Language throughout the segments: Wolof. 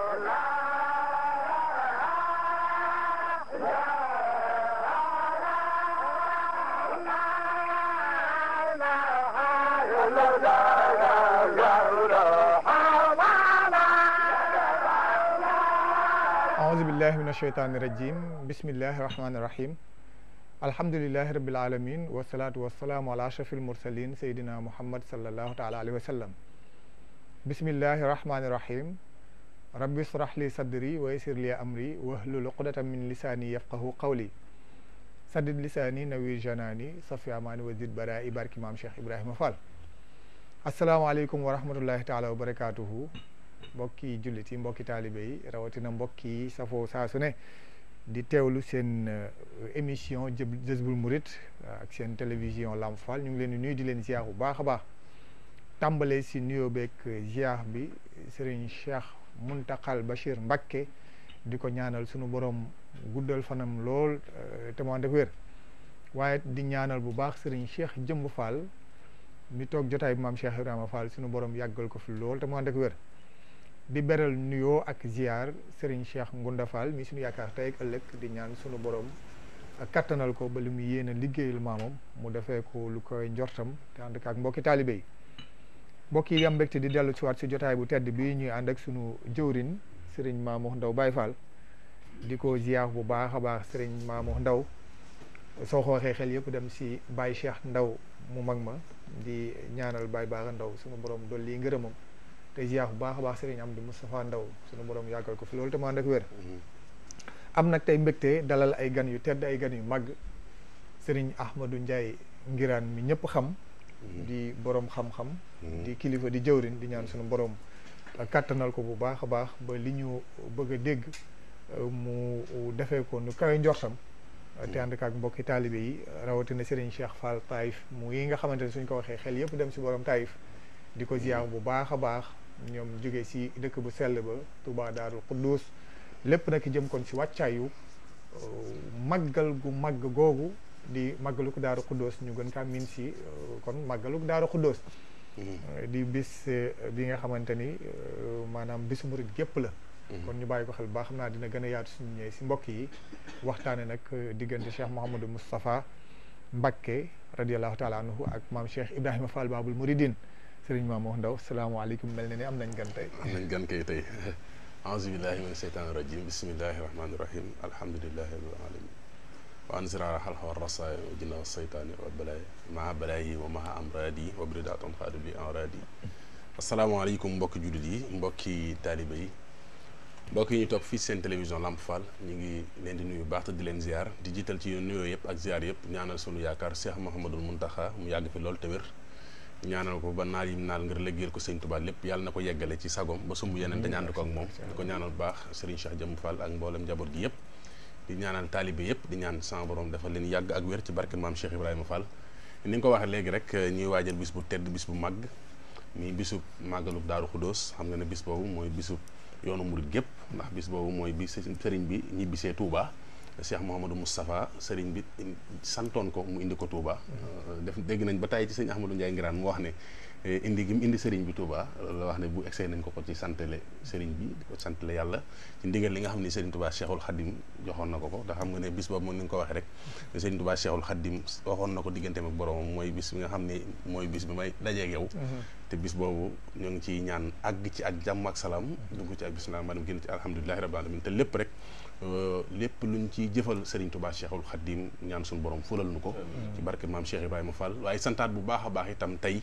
أعوذ بالله من الشيطان الرجيم بسم الله الرحمن الرحيم الحمد لله رب العالمين والصلاة والسلام على أشرف المرسلين سيدنا محمد صلى الله تعالى عليه وسلم بسم الله الرحمن الرحيم rabbi israh li sadri wa yassir li amri wahlul uqdatan min lisaani yafqahu qawli saddid lisaani nawir janaani safi amaani wa zid baraa'i barki maam Cheikh Ibrahima Fall asalaamaaleykum wa rahmatullahi taala wa barakaatuhu mbokki jullit yi mbokki taalibe yi rawatina mbokki safoo saa su ne di teewlu seen émission Jazboul Mouride ak seen télévision Lamp Fall ñu ngi leen di nuyu di leen ziar bu baax a baax tàmbale si nuyoo beeg ziar bi Serigne Cheikh Muntaxal Bachir Mbacké di ko ñaanal sunu borom guddal fanam lool euh, te mu ànd ak wér waaye di ñaanal bu baax sëriñ Cheikh Jëmb Fall mi toog jotaay bi maam Cheikh Ibrahima Fall sunu borom yàggal ko fi lool te mu ak wér di beral nuyoo ak ziar sëriñ Cheikh Ngunda Fall mi sunu yaakaar te ak ëllëg di ñaan sunu borom kattanal ko ba li mu yéene liggéeyal maamam mu defee ko lu koy njortam te ànd ak mbokki taalibe mbokk yi am te di dellu ci waat si jotaay bu tedd bi ñuy ànd ak suñu jëwrin sëriñ Mamour ndaw Baye Fall di ko ziyaar bu baax a baax sëriñ Mamour ndaw soo xooxee xel yëpp dem si Baye Cheikh ndaw mu mag ma di ñaanal Baye Baara ndaw suñu borom dool lii ngërëmam te ziyaar bu baax a baax sëriñ Amdi Moustapha ndaw suñu borom yàggal ko fi loolu te mu ànd ak wér mm-hmm. am nag tey mbégte dalal ay gan yu tedd ay gan yu mag sëriñ Ahmadou Ndiaye ngiraan mi ñëpp xam Mm-hmm. di boroom xam-xam. Mm-hmm. di kilifa di jëwrin di ñaan sunu borom kàttanal ko bu baax a baax ba li ñu bëgg a dégg euh, mu defee ko nu kawe njortam. Mm-hmm. te ànd ak mbokki taalibe yi rawatina Serigne Cheikh Fall Taïf mu yi nga xamante ne suñ ko waxee xel yëpp dem si borom Taïf. di ko ziar bu baax a baax ñoom jóge si dëkk bu sell ba Touba Daarul Quddus lépp nag jëm kon si wàccaayu euh, màggal gu màgg googu. di Magaluk Daru Kudus ñu gën min si kon Magaluk Daru Kudus hmm. eh, di bis eh, bi nga xamanteni manam eh, maanaam bisu murit la hmm. kon ñu bayiko xel ba xamna dina gëna yaatu suñu ñëwee ci mbokk yi waxtane nak diggante Cheikh Mouhamadou Mustafa Mbacké radiallahu taala anhu ak Mam Cheikh Ibrahim Fall Babul Muridin Serigne Mamadou Ndaw assalamu alaykum na ni am nañ gën tay am nañ gën kay tey billahi min shaitanir irajim bismillahir rahmanir rahim alhamdulillahi rabbil alamin wa ansirara xalxa wa rasaaya wa jinna wa saytaani wa balaaya maa balaayi wa maa amraadi wa bridaton xaadu bi amraadi asalaamaaleykum mbokki jullit yi mbokki taalibe yi mbokk yi ñu toog fii seen télévision Lamp Fall ñu ngi leen di nuyu baax te di leen ziar di jiital ci nuyoo yëpp ak ziar yëpp ñaanal sunu yaakaar Cheikh Mouhamadul Muntaxa mu yàgg fi loolu te wér ñaanal ko ba naal yim naal ngir liggéeyal ko sëñ Tuubaa lépp yàlla na ko yeggale ci sagom ba sumb yeneen dañu ànd ko ak moom di ko ñaanal baax Serigne Cheikh Jëmm Fall ak njaboot gi yëpp di ñaanal taalibe yëpp di ñaan sama borom dafa leen yàgg ak wér ci barke maam Cheikh Ibrahima Fall ni nga ko waxee léegi rek eh, ñuy waajal bis bu tedd bis bu màgg muy bisub màggalub daaru xudóos xam nga ne bis boobu mooy bisub yoonu murit gépp bis boobu mooy bi sëriñ bi ñibbisee Touba Cheikh Mouhamadou Moustapha sëriñ bi santoon ko mu indi ko Touba mm-hmm. euh, def dégg nañ ba tàyyi ci sëñ Ahmadou Ndiaye Ngiraan mu wax ne Eh, indi gi indi sëriñ bi Touba loolu la wax ne bu egsee nañ ko ko ci santale sëriñ bi di ko santale yàlla ci ndigal li nga xam ne sëriñ Touba Cheikhul Khadim joxoon na ko ko ndax xam nga ne bis boobu moom ni ko waxee rek sëriñ Touba Cheikhul waxoon na ko digganteem ak boromam mooy bis bi nga xam ni mooy bis bi may dajeeg yow mhm. te bis boobu ñoo ngi ciy ñaan àgg ci ak jàmm ak salaam dugg ci ak bisimilah maanaam génn ci alhamdulilahi rabbil alamin te lépp rek euh, lépp luñ ci jëfal Serigne Touba Cheikhul Khadim ñaan suñu borom fulal nu ko ci barke maam Cheikh Ibrahima Fall waaye santaat bu baax a baax itam tey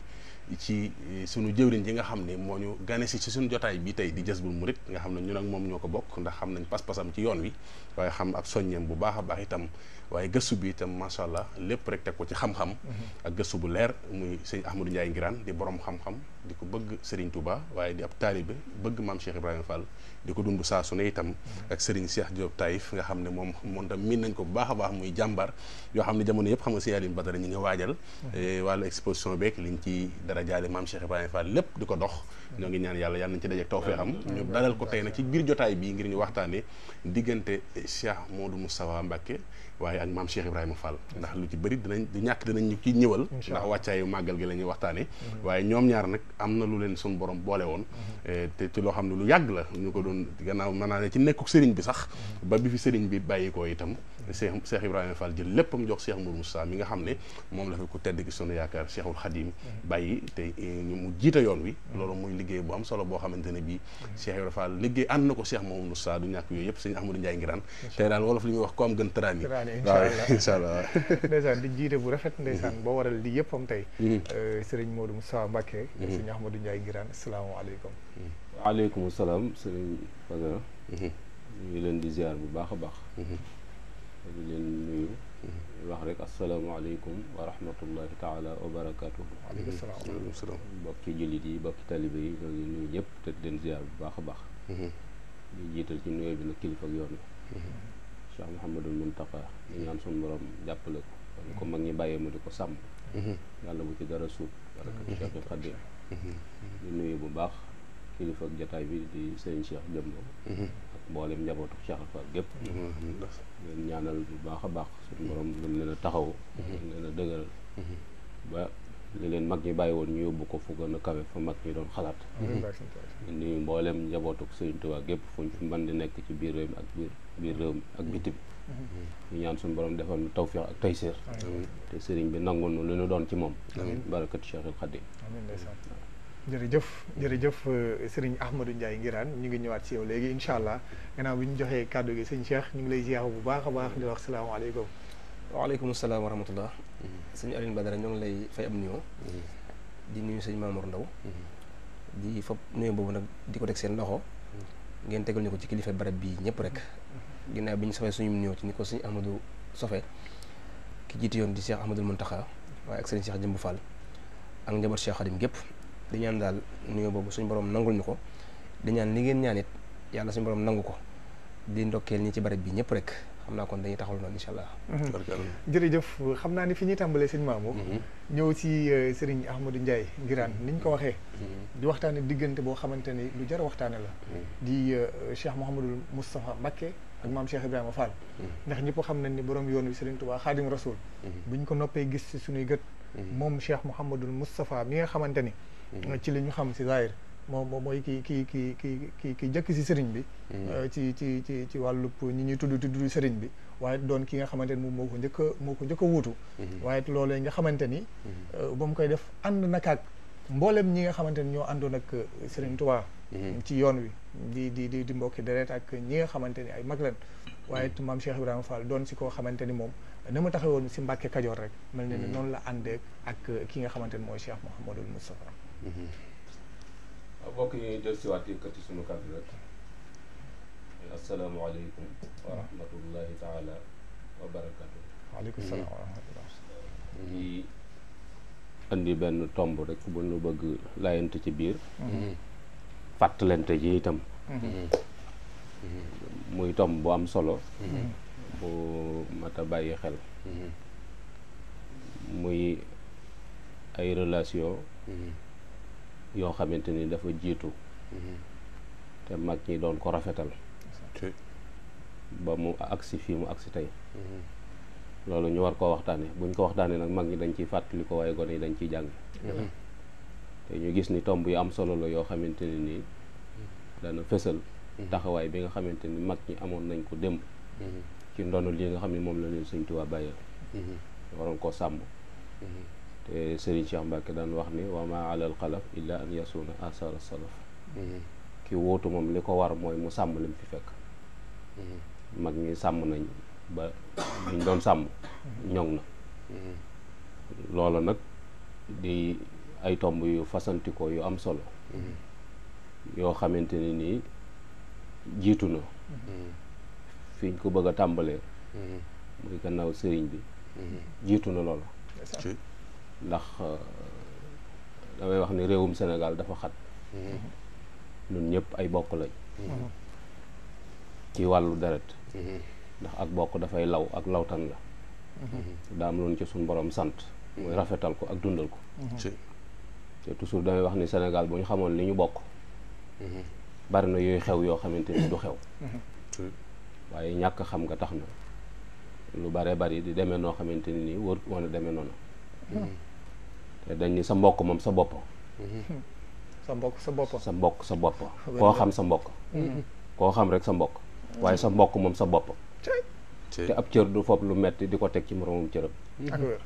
ci eh, sunu jëwriñ ji nga xam ni moo ñu gane si ci suñu jotaay bi tey di Jazboul Mouride nga xam ne ñu ak moom ñoo ko bokk ndax xam nañ pas-pasam ci yoon wi waaye xam ak soññeem bu baax a baax itam waaye gëstu bi itam macha allah lépp rek teg ko ci xam-xam ak gëstu bu leer muy sëñ Ahmadou Ndiaye Ngiraan di borom xam-xam di ko bëgg Serigne tubaa waaye di ab taalibe bëgg maam Cheikh Ibrahima Fall di ko dund saa su ne itam ak Serigne Cheikh Diop Taïf nga xam ne moom moom tam miin nañ ko bu baax a baax muy jàmbaar yoo xam ne jamono yëpp xam nga sëñ Aliou Badara ñi ngi waajal eh, wàllu exposition beeg liñ ci dara jaale maam Cheikh Ibrahima Fall lépp di ko dox ñoo ngi ñaan yàlla yàlla nañ ci dajeek tawfeexam ñu dalal ko tey nag ci biir jotaay bii ngir ñu waxtaane diggante Cheikh Modou Moustapha Mbacké waaye ak maam Cheikh Ibrahima Fall ndax lu ci bëri dinañ du ñàkk dinañ ñu ci ñëwal ndax wàccaayu màggal gi lañuy ñuy waxtaane mm-hmm. waaye ñoom ñaar nag am na lu leen suñu borom boole woon mm-hmm. eh, te ci loo xam ne lu yàgg la ñu ko doon gannaaw mën naa ne ci nekkuk sëriñ bi sax mm-hmm. ba bi fi sëriñ bi bàyyi itam Cheikh Cheikh Ibrahima Fall jël léppam jox Cheikh Mour Moussa mi nga xam ne moom la fi ku tedd ki sunu yaakaar Cheikhul Khadim bàyyi te eh, mu jiite yoon wi loolu muy liggéey bu am solo boo xamante ne bii Cheikh Ibrahima Fall liggéey ànd na ko seex moom Mour Moussa du ñàkk yooyu yëpp sëñ Ahmadou Ndiaye Ngiraan tey daal wolof li ñuy wax ko am gën tëraan yi waaw incha allah ndeysaan di jiite bu rafet ndeysaan boo waral li yëppam tey mm-hmm. euh, sëriñ Modou Moussa Mbacké mm-hmm. sëñ Ahmadou Ndiaye Ngiraan asalaamaaleykum waaleykum salaam sëriñ Fadara mm-hmm. ñu ngi leen di ziar bu baax a baax السلام عليكم ورحمة الله تعالى وبركاته. عليكم السلام. باكي جلدي باكي تلبي نجني يب تدين زيار باخ باخ. نجي تلقيني بنا كل فجور. شيخ محمد المنتقى نيان سون برام جابلك. كم مني باي مدرك سام. قال بوتي درسو بارك الشيخ الخبير. نجني يب باخ كل فجور تايبي دي سين شيخ جمبو. بعلم جابو تشيخ الخبير. leen ñaanal bu baax a baax suñu borom gën leen a taxaw mhm. gën leen a dëgëral mhm. ba li leen mag ñi bàyyi woon ñu yóbbu ko fu gën a kawe fa mag ñi doon xalaat mhm. ni mbooleem njabootuk Sëriñ Tuubaa gépp fuñ fi mën di nekk ci biir réew mi ak biir biir réew mi ak biti bi ñu ñaan suñu borom defal nu tawfiix ak tayseer te sëriñ bi nangul nu lu ñu doon ci moom barakatu Cheikhul Xadim jërëjëf jërëjëf euh, sëriñ Ahmadou Ndiaye Ngiraan ñu ngi ñëwaat si yow léegi incha allah gannaaw bi ñu joxee kàddu gi sëñ Cheikh ñu ngi lay ziar bu baax a baax di wax salaamaaleykum. waaleykum salaam wa rahmatullah. sëñ Alioune Badara ñoo ngi lay fay am mm-hmm. di nuyu sëñ Mamour Ndaw mm-hmm. di boobu nag di ko teg seen loxo. Mm-hmm. ngeen tegal ñu ko ci kilifa barab bi ñëpp rek. ginnaaw bi ñu sofee suñu nuyoo ci ni ko sëñ Ahmadou sofee ki jiite yoon di Cheikh Ahmadou Mountakha waaye ak sëriñ Cheikh Jëmbu Fall ak njaboot Xadim gépp di ñaan dal nuyo bobu suñu borom nangul ñuko di ñaan li ngeen ñaanit yalla suñu borom nangu ko di ndokkeel ñi ci barab bi ñepp rek xamna kon dañuy taxawal non inshallah jeri mhm. jeuf xamna ni fiñuy tambalé tàmbalee mamou mhm. ñew ci euh, serigne Ahmadou ndjay ngiran niñ ko waxé mhm. di waxtane digënté bo xamanteni lu jar waxtane la. di euh, Cheikh mohamedou Moustapha mbacké ak mam Cheikh Ibrahima Fall. ndax ñepp xam ni borom yoonu serigne touba khadim rasoul Rasul. buñ ko noppé gis ci suñuy gëtt mom Cheikh mohamedou Moustapha mi nga xamanteni Mm-hmm. ci li ñu xam si zahir moom moom mooy ki ki ki ki ki ki jëkk si sëriñ bi mm-hmm. euh, ci ci ci ci wàllub ñi ñuy tudd tudd sëriñ bi waaye doon ki nga xamante ni moom moo ko njëkk moo ko njëkk a wuutu mm-hmm. waaye loolee nga xamante ni euh, ba mu koy def ànd nakaak mboolem ñi nga xamante ni ñoo àndoon ak euh, sëriñ Tuubaa ci yoon wi di di di di mbokki deret ak ñi nga xamante ni ay mag lañ waaye it maam Cheikh Ibrahima Fall doon si koo xamante ni moom na taxe woon si Mbàkke Kajoor rek mel ne ni noonu la àndeek ak ki nga xamante ni mooy Cheikh Mouhamadul Moustapha Mm-hmm. mbokk yi ñuy del siwaat yëkkati suñu kàddu rek asalaamaaleykum wa rahmatullahi taala wa barakatu waaleykum salaam wa rahmatullah ñi andi benn tomb rek ci biir mm-hmm. fàttalante ji itam mm-hmm. muy tomb bu am solo bu mat a bàyyi xel muy ay relation yoo xamante ni dafa jiitu te mag ñi doon ko rafetal ba mu agsi fii mu agsi tey mhm. loolu ñu war koo waxtaane buñ ko waxtaanee nag mag ñi dañ ciy fàttali ko gone yi dañ ciy jàng mhm. te ñu gis ni tomb yu am solo la yoo xamante ne nii dana fësal mhm. taxawaay bi nga xamante ni mag ñi amoon nañ ko démb ci ndonu lii nga xam ne moom la leen Sëñ Tuubaa waroon koo sàmm te Serigne Cheikh Mbacke daan wax ni wa ma alal xalaf illa an yasuna asara salaf mhm. ki wóotu moom li ko war mooy mu sàmm lim fi fekk mhm. mag ñi sàmm nañ ba ñu doon sàmm ñoŋ na mhm. loolu nag di ay tomb yu fasantikoo yu am solo yoo xamante ni nii jiitu na fiñ ko bëgg a tàmbalee muy gannaaw sëriñ bi jiitu na loolu ndax euh, damay wax ni réewum Sénégal dafa xat mm-hmm. ñun ñëpp ay bokk lañ mm-hmm. ci wàllu deret mm-hmm. ndax ak bokk dafay law ak lawtan la daam loon ci suñ boroom sant muy rafetal ko ak dundal ko te toujours damay wax ni Sénégal bu ñu xamoon li ñu bokk bari na yooyu xew yoo xamante ni du xew waaye ñàkk xam nga tax na lu bare bari di demee noo xamante ni nii wër woon a demee noonu dañ ni sa mbokk moom sa bopp. sa mbokk sa bopp. sa mbokk sa bopp koo xam sa mbokk. Mm-hmm. koo xam rek sa mbokk. waaye sa mbokk moom sa bopp. te ab cër du fopp lu metti di ko teg ci moromam cëram. Mm-hmm.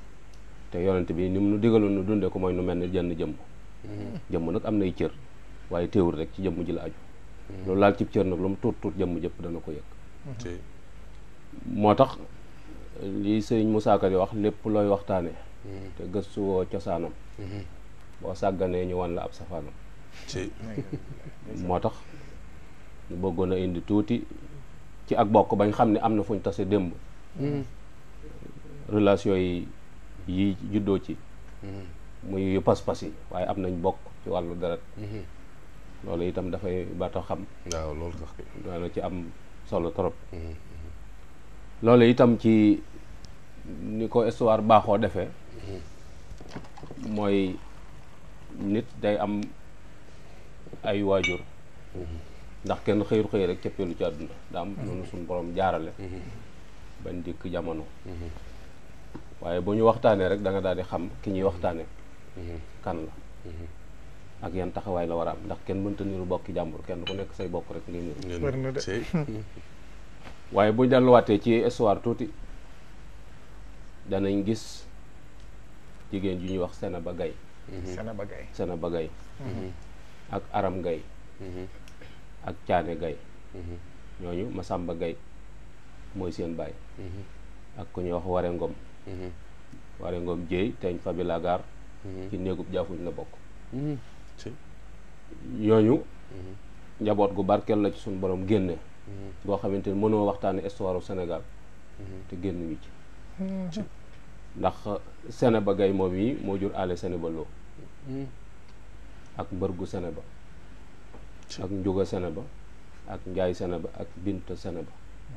te yonent bi ni mu nu digaloon nu dundee ko mooy nu mel ni jënn jëmm. Mm-hmm. jëmm nag am nay cër waaye teewul rek ci jëmm ji la aju. loolu laal ci cër nag lu mu tuut tuut jëmm jëpp dana ko yëg. moo tax li sëñ Moussa Ka di wax lépp looy waxtaanee. Mm-hmm. te gëstu cosaanam mm-hmm. boo sàgganee ñu wan la ab safaanam moo tax ñu bëggoon a indi tuuti ci ak bokk bañ xam ne am na fu ñu tase démb mm-hmm. relation yi yi juddoo ci muy yu pas-pas yi waaye am nañ bokk ci wàllu deret loolu itam dafay bata xam waaw loolu sax daana ci am solo trop itam ci ni ko histoire baaxoo defee Moy nit day am ay wajur ndax kenn xeyru xey rek cëppeelu ci aduna da am nonu sun borom jaarale ban dik jamono waye buñu waxtane rek da nga daal xam ki ñi waxtane kan la ak yeen taxaway la war ndax kenn mënta niru bokk jambur kenn ku nek say bokk rek ngay niru waye buñu ñu waté ci histoire da nañ gis jigen ju ñu wax Senaba ba gay Gaye ba gay ak Aram gay, mhm. ak Caane gay, mhm. ñooñu Masamba gay moy seen bay mhm. ak ku ñu wax Ware Ngom Ware Ngom Jéey teeñ Fabi Lagar ci neegup jaafuñ la bok ñoñu njabot gu barkel la ci sun borom génne bo xamanteni mëno waxtane histoire te genn wi ci ndax Sénéba gay moom yi moo jur ale Sénéba loo hmm. ak mbërgu seneba ak njuga Sénéba ak njaay Sénéba ak binta seneba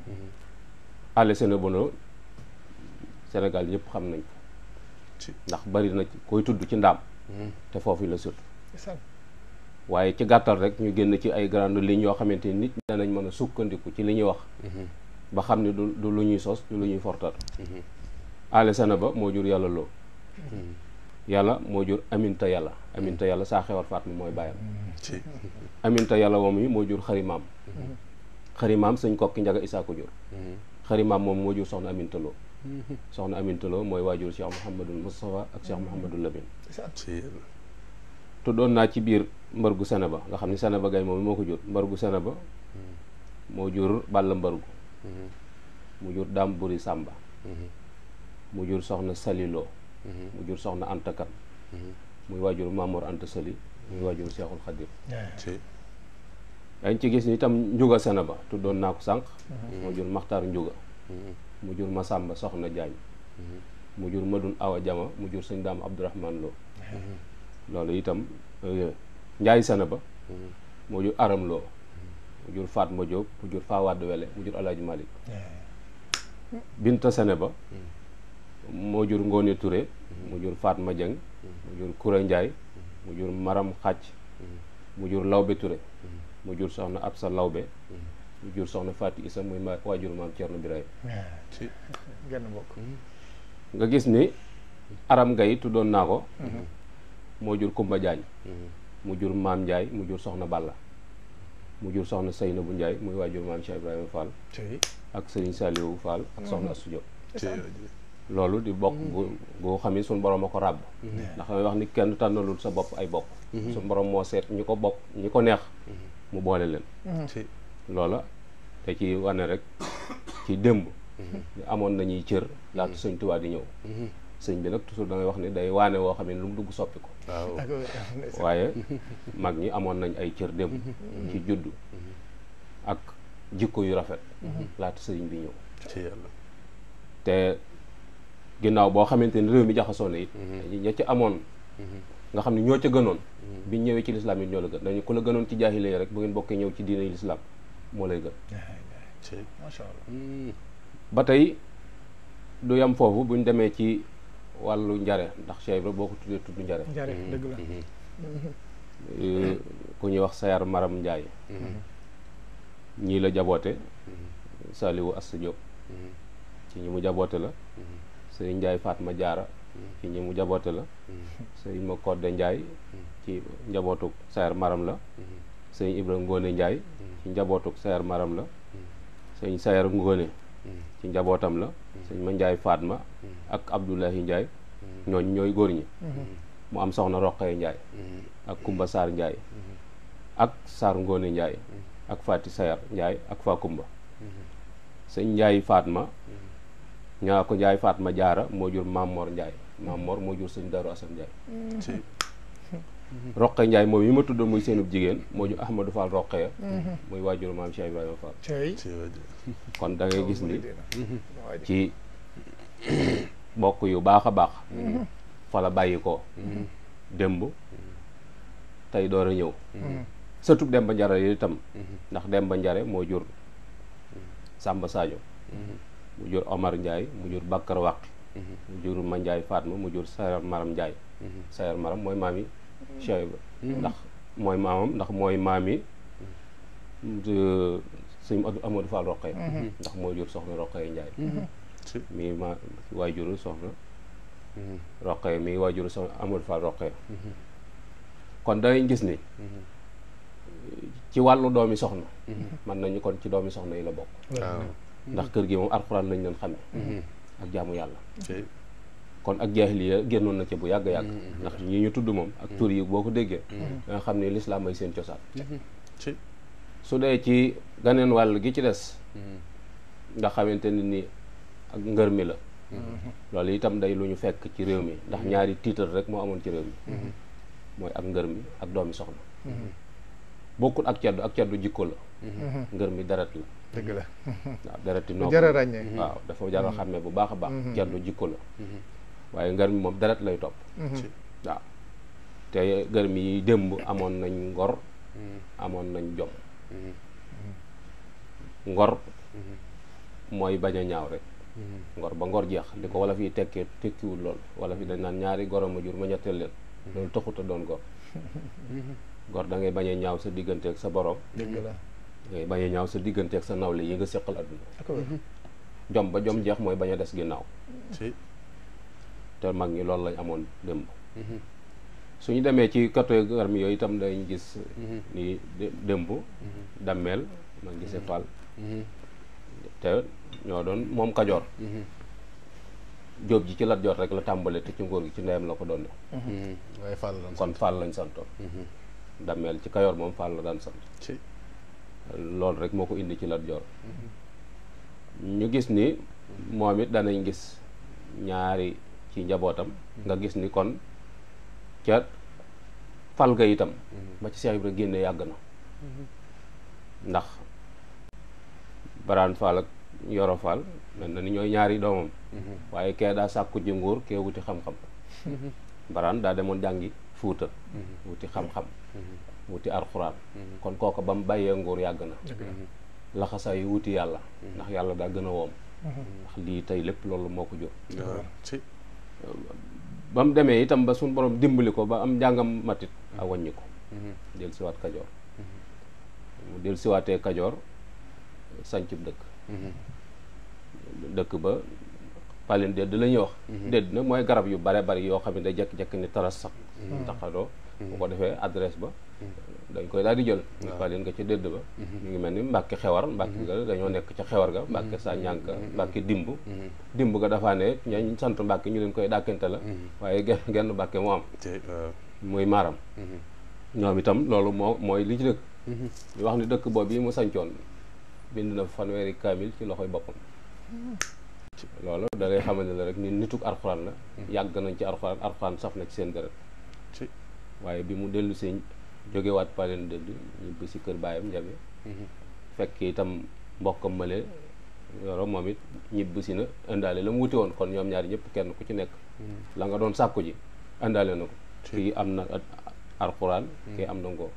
hmm. ale Sénéba loo senegal yëpp xam nañ ko ndax bari na koy tudd ci ndaam hmm. te foofu la sut waaye ci gàttal rek ñu génn ci ay grandes lignes yoo xamante nit danañ mën a sukkandiku ci li ñuy wax ba xam ne du lu ñuy sos du lu ñuy fortal ale sana ba moo jur yalla lo hmm. yalla mo jur aminta yalla aminta yalla sa xewal faat mi bayam bàyyam hmm. aminta yalla woom mi mo jur kharimam hmm. xarimaam sëñ ki njaga isa ko jur kharimam mom mo jur soxna aminta lo soxna aminta lo moy wajur cheikh mouhamadul mustafa ak cheikh mouhamadul lamin tuddoon naa ci bir mbargu ba nga xamni sana Senaba gay mom moko jur mbargu Senaba mo jur bàll mbargu mu jur buri samba mu jur soxna saliloo mu jur soxna antakan muy waajur Mamour Anta Sali muy waajur Seexul Xadim dañ ci gis ni itam njuga sena ba tuddoon naa ko sànq mu jur maxtaar njuga mu jur masamba soxna jaañ mu jur madun awa jama mu jur sëñ daam abdourahman loo loolu itam njaay sena ba mu jur aram loo mu jur faat ma jóob mu jur fawad wele mu jur alaaji malik binta sene ba moo jur Ngoné ture mu jur faat Dieng mu jur Koura njaay mu jur Maram Xàcc mu jur Lawbe ture mu jur soxna sa Lawbe mu jur soxna Fatou Issa muy ma waajur maam Thierno Birahim genn nga gis ni Aram Ngay tuddoon naa ko moo jur Kumba Diagne mu jur maam njaay mu jur soxna Balla mu jur soxna Seynabou Ndiaye muy waajur maam Cheikh Ibrahima Fall ak Serigne Saliou Fall ak mm. soxna Astou Diop Lalu di bok mm-hmm. go xamé sun borom mako rab mm-hmm. ndax may wax ni kenn tanalul sa bop ay bok mm-hmm. sun borom mo set ñuko bok bokk neex mu boole ci loola te ci wane rek ci démb amon nañuy cër laata sëñ Tuubaa di ñew sëñ bi nag toujours da ngay wax ni day wane wo xamé lu mu dugg soppi ko waaye mag ñi amon nañ ay cieur demb ci juddu ak jikko yu rafet laata sëñ bi yalla te ginnaaw boo xamante ni réew mi jaxasoo na it mhm. ña amoon mhm. nga xam ne ñoo ca gënoon mhm. biñ ñëwee ci lislaam it ñoo la gën dañu ku la gënoon ci jaahiliya rek bu ngeen bokkee ñëw ci diine lislaam moo lay gën masha Allah ba tey du yam foofu buñ demee ci wàllu njare ndax Cheikh Ibra boo ko tuddee tudd njare njare eh, ku ñuy wax Sayar Maram Njaay ñii la jaboote Saliwu sa Diop ci ñi mu jaboote la sëriñ Ndiaye Fatma Diarra ci ñi mu jaboote la sëriñ ma Codé Ndiaye ci njabootuk Saer Maram la sëriñ Ibra Ngone Ndiaye ci njabootuk Saer Maram la sëriñ Saer Ngone ci njabootam la sëriñ ma faat ma ak Abdoulahi Ndiaye ñooñu ñooy góor ñi mu am soxna Roqee Ndiaye ak Kumba Saar Ndiaye ak Saar Ngone Ndiaye ak Fati Saer Ndiaye ak Fakumba sëñ ñaa ko Njaay ma Jaara moo jur Maam Mor Njaay Maam Mor moo jur sëñ Daru Asan Njaay mm-hmm. Mm-hmm. Roqe Njaay moom yi ma tudd muy seenub jigéen moo jur Ahmadou Fall Roqe ya mm-hmm. muy waajur Maam Cheikh Ibrahima Fall kon da gis ni ci bokk yu baax a baax fa la bàyyi ko démb tey door a ñëw surtout Demba Njare yi itam ndax Demba Njare moo jur Samba Sadio mu jur Omar njay mu jur Bakar wak, mhm. mu jur Ma njay Fatma mu jur Sayar Maram njay mhm. Sayar Maram moy mami, mhm. Cheikh Ibra ndax moy mamam ndax mami, maami sëñ Amadou Fall roqay ndax moy jur soxna roqay njay mi ma wajuru soxna roqay mi wajuru soxna Amadou Fall roqay kon day ngiss ni ci walu doomi soxna man nañu kon ci doomi soxna yi la bok ndax kër gi moom alxuraan lañ leen xamee mhm. ak jaamu yàlla kon ak jaahiliya génnoon na ci bu yàgg yàgg mhm. ndax ñi ñu tudd moom ak tur yi boo ko déggee mhm. nga xam ne lislaam may seen cosaan su dee ci ganeen wàll gi ci des ndax xamante ne ni ak ngër mi la loolu itam day lu ñu fekk ci réew mi ndax ñaari titre rek moo amoon ci réew mi mooy ak ngër mi ak doomi soxna bokkul ak ceddu ak ceddu jikko la. Mm-hmm. ngër mi deret la. dëgg la waaw a ràññee mm-hmm. dafa jar a mm-hmm. bu baax a baax. ceddu jikko la. waaye ngër mi moom deret lay topp. waaw te ngër mi démb amoon nañ ngor. amoon nañ jom. ngor. mooy bañ a ñaaw rek. ngor ba ngor jeex li ko wala fi tekkee tekkiwul lool wala fi dañ naan ñaari goro ma jur ma ñetteel leen. loolu taxut a doon gor. gor da ngay bañ ñaaw sa diggante ak sa boroom dëgg la ngay bañ a ñaaw sa diggante ak sa nawle yi nga seqal adduna. Mhm. jom ba jom jeex mooy bañ a des ginnaaw. te mag ñi loolu lañ amoon mhm. su ñu demee ci catégorie yooyu itam dañ gis. Mhm. ni démb. dammeel ma gisee Fall. te ñoo doon moom Kajoor. jóob ji ci Lat Joor la tàmbale te ci ngóor gi ci ndeyam la ko doon. waaye Fall lañ sant dammeel ci kayoor moom Fall la daan sant loolu rek moo ko indi ci Lat Joor mhm. ñu gis ni moom it danañ gis ñaari ci njabootam mhm. nga gis ni kon ca fal ga itam mhm. ba ci Seex Ibra génne yàgg na ndax Baraan Fall ak Yoro mel na ni ñooy ñaari doomam waaye kee daa sàkku ji nguur kee wuti xam-xam Baraan daa demoon jàngi fuuta mm-hmm. wuti xam-xam mm-hmm. wuti alxuraan mm-hmm. kon kooka ba mu bàyyee nguur yàgg na laxasaa yu wuti yàlla ndax yàlla daa gën a woom ndax lii tey lépp loolu moo ko jóg ba mu demee itam ba suñ borom dimbali ko ba am njàngam matit a wàññi ko del siwaat kajoor mu del siwaatee kajoor sancub dëkk dëkk ba paalen dédd la ñuy wax mhm. dédd nag mooy garab yu bare bari yoo xam ne day jekk-jekk ni taras sax mhm. taxadoo mhm. bu ko defee adresse ba dañ koy daal di jël paalen nga ca dédd ba mu ngi mel ni mbàkke xewar mbàkke nga dañoo nekk ca xewar ga mbàkke saa ñànk mbàkke dimb dimb ga dafaa ne ñañ sant mbàkke ñu leen koy dàkkante la waaye genn genn mbàkke moo am euh, muy maaram ñoom itam loolu moo mooy li ci dëkk ñu wax ni dëkk boobu yi mu sancoon bind na fanweeri kaamil ci loxoy boppam loolu da lay xamal ne la rek ni nituk arxuraan la yàgg nañ ci arxuraan arxuraan saf na ci seen deret waaye bi mu dellu seen jógewaat paleen dëdd ñibbi si kër baayam njabe mhm. fekk itam mbokkam male yoro moom it ñibbi si na indaale la mu wuti woon kon ñoom ñaari ñëpp kenn ku ci nekk mhm. la nga doon sàkku ji indaale na ko kii am na arxuraan mhm. kii am na ngoo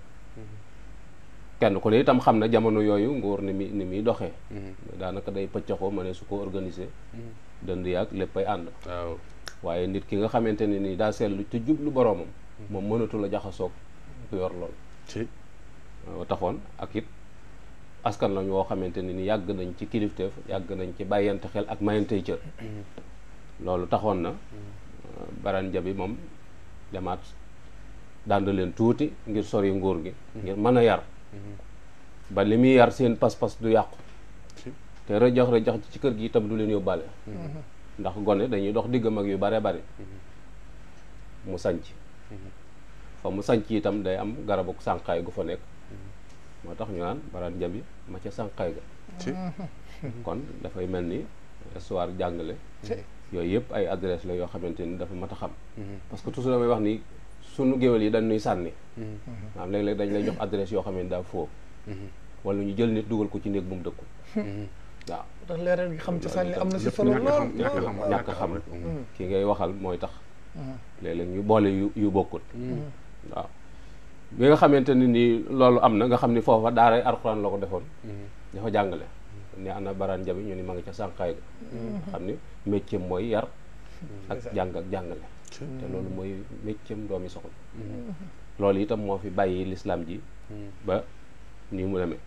kan ku ne itam xam na jamono yooyu nguur ni muy ni muy doxee. Mhm. daanaka day pëccaxoo ma ne su ko organiser. Mhm. dënd yàgg léppay ànd. waaw waaye nit ki nga xamante ne nii daa seetlu te jublu boroomam. Mhm. moom mënatu la jaxasoog ku yor lool. ci taxoon ak it askan lañu woo xamante ni yàgg nañ ci kilifteef yàgg nañ ci bàyyante xel ak mayantey cër. loolu taxoon na. Euh, baran jabi moom demaat dànd leen tuuti ngir sori nguur gi. ngir mën a yar. ba li muy yar seen pas-pas du yàqu te rajax rajax ci kër gi itam du leen yóbbaale ndax gone dañuy dox diggam ak yu bare bare mu sanc fa mu sanc itam day am garabu sànqaay gu fa nekk moo tax ñu naan baraan jabi ma ca sànqaay ga kon dafay mel ni histoire jàngale yooyu yëpp ay adresse la yoo xamante ni dafa mat a xam mm-hmm. parce que damay wax ni sunu géwél yi dañuy sànni mm-hmm. maanaam léeg-léeg dañ lay jox adresse yoo xam ne daa foo mm-hmm. wala ñu jël nit dugal ko ci néeg bu mu dëkku mm-hmm. waaw ndax leeral gi xam ci sànni am na si solo lool ñàkk xam ki ngay waxal mooy tax léeg-léeg ñu boole yu yu bokkut waaw bi nga xamante ne ni loolu am na nga xam ni foofa daaray alxuraan la ko defoon dafa jàngale ne na baraan jabi ñu ni ma nga ca sànqaay ga xam ni métier mooy yar ak jàng ak jàngale te lolu moy méccam doomi soxol mm-hmm. lolu itam mo fi bàyyi l'islam ji mm-hmm. ba ni mu demee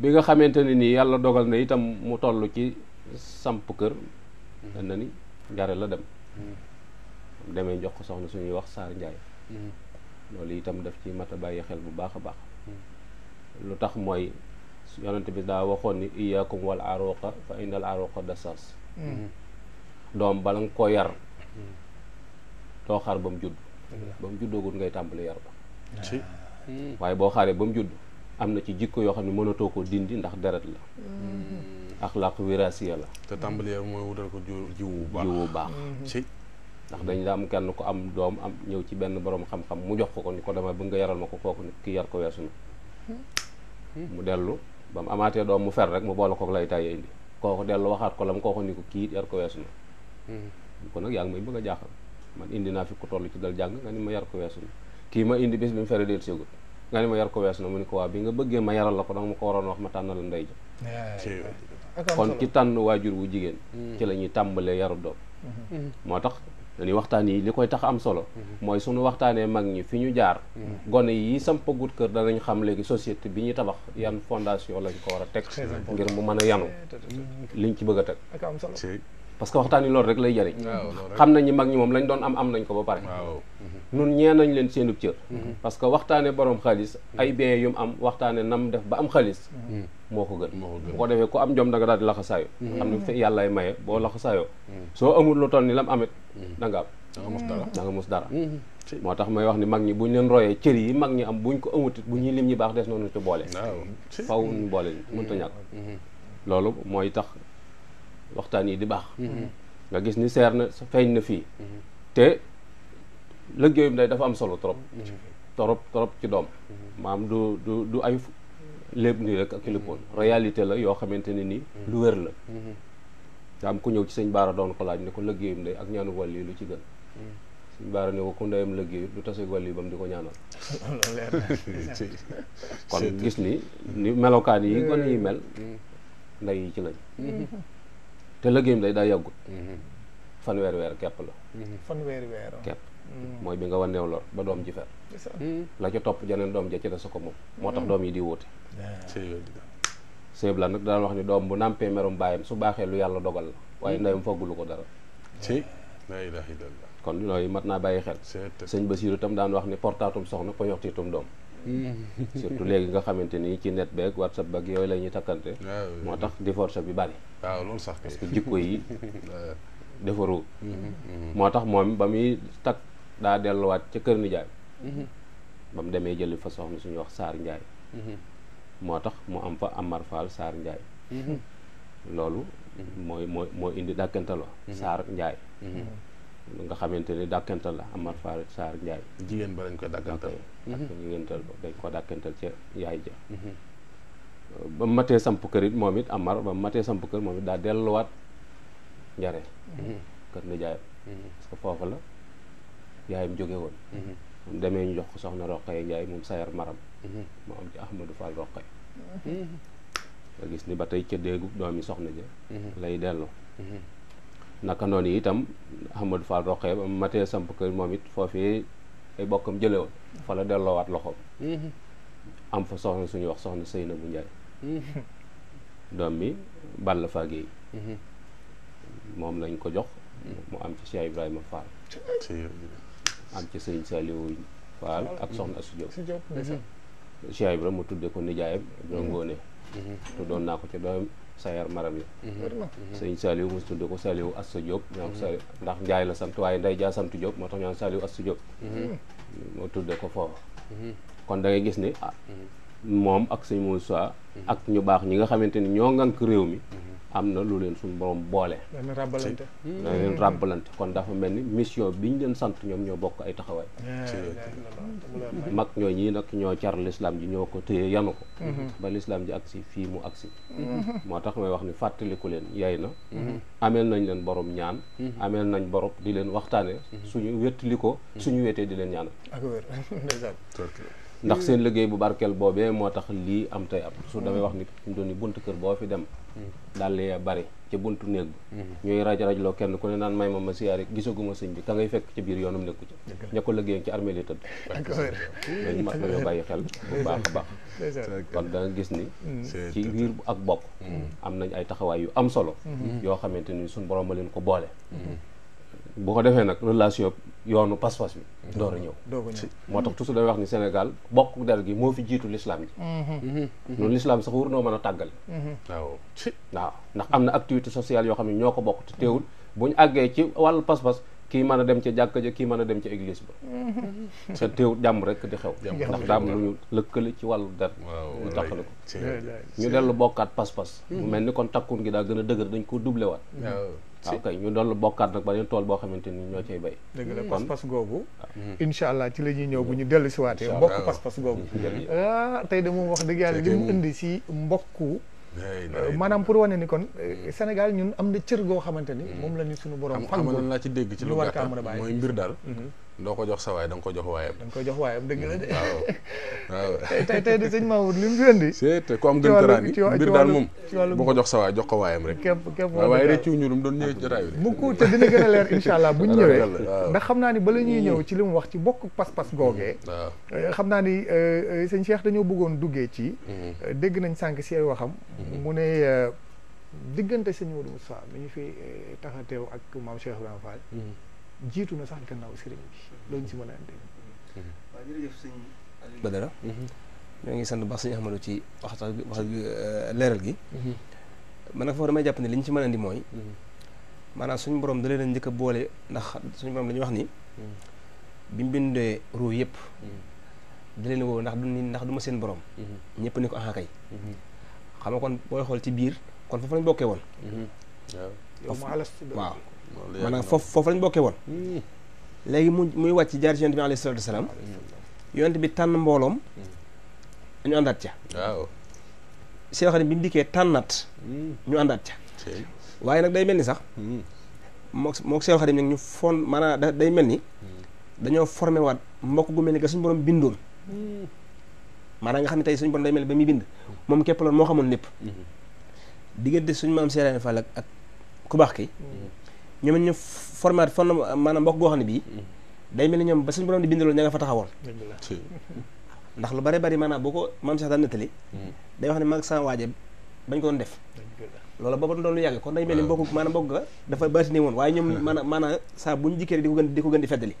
bi nga xamanteni ni yalla dogal na itam mu tollu ci samp kër mm-hmm. dan ni njare la dem demee jox ko soxna suñu wax sar ndjay lolu itam daf ci mata a xel bu baax a baax lu tax mooy yonent bi da waxoon ni iyyakum wal aruqa fa indal aruqa dasas dom balang ko yar doo xar bam judd iya. bam juddogul ngay tambali yar ba ci ah. hmm. waye bo xare bam judd am na ci jikko yo xamni ne ko dindi ndax deret la hmm. akhlaq wirasiya la te tambali yar moy wudal ko jiwu baax jiwu ci hmm. ndax dañ la am kenn ko am dom am ñew ci benn borom xam-xam mu jox ko ko ni ko dama bu nga yaral mako ko kooku ni ki yar ko weesu na mu delu bam amate dom mu fer rek mu ko ak lay tàyyee indi kooku delu waxat ko lam mu ni ko ki yar ko weesu na ko nak yaang may bëgga jaxal man indi naa fi ku toll ci dal jàng nga ni ma yar ko weesu na kii ma indi bis bi mu fere déet ségut nga ni ma yar ko weesu na mu ni ko waa bi nga bëggee ma yaral la ko danga ma ko waroon wax ma tànnal ndey ja kon ci tànn waajur wu jigéen ci la ñuy tàmbalee yaru doom mm-hmm. moo tax dañuy waxtaan yi li koy tax am solo mm-hmm. mooy sunu waxtaanee mag ñi fi ñu jaar mm-hmm. gone yi sampagut kër danañ xam léegi société bi ñuy tabax yan fondation lañ ko war a teg ngir mu mën a yanu liñ ci bëgg a teg parce que waxtaan yi loolu rek lay jëriñ xam na ñi mag ñi moom lañ doon am am nañ ko ba pare nun ñee nañ leen seenub cër mhm. parce que waxtaane borom xaalis mhm. ay bien yu mu am waxtaane nam def ba am xaalis mhm. moo ko gën bu ko defee ku am jom da daal di laxasaayo xam ne yàllaay maye boo laxasaayoo soo amul lu toll ni lam amit da nga am da mus dara moo tax may wax ni mag ñi bu ñu leen royee cër yi mag ñi am buñ ko amutit bu ñuy lim ñi baax des noonu ci boole faw ñu boole mënta ñàkk loolu mooy tax waxtaan yi di baax mhm. nga gis ni seer na feeñ na fii mhm. te lëggéeyum day dafa am solo trop mhm. trop trop ci doom maam du du du ay léeb nii rek ak léppoon la yoo xamante ne nii lu wér la daa am ku ñëw ci sëñ baara doon ko laaj ne ko lëggéeyum day ak ñaanu wàll lu ci gën sëñ ne ko lëggéey du tase wàll ba mu di ko ñaanal kon gis ni ni melokaan yi gone yi mel ndey yi ci lañ te liggéeyam day daa yàggut mhm. fanweeri weer kepp la mhm. fanweeri weer oh. kepp mhm. mooy bi nga waneew lor ba doom ji fer la ca topp janeen doom ja ci da sa ko moom moo tax doom yi di wóote sëyb la nag daan wax ni doom bu nàmpee merum bàyyam su baaxee lu yàlla dogal la waaye ndeyam foggulu ko dara ci laa ilaaha illallaah kon loolu mat naa bàyyi xel sëñ Basiiru tam daan wax ni portaatum soxna poñoxtiitum doom Hmm. surtout légui nga xamanteni ci net beeg whatsapp beeg yoy la takanté ah, motax divorce bi bari waaw ah, lool sax parce que jikko yi ah. defaru mhm, mhm. motax mom bamuy tak da takk wat ci keur kër nijaay mhm. ba mu jëli fa soxna suñu wax sar Njaay motax tax mu am fa Amar Fall sar Njaay loolu moy moy moy indi dakantalo sar Njaay nga xamanteni ni la Amar Fall sar Njaay jigen ba lañ koy dàkkantal ak mhm. ñigéntal ba dañ koo dàkkantal ca yaay ja mhm. ba matee samp kër it moom it amar ba matee samp kër moom it daa delluwaat njare mhm. kër nijaayam parce que foofu la yaayam jóge woon moom demee ñu jox ko soxna roqee njaay moom sayar maram mu am ci ahmadou fall roqee nga gis ni ba tey ca déegu doomi soxna ja lay dellu naka noonu itam ahmadou fall roqee ba matee samp kër moom it foofee ay bokkam jële woon fa la delloowaat loxoom mm-hmm. am fa soxna suñuy wax soxna sëy na bu njaay mm-hmm. doom bi Balla Fagé mm-hmm. moom lañ ko jox mu am ci Cheikh Ibrahima Fall am ci sëñ Saliou Fall ak soxna Assou Diop Cheikh Ibrahima mu tudde ko nijaayam Ibrahima Ngoone tuddoon naa ko ci doom sayar maram yi mhm. mhm. sëñ Saliou mos tudd ko Saliou Assa Diop mhm. ñoo Saliou ndax Njaay la sant waaye nday jaa sant Diop moo tax ñoo Saliou Assa Diop moo tudd ko foofa kon dangay gis ni ah, moom ak sëñ Moussa ak ñu baax ñi nga xamante ni ñoo ngànk réew mi am na lu leen suñu borom boole. dana ràbbalante leen ràbbalante kon dafa mel ni mission bi ñu leen sant ñoom ñoo bokk ay taxawaay. Eh, mag ñoo ñii nag ñoo car lislaam ji ñoo ko téye yanu ko. Mm-hmm. ba lislaam ji agsi fii mu agsi. Mm-hmm. moo tax may wax ni fàttaliku leen yay na. Mm-hmm. ameel nañ leen boroom ñaan. ameel nañ borom di leen waxtaanee. suñu wétali ko suñu wetee di leen ñaanal. ak ndax seen liggéey bu barkeel boobee moo tax lii am tey am su damay wax ni ñu doon buntu kër boo fi dem daal di bari ca buntu néeg bi mm-hmm. ñooy raj rajloo kenn ku ne naan may ma ma siyaare gisaguma sëñ bi ka ngay fekk ci biir yoonam nekku ci ña ko liggéey ci armée li tëdd dañ mat nañoo bàyyi xel bu baax baax kon da gis ni mm-hmm. ci biir ak bokk mm-hmm. am nañ ay taxawaay yu am solo yoo xamante ni suñ borom ma leen ko boole bu ko defee nag relation yoonu pas-pas bi door a ñëw moo tax toujours damay wax ni Sénégal bokk der gi moo fi jiitu l'islam ji ñun mhm. mhm. mhm. l'islam sax war noo mën a tàggale waaw ndax am na activité sociale yoo xam ne ñoo ko bokk te teewul bu ñu àggee ci wàll pas-pas kii mën a dem ca jàkka ja kii mën a dem ci église ba te teewul jàmm rek di xew ndax daam lu ñu lëkkale ci wàllu der ñu taxale ko ñu dellu bokkaat pas-pas mu mel ni kon takkuun gi daa gën a dëgër dañ ko doublé waat waaw ah, ñu doon bokkaat nag beneen tool boo xamante ni ñoo cay bay dégg la hmm. pas-pas googu hmm. incha allah ci la ñuy ñëw bu ñu hmm. dellu si waatee mbokk pas-pas googu ah tey de moom wax dëgg yàlla li mu indi si mbokku euh, maanaam pour wane ni kon euh, Sénégal ñun am na cër goo xamante ni moom la ñu suñu borom fal amoon naa ci dégg ci lu war kaa mën a mooy mbir daal doo ko jox sawaay waay da nga ko jox waayam. da nga ko jox waayam dëgg la de. tey tey de sëñ Mamour li mu fi indi. c'est ku am gën taraani mbir daal moom bu ko jox sa waay jox ko waayam rek. képp képp waaw waaye rëccu ñu bi. mu ko te dina gën a leer incha allah bu ñu ñëwee. ndax xam naa ni bala ñuy ñëw mm. ci li mu wax ci bokk pas-pas googee. waaw euh, xam naa ni euh, euh, sëñ Cheikh dañoo bëggoon duggee ci. Mm. dégg nañ sànq si ay waxam. Mm-hmm. mu ne diggante sëñ Modou Moussa mi ñu fi taxateew ak maam Cheikh Ibrahima jiitu na sax gannaaw sëriñ bi loolu si mën a indi. waaw jërëjëf sëñ Aliou Badara. Mhm. ñoo ngi sant baax sëñ Ahmadou ci waxtaan bi wax euh, leeral gi. Mhm. man nag foofu damay jàpp ne li ñu ci mën a indi mooy. Mhm. maanaam suñu borom da leen a njëkk boole ndax suñu borom la wax ni. bi mu bindee ruu yëpp. da leen woo ndax du ndax du seen borom. ñëpp ni ko aha kay. xam kon booy xool ci biir kon foofu lañ bokkee woon. waaw. manam foofu foofu lañ bokké won hmm. légui muy wacc jaar ci yonent bi alayhi salatu wassalam hmm. yonent bi tànn mbooloom hmm. ñu andat ca waaw Cheikh Xadim bi mu tanat ñu andat ca waye nak day melni sax moo moo Cheikh Xadim ñu fon manam day melni dañu formé wat mbokk gu melni ga suñu borom bindul manam nga xamni tay suñu borom day melni ni ba muy bind mom képp loolu mo xamoon lépp diggante suñu maam Serigne Fall ak ku bax ki ñoom ñu format forn maanaam mbokk goo xam ne bii mm-hmm. day mel ni ñoom ba suñu borom di bindaloon ña nga fa taxawoon ndax lu bari bari maanaam boo ko maam Cheikh daan nettali mm-hmm. day wax ne maag sama waaje bañ ko doon def loolu booba doon lu yàgg kon day mel ni ah. mbokk maanaam mbokk ga dafa baati ne woon waaye ñoom maanaam maanaam saa bu ñu jikkee di ko gën di ko gën di feddali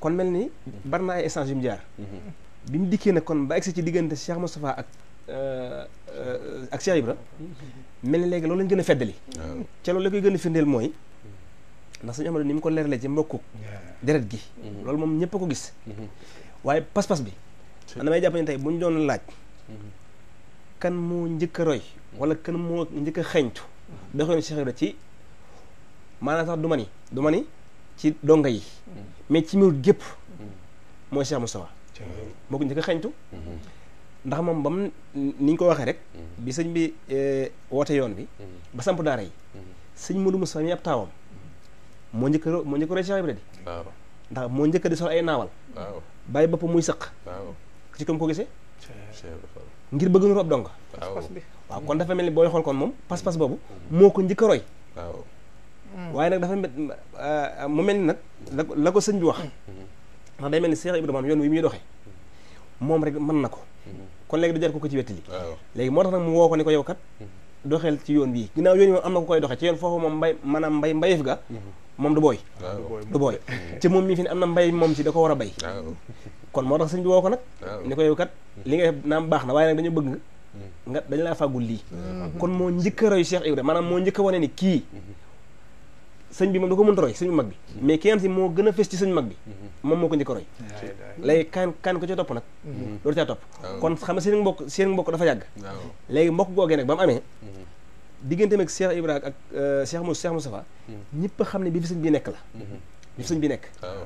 kon mel ni bari na ay échange yu jaar mm-hmm. bi mu dikkee nag kon ba egsi ci diggante Cheikh Moustapha ak euh, euh, ak Cheikh Ibra mel ni léegi loolu lañ gën a feddali ca loolu la koy gën a firndeel mooy ndax suñu amado ni mu ko leerle ci mbokku deret gi mm-hmm. loolu moom ñëpp a ko gis mm-hmm. waaye pas-pas bi man damay jàpp ne tey bu ñu doon laaj mm-hmm. kan moo njëkk a roy wala kan moo njëkk a xeñtu doxoon Cheikh Ibra ci maanaam du ma ni ci donga yi mais ci murut gépp mooy Cheikh Moustapha moo ko njëkk a xeñtu ndax mom bam mu ni ñu ko waxe rek. bi señ bi euh wote yoon bi. ba samp dara yi. sëñ Modou musa mi ap tawam mo ñëk mo ñëk re a Cheikh Ibra di. waaw ndax mo ñëk di sol ay nawal waaw bàyyi bop muy sax waaw ci kam ko gisé ngir bëgg nu rob dong. waaw kon dafa melni boy xol kon mom pass pass bobu moko ñëk roy. waaw hmm. waye nak dafa ah, mu melni nak la ko señ bi wax. Hmm. ndax day melni Cheikh ibrahim moom yoon wi mi doxé mom rek man nako hmm. kon léegi da jar ko ko ci wettali léegi moo tax nag mu woo ko ni ko yow kat mhm. doxel ci yoon bii ginnaaw yoon yi moom am na ko koy doxe ci yoon foofu moom mbay maanaam mbay mbayif ga mhm. moom du booy du booy ci moom mii fi ne am na mbay moom ci da ko war a bay kon moo tax sëñ bi woo ko nag ni ko yow kat li nga naam baax na waaye nag dañu bëgg mhm. nga dañu laa fàggul lii kon moo njëkk a roy Cheikh Ibrahima manaam moo njëkk a wane ni kii sëñ bi moom da ko mënta roy sëñ bu mag bi mm-hmm. mais ki nga si moo gën a fës ci sëñ mag bi mm-hmm. moom moo ko njëkk a roy léegi kan kan ko ca topp nag mm-hmm. loolu caa topp oh. kon xam seen mbokk seen mbokk dafa yàgg oh. léegi mbokk googee ba mu amee diggante ak Ibra ak euh, Cheikh Moussa Cheikh Moustapha ñëpp xam ne bi sëñ bi nekk la bi fi sëñ bi nekk oh.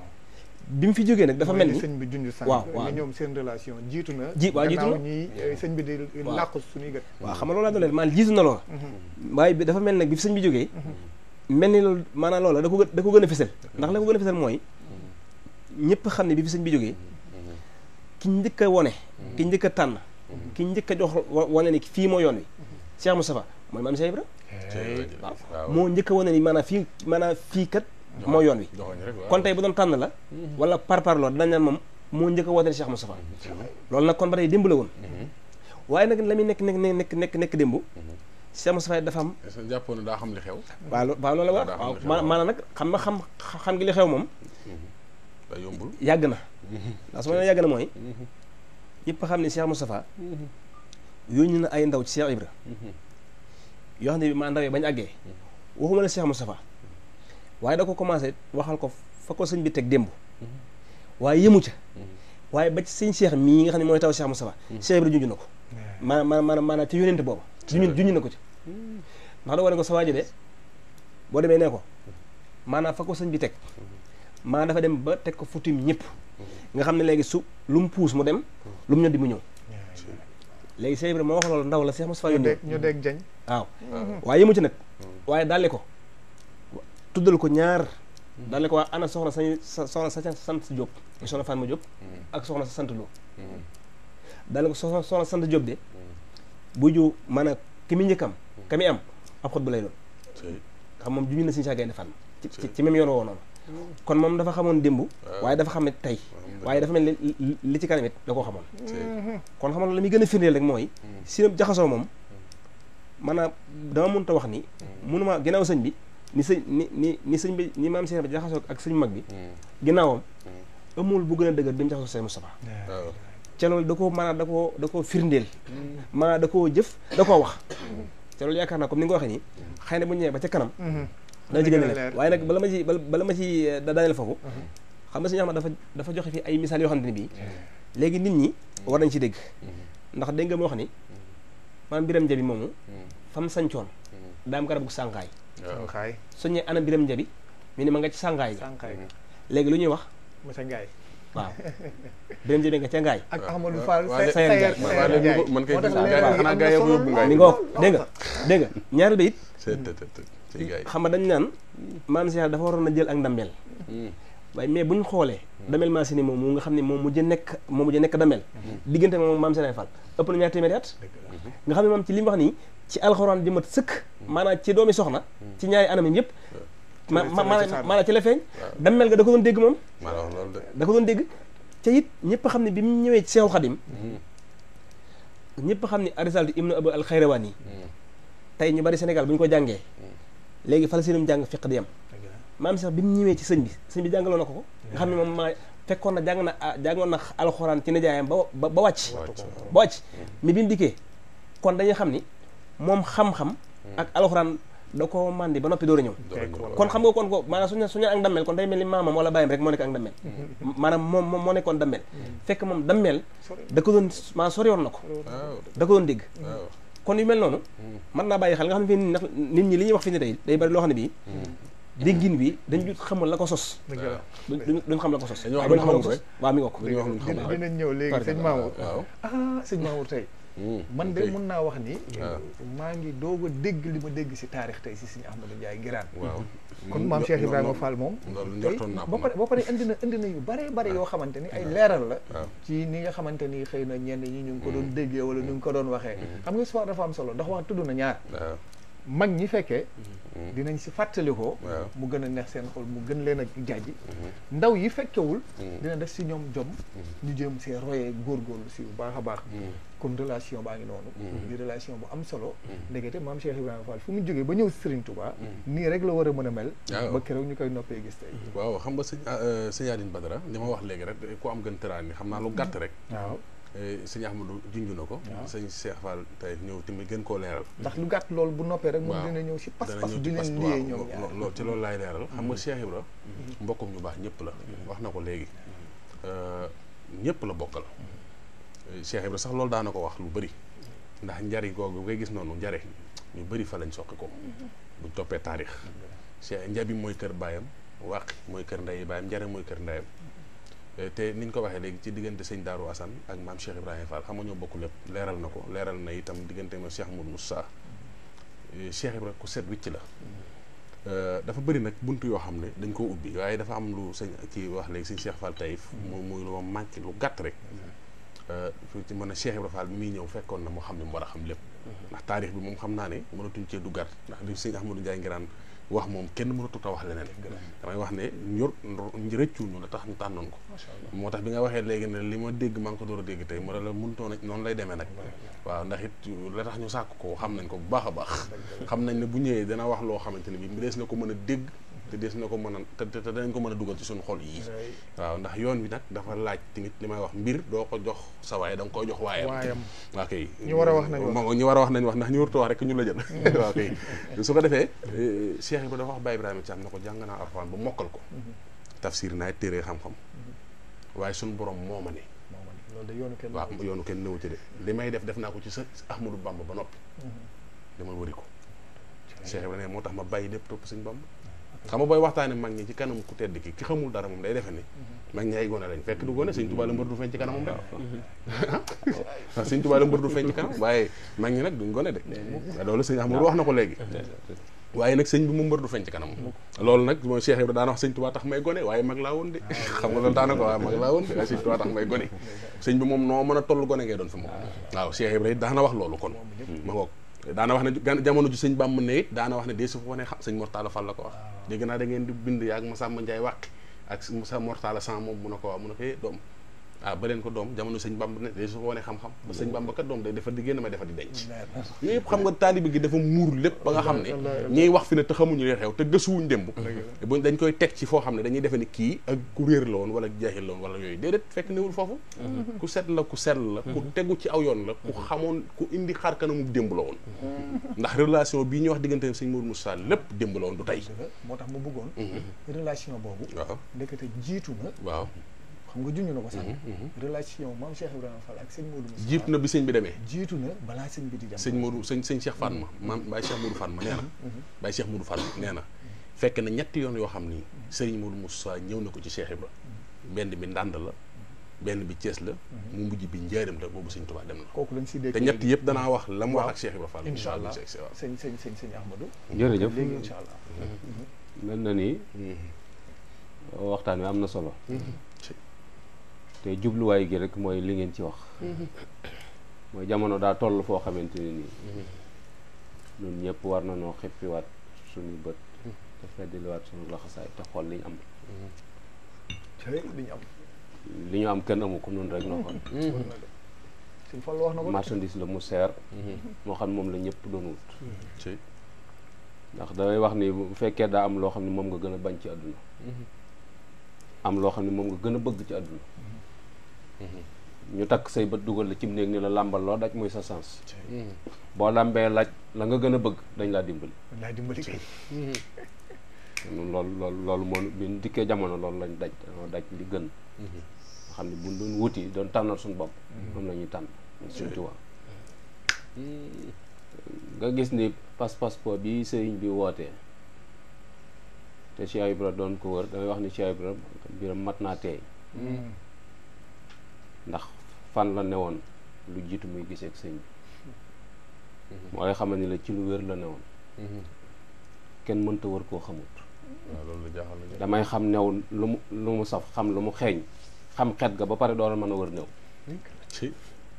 bi mu fi jógee nag dafa mel ni sëñ bi junj saa waaw waaw relation jiitu na ji waaw jiitu na ñi euh, sëñ bi di làqu suñuy gët waaw xam nga loolu laa doon leen maanaam jiitu na loola waaye bi dafa mel nag bi fi sëñ bi jógee mel ni loolu man loola da ko da ko gën a fësal ndax la ko gën a fësal mooy ñëpp xam ne bi fi bi jógee ki njëkk a wone ki njëkk tànn ki njëkk a jox wane ni fii moo yoon wi Cheikh Moustapha mooy maam Cheikh moo njëkk a wane ni maanaam fii maanaam fii mooy yoon wi kon tey bu doon tànn la wala par par loolu dañ naan moom moo njëkk a woote Cheikh Moustapha loolu nag kon ba tey démb la woon mhm. waaye nag la muy nekk nekk nekk nekk nekk démb mhm. Cheikh Moussa Faye dafa am. est-ce que na xam li xew. waaw loo waaw loolu la waaw nag xam nga xam xam gi li xew moom. Mhm. yombul yàgg na. Mhm. ndax su ma nee yàgg na mooy. yëpp mhm. xam ne Cheikh Moustapha yónni na ay ndaw ci Cheikh Ibra yoo xam ne bi maa ndaw bañ àggee waxuma la Cheikh Moustapha waaye da ko commencé waxal ko fa ko sëñ bi teg démb waaye yëmu ca waaye ba ci sëñ Cheikh mii nga xam ne mooy taw seex Moustapha Cheikh Ibra junj na ko maanaam maanaam maanaam ci yónente booba juñ juñu na ko ci ndax da war ne ko sawaaji de boo demee nee ko maanaam fa ko sëñ bi teg maa dafa dem ba teg ko futim ñëpp nga xam ne léegi su lu mu puus mu dem lu mu ñoddi mu ñëw léegi Cheikh Ibrahima moo wax loolu ndaw la Cheikh Moustapha yónni ñu dégg jañ waaw ci nag waaye ko tuddal ko ñaar dalle ko waa ana soxna sañ soxna sa sant Diop soxna Fatma Diop ak soxna sa sant Lo dalle ko soxna sant Diop de bu ju maanaam ki mi njëkkam ka mi am ab xot bu lay doon xam moom juñu na suñu sàggay defal ci ci même yoon woo noonu mm. kon moom dafa xamoon démb ah. waaye dafa xam ne tey waaye dafa mel ni li ci kanam it da koo xamoon mm-hmm. kon xamoon la muy gën a firndeel rek mooy mm. sinam jaxasoo moom mm. maanaam dama mënut wax ni mënuma ginnaaw sëñ bi ni si ni ni ni sëñ bi ni maam sinam jaxasoo ak sëñ mag bi ginnaawam amul bu gën a dëgër bi mu jaxasoo sëñ Moustapha ah. ca loolu da koo maanaam da koo da koo firndeel maanaam da koo jëf da koo wax ca loolu yaakaar comme ni nga ko ni nii bu ñu ba ci kanam da ci gënal way nak bala ma ci bala ma ci eh, dañal fofu mhm. xam nga suñu ahmad dafa dafa joxe fi ay misal yo xamante bi bii nit ñi war nañ ci dégg mm-hmm. ndax dégg nga wax ni mm-hmm. man biram jabi momu mm-hmm. fam sancoon daam garab gu sànqaay sànqaay suñu ana biram jabi mini ma nga ci sànqaay ga léegi lu ñuy wax ma sa waaw. beneen jëndee nga ca ak Amadou Fall Seye Ngaye man kay gis nga xanaa Ngaye boobu Ngaye. nga wax dégg nga dégg nga ñaari bayit. xam nga dañ naan maam dafa waroon a jël ak ndamel. Hmm. waaye mais bu ñu xoolee. damel maa si ni moom mu nga xam ne moom mu mujj nekk moom mujj nekk damel. Hmm. diggante moom maam Cheikh Fall ëpp na ñaar téeméeri at. nga xam ne moom ci li mu wax nii ci alxuraan jëmat sëkk. Hmm. maanaam ci doomi soxna. ci ñaari anam yëpp. maanaam ci la feeñ dammel nga da ko doon dégg moom da ko doon dégg te it ñëpp xam ne bi mu ñëwee ci Seexul Xadim mm-hmm. ñëpp xam ne Arisaldi ibnu Abu al Xayrawaan yi mm-hmm. tey ñu bari Sénégal bu ñu ko jàngee mm-hmm. léegi fala seenum jàng fiq di yam maam sax bi mu ñëwee ci sëñ bi sëñ bi jàngaloo na ko ko nga xam ne moom maa fekkoon na jàng na ah, jàngoon na alxuraan ci nijaayam ba ba wàcc ba wàcc mi bi mu dikkee kon dañuy xam ni moom xam-xam ak alxuraan da ko mandi ba noppi door a ñëw kon xam nga kon ko maanaam suñu suñu ak dammel kon day mel ni maamam wala bàyyam moo nekk ak dammel maanaam moom moom moo nekkoon dammel fekk moom dammel da ko doon maanaam sori woon na ko da ko doon dégg kon yu mel noonu mën naa bàyyi xel nga xam ne fii ndax nit ñi li ñuy wax fi ne tey day bari loo xam ne bii déggin bi dañ jut xamul la ko sos duñ xam la ko sos waaw mi nga ko dinañ ñëw léegi sëñ Mamour ah sëñ Mamour tey Hmm. man de mun naa wax ni. Ah. maa ngi doog a dégg li ma dégg si taarix tey si suñu Ahmadou Ndiaye Guirane. waaw kon maam Cheikh Ibrahima Fall moom. tey ba pare ba pare indi na indi na yu bare bare ah. yoo xamante ni ay ah. leeral la. ci ni xamante ni xëy na ñenn ñi ñu ngi ko doon hmm. déggee wala ñu ngi ko doon waxee. Hmm. xam nga soo dafa am solo ndax wax tudd na ñaar. mag ñi fekkee dinañ si fàttalikoo mu gën a neex seen xol mu gën leen a jaaji ndaw yi fekkewul dina def si ñoom jom ñu jéem see royee góorgóorlu si bu baax a baax comme relation baa ngi noonu mm. di relation bu am solo mm. ndekete maam Cheikh Ibrahima Fall fu mu jógee ba ñëw Serigne Touba mm. nii la war mën a mel ba ñu koy noppee gis waaw xam nga sëñ ah, euh, sëñ Aline Badara li ma wax léegi rek ku am gën tëraan xam naa lu gàtt rek waaw euh, sëñ Ahmadou junj na ko sëñ Cheikh Fall tey ñëw tamit gën koo leeral ndax lu gàtt loolu bu noppee rek moom dina ñëw si pas-pas bi leen liyee ñoom ñaar loolu ci loolu laay leeral xam nga Cheikh mbokkum ñu baax ñëpp la wax na ko léegi euh, ñëpp la bokkal Cheikh Ibra sax loolu daana ko wax lu bëri ndax njariñ googu ngay gis noonu njare ñu bëri fa lañ soqi ko buñ toppee taarix Cheikh njabi mooy kër baayam wàq mooy kër ndey baayam njare mooy kër ndeyam te niñ ko waxee léegi ci diggante sëñ Daaru Assane ak maam Cheikh Ibrahima Fall xam bokk lépp leeral na ko leeral na itam diggante ma Cheikh Mourou Moussa eh, Cheikh Ibrahima ku set wicc la eh, dafa bëri nag bunt yoo xam ne dañ koo ubbi waaye dafa am lu sëñ kii wax léegi sëñ Cheikh Fall Taïf mu muy lu ma manqué rek su euh, ci mën a Cheikh bi muy ñëw fekkoon na mu xam ne mu war a xam lépp mhm. ndax taarix bi moom xam naa ne mënatuñ cee duggaat ndax li sëñ Ahmadou Ndiaye Nguirane wax moom kenn mënatut a wax leneen damay wax ne ñor rëccu la tax ñu tànnoon ko moo tax bi nga waxee léegi ne li ma dégg maa ngi ko door a dégg tey mu ne la mënutoo nag noonu lay demee nag waaw ndax it la ko xam nañ ko bu baax a baax xam nañ ne bu ñëwee dana wax loo xamante ne bi mu dees na ko mën a dégg te des na ko mën a te danañ ko mën a dugal ci suñu xol yi waaw ndax yoon wi nag dafa laaj tamit li may wax mbir doo ko jox sa waay da nga koy jox waayam waaw kay ñu war a wax nañ ñu war a wax nañ wax ndax ñu warut a wax ñu la jël waaw mm. kay su ko defee eh, Cheikh Ibrahima dafa wax Baye Ibrahima Thiam na ko jàng naa alxuraan ba mokkal ko mm-hmm. tafsir naa téere xam-xam mm-hmm. waaye suñu borom moo ma ne waaw yoonu kenn nëwu ci de li may def def naa ko ci sa Ahmadou Bamba ba noppi mm-hmm. dama wëri ko Cheikh Ibrahima moo tax ma bàyyi lépp topp suñ Bamba xam nga booy waxtaane mag ñi ci kanam ku tedd ki ki xamul dara moom day defe ni mag ñi ay gone lañ fekk du gone sëñ Tuubaa la mbër du feeñ ci kanam moom de waaw sëñ Tuubaa mbër du feeñ waaye mag ñi nag duñ gone de loolu sëñ Ahmadu wax na ko léegi waaye nag sëñ bi mu mbër du feeñ ci kanam loolu nag mooy Cheikh Ibrahima daana wax sëñ Tuubaa tax may gone waaye mag laa woon xam nga loolu daana ko waaye mag laa woon de waaye bi moom noo mën a toll gone ngay doon fi moom waaw Cheikh Ibrahima daana wax loolu kon ma ngoog daana wax ne jamono ju sëñ bàmm ne it daana wax ne dee su fa wane xam sëñ Mortala Fall la ko wax ah. dégg naa da ngeen di bind yaa ak Masamba Ndiaye wàq ak Moussa Mortala san moom mun na ko waaw mun na ko eh, doom ah ba leen ko doom jamono sëñ bamba ne day su ko wane xam-xam ba sëñ bamba kat doom day defar di génn may defar di denc yooyu yëpp xam nga taalibe gi dafa muur lépp ba nga xam ne ñiy wax fi ne te xamuñu li xew te gësuwuñ démb buñ dañ koy teg ci foo xam ne dañuy defe kii ak ku réer la woon wala jeexil la woon wala yooyu déedéet fekk newul foofu ku set la ku sell la ku tegu ci aw yoon la ku xamoon ku indi xar kanamu démb la woon ndax relation bii ñuy wax diggante sëñ Mourou Moussa lépp démb la woon du tey moo tax mu bëggoon mhm. relation boobu waaw ndekete jiitu waaw xam nga junj na ko sax. Mhm, mhm. relation maam Cheikh Ibrahima Fall ak sëñ Modou Moussa. jiitu na bi sëñ bi demee. jiitu na balaa sëñ bi di dem. sëñ Modou sëñ sëñ Cheikh Fatma mhm. maam Baye Cheikh Modou Fatma nee na. Baye Cheikh Modou Fatma nee na. fekk na ñetti yoon yoo xam ni. sëñ mu Modou Moussa ñëw na ko ci Cheikh Ibra benn bi ndànd la. benn bi Thiès la. mu mujj bi njaaram la boobu sëñ Tuubaa dem na. kooku lañ si dégg te ñett yëpp danaa wax la mu wax ak Cheikh Ibra Fall. incha allah sëñ sëñ sëñ sëñ Ahmadou. jërëjëf léegi incha allah. mel na ni waxtaan wi am na solo. te way gi rek moy li ngeen ci wax moy mhm. jamono da tollu fo xamanteni ni nii mhm. ñun ñepp war nañu noo wat suñu bët mhm. te wat suñu loxasay te xool liñ am ñu am li ñu am kenn amuko ñun rek noko xool fa fal wax na ko marchandise la mu seer mo xam mom la ñepp doon wut ndax damay wax ni bu fekke da am lo xamni mom nga gëna bañ ci àdduna am lo xamni mom nga gëna bëgg ci àdduna ñu mm-hmm. tak say bët duggal la cim neeg ni la lambal lo daj moy sa sens mm-hmm. bo lambé laj la nga gëna bëgg dañ la dimbali la dimbali kay mm-hmm. lool lool lool mo bi ñu jamono lool lañ daj daj li gën xamni bu ne wuti doon tanal suñu bop mom lañuy tan tànn suñu tubaab nga gis ni pass passeport bi sëriñ bi woté té ci ay Ibra doon ko wër damay wax ni ci ay Ibra biram mat naa teey ndax fan la ne woon lu jiitu muy gisee ak sëñ bi mhm. moo lay xamal ni la ci lu wér la newoon mhm. kenn mënta war koo xamut damay xam new lu mu lu mu saf xam lu mu xeeñ xam xet ga ba pare doora mën a wër new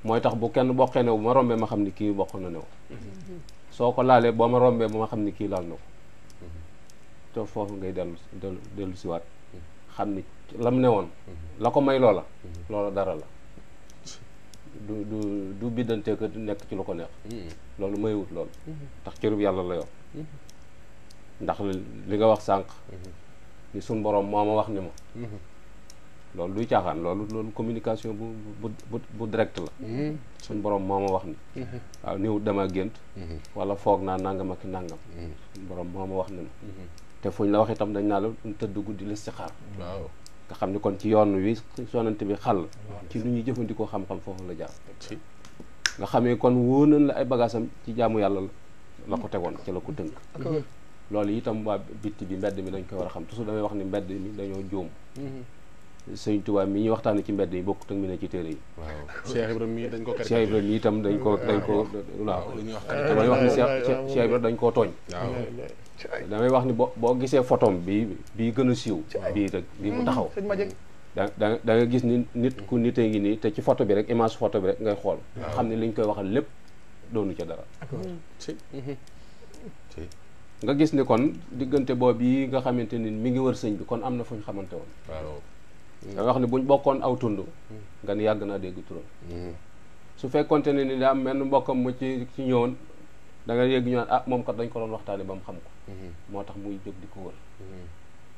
mooy tax bu kenn bokkee new bu ma rombee ma xam ni kii bokk na new mhm. soo ko laalee boo ma rombee ba ma xam ni kii laal na ko te foofu ngay dellu dellu dellu siwaat xam ni lam ne woon mhm. la ko may loola mhm. loola dara la du du du biddante ko nekk ci lu ko neex mhm. loolu mayewut loolu ndax cërub yàlla la yor ndax li nga wax sànq ni suñ borom moo ma wax ni ma duy caaxaan loolu communication bu bu bu direct la suñ borom wax ni waaw niwut dama gént walla foog naa nangam ak nangam suñ borom moo ma wax ni ma te fuñ la wax itam dañ naa la tëdd guddi lis ci nga xam ni kon ci yoon wi sonante bi xàll ci lu ñuy jëfandikoo xam-xam foofu la jaar nga xamee kon wóor nañ la ay bagaasam ci jaamu yàlla la ko tegoon ci la ko tënk mhm. loolu itam waa bitti bi mbedd mi dañ koy war a xam toujours damay wax ni mbedd mi dañoo juum mhm. sëñ Tuubaa mi ñuy waxtaanee ci mbedd yi bokk tak mi ne ci téere yi Cheikh Ibrahima mi dañ ko Cheikh Ibrahima mi itam dañ ko dañ ko waaw damay wax ni Cheikh Ibrahima dañ koo tooñ damay wax ni bo gisé photo bi bi gëna siw bi rek bi mu mm-hmm. taxaw mm-hmm. da nga gis ni nit ku nité ngi ni té ci photo bi rek image photo bi rek ngay xol xamni liñ koy waxal lepp doonu ci dara mm. mm-hmm. nga gis ni kon digënté bo bi nga xamanteni mi ngi wër sëñ bi kon amna fuñ xamanté won da mm. wax ni buñ bokkon aw tundu mm. nga ni yag na dégg turu su fekkonté ni da am mel mbokam mu ci ci ñëwoon da nga yegg ñëwaat ah mom ko dañ ko doon waxtaane ba mu xam ko Mm-hmm. moo tax muy jóg di ko wër mm-hmm.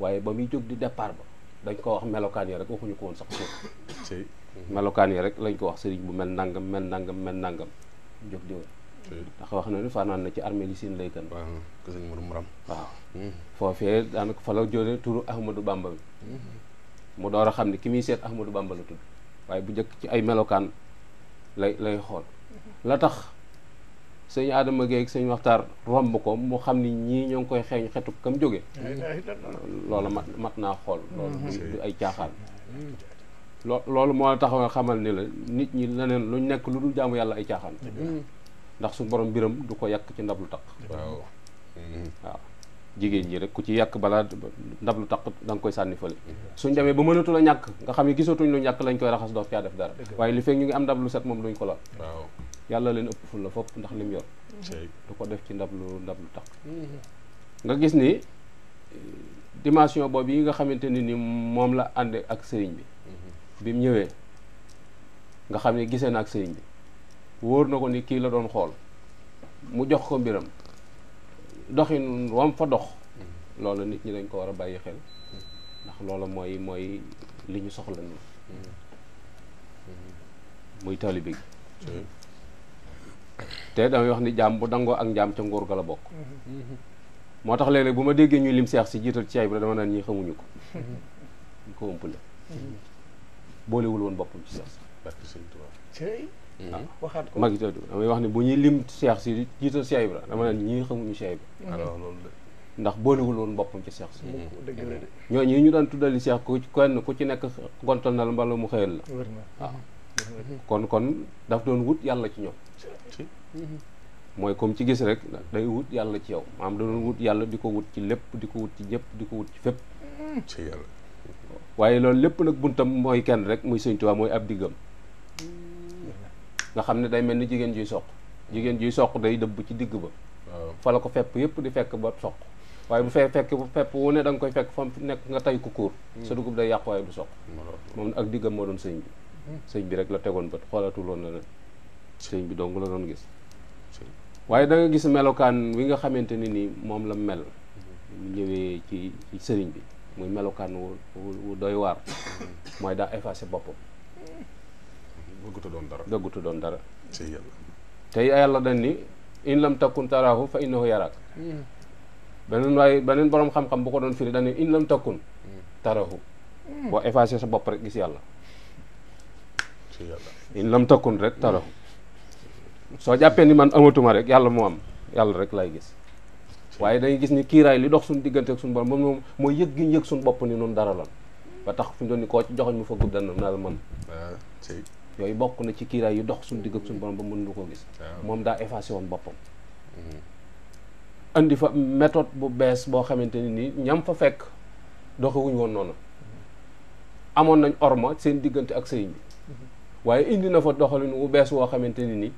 waaye ba muy jóg di départ ba dañ ko wax melokaan ya rek waxuñu ko woon sax mm-hmm. melokaan ya rek lañ ko wax sëriñ bu mel nangam mel nangam mel nangam jóg di wër ndax wax na ni fanaan na ci armée li seen laykan ko sëñ Modou Muram waaw foofee daanaka fa la jóge turu Ahmadou Bamba mu door a xam ne ki muy seet Ahmadou Bamba la tudd waaye bu njëkk ci ay melokaan lay lay xool la tax sëñ Adama Gueye ak sëñ Maxtaar romb ko mu xam ni ñii ñoo ngi koy xeeñ xetu kam jóge loolu mat mat naa xool loolu du ay caaxaan loo loolu moo tax nga xamal ni la nit ñi leneen luñ nekk lu dul jaamu yàlla ay caaxaan ndax su borom mbiram du ko yàq ci ndab lu waaw jigéen ñi rek ku ci yàq balaa ndab lu taq koy sànni fële suñ demee ba mënatul a ñàkk nga xam ne gisatuñ lu ñàkk lañ koy raxas dox caa def dara waaye li fekk ñu ngi am ndab set moom duñ ko laal waaw yalla leen ëpp ful la fop ndax lim yor du ko def ci ndab lu ndab lu tax mhm. nga gis ni eh, dimension boobu yi nga xamanteni ni mom la ande ak serigne bi mhm. bim ñewé nga xamni gisé nak serigne bi woor nako ni ki la doon xol mu jox ko mbiram doxin wam fa dox mhm. loolu nit ñi dañ ko wara bayyi xel ndax loolu moy moy liñu soxla muy te damay wax ni jaam bu dangoo ak njaam ca nguur ga la bokk moo tax léeg bu ma déggee ñuy lim seex si jiital ci bi la dama naan ñi xamuñu ko ñu ko ëmpale boolewul woon boppam ci seex ah. waxaat ko mag damay wax ne bu ñuy lim seex si jiital Cheikh Ibra dama naan ñii xamuñu Cheikh mm-hmm. Ibra ndax boolewul woon boppam ci seex si mm-hmm. ñooñu ñu daan tuddali seex ku kenn ku ci nekk gontal na la mbala mu xëyal la waaw kon kon daf doon wut yàlla ci ñoom mooy comme ci gis rek day wut yàlla ci yow maanaam da doon wut yàlla di ko wut ci lépp di ko wut ci ñëpp di ko wut ci fépp waaye loolu lépp nag buntam mooy kenn rek muy Sëñ waa mooy ab diggam nga xam ne day mel ni jigéen juy soq jigéen juy soq day dëbb ci digg ba fa la ko fepp yëpp di fekk ba soq waaye bu fee fekk bu fepp wu ne da nga koy fekk fa nekk nga tay ko hmm. sa dugub day yàq waaye du soq moom ak diggam moo doon sëñ sëñ bi rek la tegoon bët xoolatul woon na ne sëñ bi dong la doon gis waaye da nga gis melokaan wi nga ni la mel mu ñëwee ci ci bi muy melokaan wu wu doy waar mooy daa effacé boppam dëggutu doon dara dëggutu doon dara te yàlla dañ ni in lam takkun taraahu fa innahu yaraak beneen waaye beneen boroom xam-xam bu ko doon firi dañ in lam takkun hmm. sa rek gis in lam takun rek taro so jappé ni man amatuma rek yalla mo am yalla rek lay gis waaye dañuy gis ni ray li dox sun digënté ak sun bor mom moom yegg gi ñu sun bop ni non dara lan ba tax fu ñu doon ni koo ci joxoñ mu fëggub dana na la man ah, yoy bokku na ci kiiraay yu dox sun digg ak sun bor ba mën lu ko gis ah. mom da effacé won bopam mm-hmm. andi fa méthode bu bees bo xamanteni ni ñam fa fekk doxewuñ won noonu amon nañ orma seen digënté ak seen waaye indi na fa doxalin wu bees woo xamante ni ni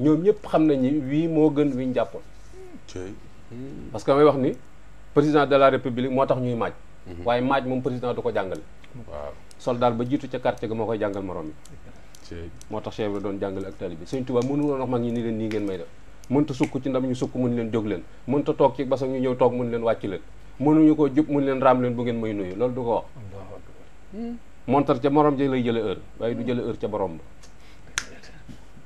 ñoom ñëpp xam nañ ni wii moo gën wi ñu jàppoon. parce que may wax ni président de la république moo tax ñuy maaj. Mhm. waaye maaj moom président du ko jàngale. waaw soldat ba jiitu ca quartier ga moo koy jàngal moroom yi. moo tax chef la doon jàngale ak tali bi Sëñ Tuubaa mënu woon mag ñi ni leen nii ngeen may def. mënta sukk ci ndam ñu sukk mun leen jóg leen mënta toog ci basa ñu ñëw toog mun leen wàcc leen mënuñu ko jub mun leen raam leen bu ngeen may nuyu loolu du ko wax. montar ca morom ja lay jële heure waaye du jële heure ca borom ba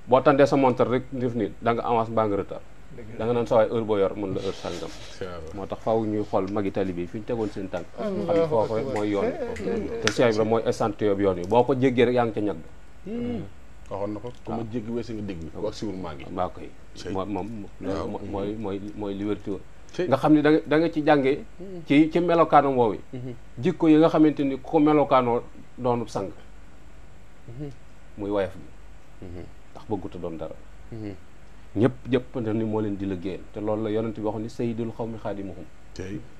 boo tàndee sa montar rek def nit da nga avance baa nga retard da nga naan sawaay heure boo yor mun la heure sàngam moo tax faaw ñuy xool magi tali bi fi ñu tegoon seen tànk xam ne foofu mooy yoon mooy essentiel bi yoon yi boo ko jéggee rek yaa ngi ca ñag hmm. na ko ku ma jéggi weesu nga dégg bi wax siwul maa ngi maa koy moom mooy mooy mooy liberté nga xam ne da nga ci jàngee hmm. ci ci melokaanam woowu hmm. jikko yi nga xamante ni ku melokaanoo doonub sang mhm. muy woyof bi mhm. ndax bëgguta doon dara mhm. ñëpp jëppante ni moo leen di liggéeyal te loolu la yonent bi waxoon ni sayyidul xawmi xaadimuhum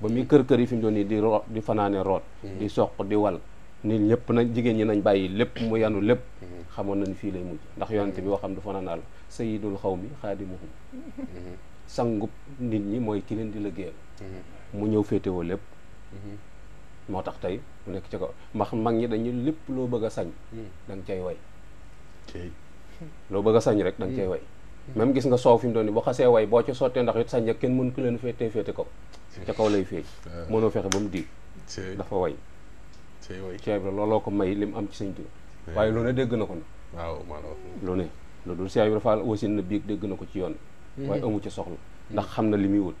ba muy kër kër yi fi mu doon nii di root di fanaane root di soq di wal nit ñëpp nañ jigéen ñi nañ bàyyi lépp mu yanu lépp xamoon nañ fii lay mujj ndax yonent bi waxam dafa naan sayyidul xawmi xaadimuhum sangub nit ñi mooy ki leen di liggéeyal mu ñëw féetewoo lépp moo tax tey mu nekk ci kaw ndax mag ñi dañu lépp loo bëgg a sañ hmm. danga cay way loo bëgg sañ rek da cay hmm. way hmm. même gis nga soow fi mu doon ni boo xasee way boo ca sottee ndax it sañ ak kenn mënu ku leen féetee féete kaw ca kaw lay féey ah. mënoo fexe ba mu diig dafa way ceeb la looloo ko may li mu am ci sëñ Tuubaa waaye lu ne dégg na ko na waaw lu ne lu dul Cheikh Ibrahima Fall wasin na biig dégg na ko ci yoon waaye amu ci soxla ndax xam na li muy wut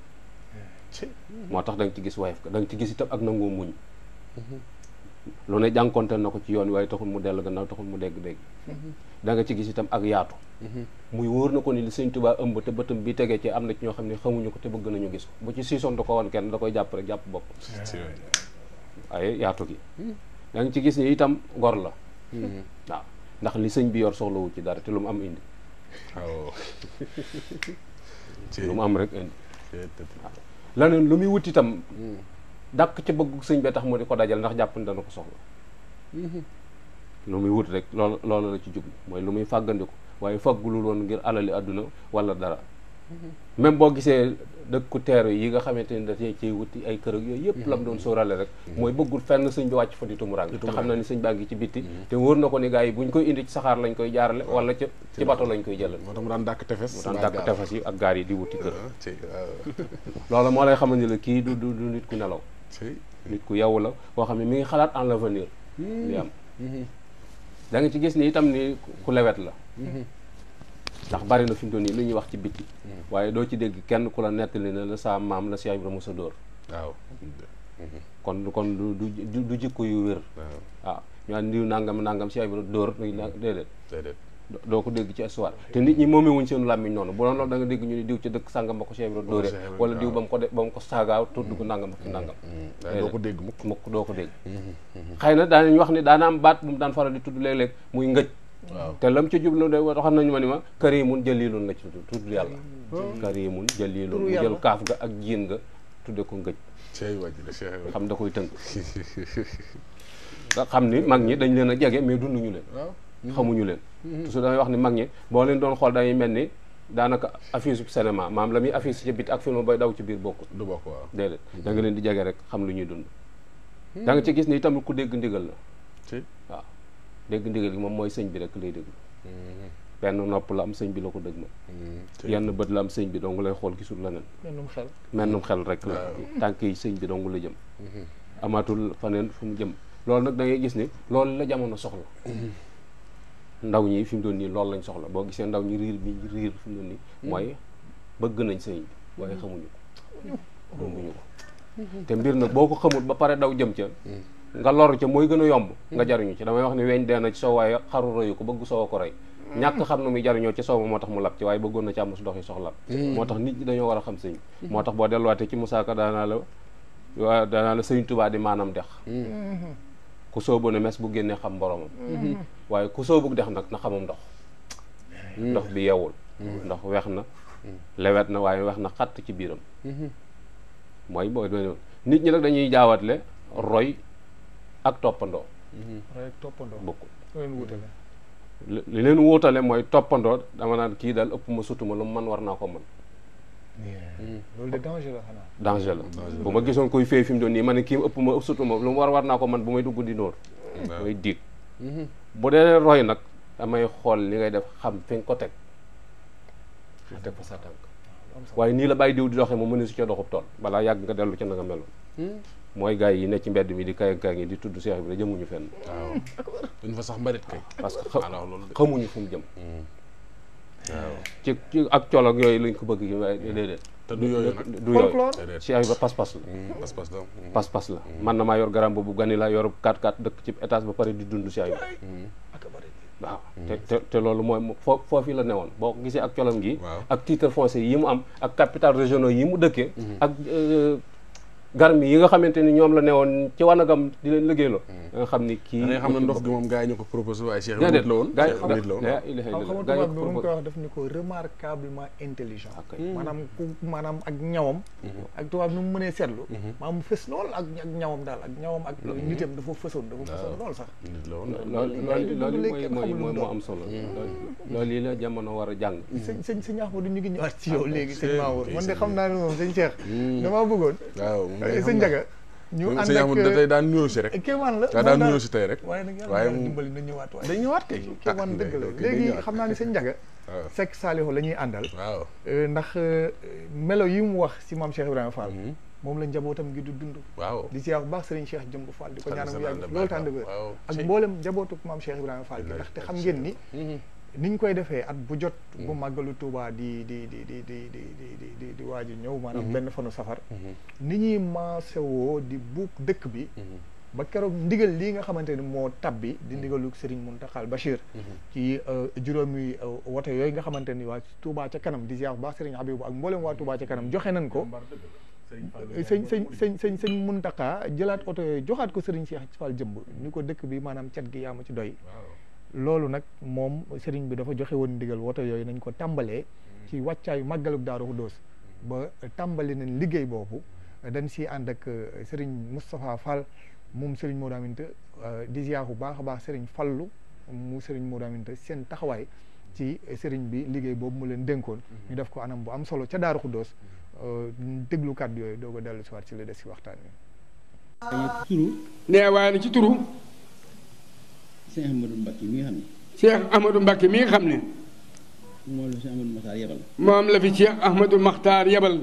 moo tax da ci gis wayef ko da nga ci gis itam ak nangoo muñ lu ne jànkonteel na ko ci yoon waaye taxul mu dellu gannaaw taxul mu dégg-dégg da nga ci gis tam ak yaatu muy wóor na ko ni li sëñ tubaa ëmb te bëtam bi tegee ci am na ci ñoo xam ne xamuñu ko te bëgg nañu gis ko bu ci siisoon da ko wan kenn da koy jàpp rek jàpp bopp waaye yaatu gi da nga ci gis ni tam ngor la waaw ndax li sëñ bi yor soxlawu ci dara te lu mu am indi waaw oh. lu mu am rek indi laneen lu muy wut itam hmm. dak ci bëgg sëñ bi tax mo di ko dajal ndax jàpp ne ko soxla mhm. lu wut rek lool la ci jublu moy lu muy waye waaye fàggulul ngir alali aduna wala dara mhm. même gisé gisee ku terre yi nga xamanteni da tay ci wuti ay kër ak yooyu mhm. lam doon sooralé rek moy bëggul fenn sëñ bi wacc fa di rang te xamna ni sëñ baa ci biti te woor nako ko ni gaay buñ koy indi ci saxar lañ koy jaarale wala ci ci bato lañ koy jëlal motam daan tefes daan tefes yi ak gaari di wuti kër ah, ah. loolu mo lay xamanteni ne du du nit ku nelaw nit ku yow la koo xam ne mi ngi xalaat en l'avenir li hmm. am hmm. ci gis ni itam ni ku lawet la hmm. ndax bari na fi mu toll nii lu ñuy wax ci bitti waaye doo ci dégg kenn ku la nettali ne la sa maam la Cheikh Ibrahima sa dóor waaw kon kon du du jikko yu wér waaw ah, ñu naan diw nangam nangam Cheikh Ibrahima dóor déedéet déedéet doo ko dégg ci histoire te nit ñi moomee wuñ seenu làmmiñ noonu bu doon loolu da nga dégg ñu ni diw ci dëkk sàngam ba ko Cheikh Ibra oh, dóore wala diw ba mu ko de ba mu ko saagaaw tudd ko nangam ak nangam mm, mm, mm. doo ko dégg xay mukk doo ko dégg xëy na daanañ wax ni daan am baat bu mu daan faral di tudd léeg-léeg muy ngëj waaw te lam ci jublu de waxoon nañu yi mun jël karimun jaliilun la ci tudd tudd yàlla karimun jaliilun mu jël kaaf ga ak jiin nga tudde ko ngëj xam da koy tënk xam ni mag ñi dañ leen a jege mais ñu leen Mm-hmm. xamuñu leen mm-hmm. su damay wax ni mag ñi boo leen doon xool dañuy mel ni daanaka affiche bu cinéma maam la muy affiche ci bit ak film bay daw ci biir bokkul du bokk waaw déedéet mm-hmm. leen di jege rek xam lu ñuy dund da nga ci gis ni tamit ku dégg ndigal la waaw dégg ndigal gi moom mooy sëñ bi rek lay déglu benn nopp la am sëñ bi la ko dëgg ma yenn bët la sëñ bi dong lay xool gisul leneen mennum xel mennum xel rek tànk yi sëñ bi dong la jëm amaatul faneen fu mu jëm loolu nag da ngay gis ni loolu la jamono soxla ndaw ñi fi mu doon nii loolu lañ soxla boo gisee ndaw ñi riir bi riir fi mu doon nii hmm. mooy bëgg nañ sëriñ waaye hmm. xamuñu ko rombuñu hmm. ko te mbir nag boo ko xamul ba pare daw jëm ca nga loru ca mooy gën a yomb nga jariñu ci damay wax ne weñ dee na ci soo waaye xaru bëgg soo ko rey ñàkk xam na muy jariñoo ci soow ma moo tax mu lab ci waaye bëggoon na ci am su doxi soxla moo tax nit ñi dañoo war a xam sëñ moo tax boo delluwaatee ci musaaka daanaa la waa daanaa la sëñ di maanaam dex ku sooboona mes bu génnee xam boromam waaye ku soo bugg dex nag na xamum ndox mm-hmm. ndox bi yeewul mm-hmm. ndox weex na mm-hmm. lewet na waaye weex na xat ci biiram mooy booy nit ñi nag dañuy jaawatle roy ak toppandoo roy ak toppandoo bokkul li leen mooy toppandoo dama naan kii daal ëpp ma sutuma lu man war naa ko mën loolu de danger la la bu ma gisoon koy fee fi mu doon nii ma ne kii ëpp ma ëpp sutuma lu war naa ko man bu may dugg di nóor mooy diig Mm-hmm. bu dee roy nag damay xool li ngay def xam fi nga ko teg nga mm-hmm. teg fa ah, waaye nii la bàyyi diw di doxee moom mënees ca doxub tool balaa yàgg nga dellu ci na nga meloon mm-hmm. mooy gaa yi ne ci mbedd mi di kay ak ngi di tudd seex bi da jëmuñu fenn waaw duñ fa sax mbarit kay parce que xamuñu fu mu jëm waaw ci ci ak col yooyu lañ ko bëgg ci waaye déedéet te du yooyu nag du yooyu ci ay ba pas-pas la mm, mm. pas-pas la man na maa yor garam boobu gani la yor 4-4 dëkk ci étage ba pare di dund ci ay mm. waaw te te loolu mooy foo foofu la newoon boo ko gisee ak colom gi ak titre foncier yi mu am ak capital régionaux yi mu dëkkee mm-hmm. ak euh, garmi yi nga xamante ni ñoom la newoon ci wanagam di leen liggéeyloo nga xam ni kii da xam ne ndox gi moom gars yi ñu ko proposé waaye Cheikh nit la woon gars yi ko wax daf ni ko remarquablement intelligent maanaam ku maanaam ak ñawam ak tubaab nu mu mënee seetlu maanaam mu fës lool ak ak daal ak ñawam ak nitam dafa fësoon dafa fësoon lool sax nit la woon loolu loolu mooy mooy moo am solo loolu yi la jamono war a jàng sëñ sëñ sëñ Ahmadou ñu ngi ñëwaat ci yow léegi sëñ damaa bëggoon sëñ Ndiaga ñu ànd ak sëñ Amadou tey daan nuyoo si rek eh, kéemaan la daan nuyoo si tey rek waaye nag yàlla dimbali na ñëwaat waaye day ñëwaat kay ah, kéemaan dëgg la léegi xam naa ni sëñ Ndiaga Seck Saliou la ñuy àndal waaw eh, ndax eh, melo yi mu wax si maam Cheikh Ibrahima Fall mm-hmm. moom la njabootam gi du dund waaw di ziar bu baax sëriñ Cheikh Jëmb faal di ko ñaanam yàgg loolu tànd ak mboolem njabootu maam Cheikh Ibrahima Fall gi ndax te xam ngeen ni mm-hmm. ni koy defee at bu jot. Mm-hmm. bu màggalu Tuuba di di di di di di di di di ñëw. Mm-hmm. maanaam benn fanu safar. Mm-hmm. ni ma maasewoo di buub dëkk bi. ba keroog ndigal lii nga xamante ni moo tabbi di ndigalu Serigne Mountakha Bachir. ci euh, juróomi euh, wote yooyu nga xamante ni waa Touba ca kanam di ziar bu baax Serigne Habibou ak mboolem waa Touba ca kanam joxe nañ ko. sëñ sëñ sëñ sëñ sëñ Mountakha jëlaat oto yooyu joxaat ko Serigne Cheikh Fall jëmb ni ko dëkk bi maanaam cet gi yaa ma ci doy. loolu nag moom sëriñ bi dafa joxe woon ndigal woto yooyu nañ ko tàmbalee ci mm. wàccaayu màggalub Daaru doos mm. ba tàmbali nañ liggéey boobu dañ si ànd ak euh, sëriñ Moustapha Fall moom sëriñ moo Aminta euh, di ziar bu baax a baax sëriñ Fallu mu sëriñ Modou seen taxawaay ci sëriñ bi liggéey boobu mu leen dénkoon mm-hmm. ñu def ko anam bu am solo ca Daaru doos mm-hmm. euh, déglu kàddu yooyu doo ko dellu si waat si la si waxtaan wi. ci turu. neewaa ci turu. Cheikh Amadou Mbacke mi nga xam ne. Cheikh Amadou Mbacke mi nga xam ne. moom la fi Cheikh Amadou Makhtar yebal.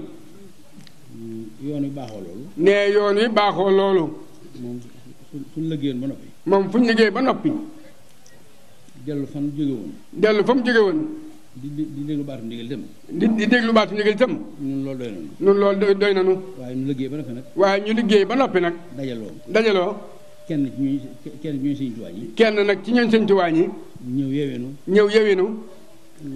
moom la fi Cheikh Amadou Makhtar yebal. Mm, baaxoo loolu. nee yoon baaxoo loolu. moom fuñ liggéeyoon ba noppi. moom fuñ liggéey ba noppi. dellu fa mu jóge woon. dellu fa mu jóge woon. di di di déglu baatu ndigal itam. di di déglu baatu ndigal itam. ñun loolu doy nañu. ñun lool doy doy nañu. waaye ñu liggéey ba noppi nag. waaye ñu liggéey ba noppi nag. dajaloo dajaloo. kenn ci ñooñu kenn ci ñooñu sëñ Tuubaa kenn nag ci ñooñu sëñ Tuubaa ñi. ñëw yewinu ñëw yewinu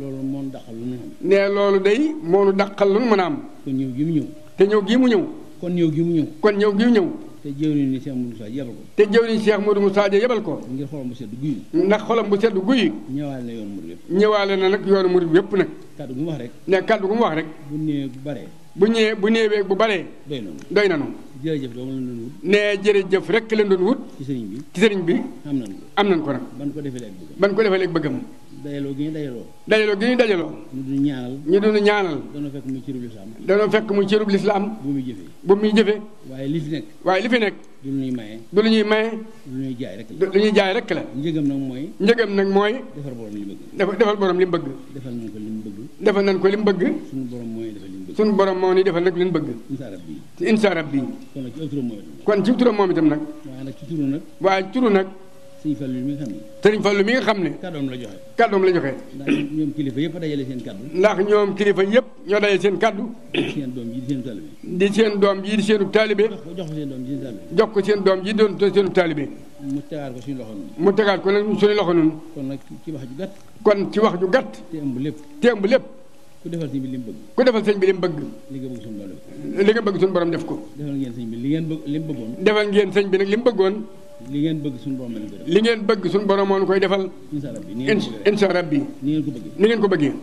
loolu moo ñu lu ñu am. nee loolu day moo daqal dàqal lu ñu mën kon ñëw gi mu ñëw. te ñëw gi mu ñëw. kon ñëw gi mu ñëw. kon ñëw gi mu ñëw. te jëwriñ ni Cheikh Modou Moussa yebal ko. te jëwriñ Cheikh Modou Moussa yebal ko. ngir xolam bu sedd guy. ndax xolom bu sedd guy. ñëwaale na yoonu murid yëpp. ñëwaale na nag yoonu murid yëpp nag. kaddu gu mu wax rek. ne kaddu gu mu wax rek. bu néewee bu bare bu ñëwee bu néewee bu baree. doy na doy na noonu. jërëjëf doo leen doon wut. nee jërëjëf rek leen doon wut. ci sëriñ bi ci sëriñ bi. am nañ ko nañ ko nag. ban ko defee léegi bëggam ban ko defee léegi bëggam. dajaloo gi ñu dajaloo. dajaloo gi ñu dajaloo. ñu dund ñaanal. ñu dund ñaanal. danoo fekk muy cërub lislaam. fekk muy cërub lislaam. bu muy jëfee bu muy jëfee. waaye li fi nekk. waaye li fi nekk. du lu ñuy maye. du lu ñuy jaay rek la. lu jaay rek la. njëgam nag mooy. njëgam nag mooy. defal borom li mu bëgg. defal borom li bëgg. defal nañ ko li mu ko li mu suñu borom moo ni defal nag leen bëgg. incha rabbi te incha rabbi. kon nag ci moom itam. kon ci turam moom itam nag. nag ci turu nag. waaye turu nag. sëriñ xam ne. sëriñ la joxe. kàddoom la joxe. ndax ñoom kilifa yëpp dajale seen kàddu. ndax ñoom kilifa yëpp ñoo dajale seen kàddu. di seen di seen taalibe. di seen taalibe. jox ko seen doom ko seen doom ji doon seen taalibe. mu tegaat ko loxo noonu. mu tegaat ko nag suñu loxo noonu. kon nag ci wax ju gàtt. kon ci wax ju gàtt. lépp te ëmb lépp. ku defal sëñ bi li mu bëgg. ku defal sëñ bi li mu bëgg. li nga bëgg suñu borom def li ko. defal ngeen sëñ bi li ngeen bëgg li mu bëggoon. defal ngeen sëñ bi nag li mu ngeen bëgg suñu borom koy defal. li ngeen bëgg suñu borom moo koy defal. incha rabbi ni ngeen ko bëggee incha rabbi ko bëggee. ni ngeen ko bëggee.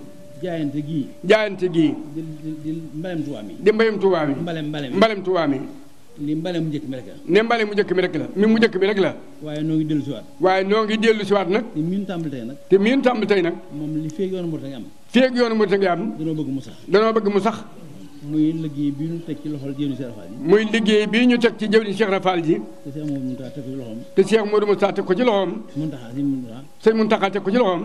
jaayante gii. jaayante gii. di di di mbalem tuwaa mi. di mbalem tuwaa mi. mbalem mbalem mbalem tuwaa mi. li mbale mu njëkk mi rek la. ne mu njëkk mi rek la. mi mu njëkk mi rek la. waaye noo ngi dellu si waat. waaye noo ngi dellu si waat nag. te miin tàmbali tey nag. te miin tàmbali tey nag. moom li feeg yoonu murit nga am. feeg yoonu murit nga am. danoo bëgg mu sax danoo bëgg mu sax. muy liggéey bi ñu teg ci loxol jëwriñ Cheikh muy liggéey bi ñu teg ci jëwriñ Cheikh Rafal ji. te Cheikh Modou Moussa teg ko ci te Cheikh Modou Moussa teg ko ci loxoom. Mountakha sëñ Mountakha. sëñ Mountakha teg ko ci loxoom.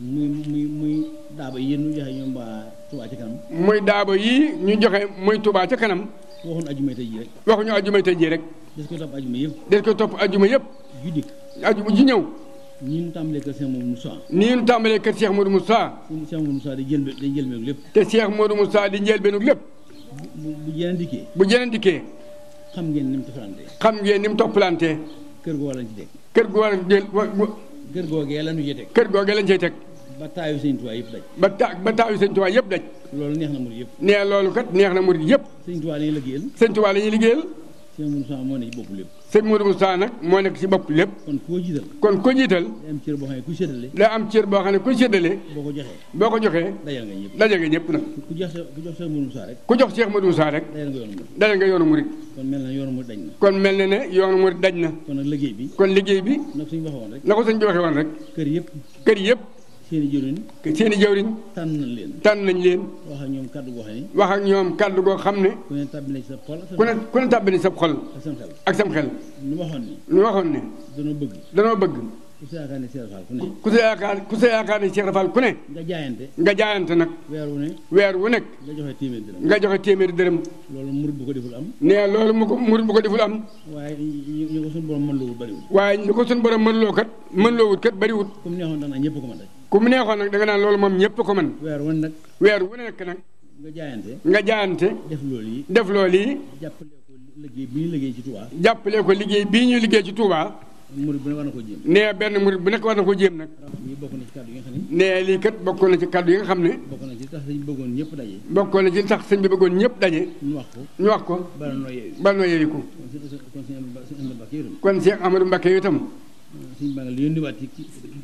muy muy muy daaba yi ñu joxe ñoom waa Touba ca kanam. muy daaba yi ñu joxe muy Touba ca kanam. waxuñu ajumay tey jii rek. waxuñu ajumay tey jii rek. des ko topp ajuma yëpp. des ko topp ajuma yëpp. ju dikk ajuma ju ñëw. ñii ñu tàmbalee kër Cheikh Modou Moussa. ñii ñu tàmbalee kër Cheikh Modou Moussa. suñu Cheikh Modou Moussa di jël day njëlbeenu lépp. te Cheikh Modou Moussa di njëlbeenu lépp. bu bu jeneen dikkee. bu jeneen dikkee. xam ngeen ni mu toppalantee. xam ngeen ni mu toppalantee. kër goo lañ ci teg. kër goo lañ ci kër googee lañ ci teg. kër googee lañ ci teg. ba taayu sëñ Tuubaa yëpp daj. ba taa ba taayu sëñ yëpp daj. loolu neex na murid yëpp. nee loolu kat neex na murid yëpp. sëñ Tuubaa la ñuy liggéeyal. sëñ Tuubaa la ñuy liggéeyal. Cheikh Modou Moussa moo ne ci bopp lépp seen sëñ Modou Moussa nag moo nekk si bopp lépp. kon koo jiital. kon koo jiital. daa am cër boo xam ne ku séddale. daa am boo xam ne ku séddale. boo ko joxee boo ko joxee. dajal nga ñëpp dajal nga ñëpp nag. ku jox ku jox Cheikh Modou Moussa rek. ku jox Cheikh Modou Moussa rek. dajal nga yoonu murid. kon mel na ne yoonu murid daj kon mel na ne yoonu murid daj na. kon nag liggéey bi. kon liggéey bi. na ko sëñ bi waxee woon rek. na ko sëñ bi woon rek. kër yëpp. kër yëpp. seeni jëwriñ seeni jëwriñ tànn nañ leen tànn nañ leen wax ak ñoom kàddu goo xam ne wax ak ñoom kàddu goo xam ne ku ne tàbbi na sa xol ku ne ku ne tàbbi na sa xol ak sam xel lu waxoon ne lu waxoon ne danoo bëgg danoo bëgg ku sa yaakaar ne Cheikh Rafal ku ne nga jaayante nag weer wu nekk nga joxe téeméeri dërëm nga loolu mu ko murit bu ko deful am waaye ñu ko suñu borom mën kat mën loowut kat bëriwut ku mu neexoon nag da nga naan loolu moom ñëpp ko mën. weer wu nag. weer wu nekk nag. nga jaayante. nga jaayante. def loolu yi def loolu yi. jàppale ko liggéey bi ñu liggéey ci Touba. jàppale ko liggéey bii ñuy liggéey ci Touba. murit bu nekk war na ko jéem. nee benn murit bu nekk war na ko jéem nag. nee lii kat bokkoon na ci kaddu yi nga xam ne. bokkoon na ci tax sëñ bi bëggoon ñëpp daje. bokkoon na ci tax sëñ bi bëggoon ñëpp daje. ñu wax ko ñu wax ko. bala noo yeewu ko. kon Cheikh Amadou Mbacke itam. kon Cheikh Amadou Mbacke itam. sëñ baa ngi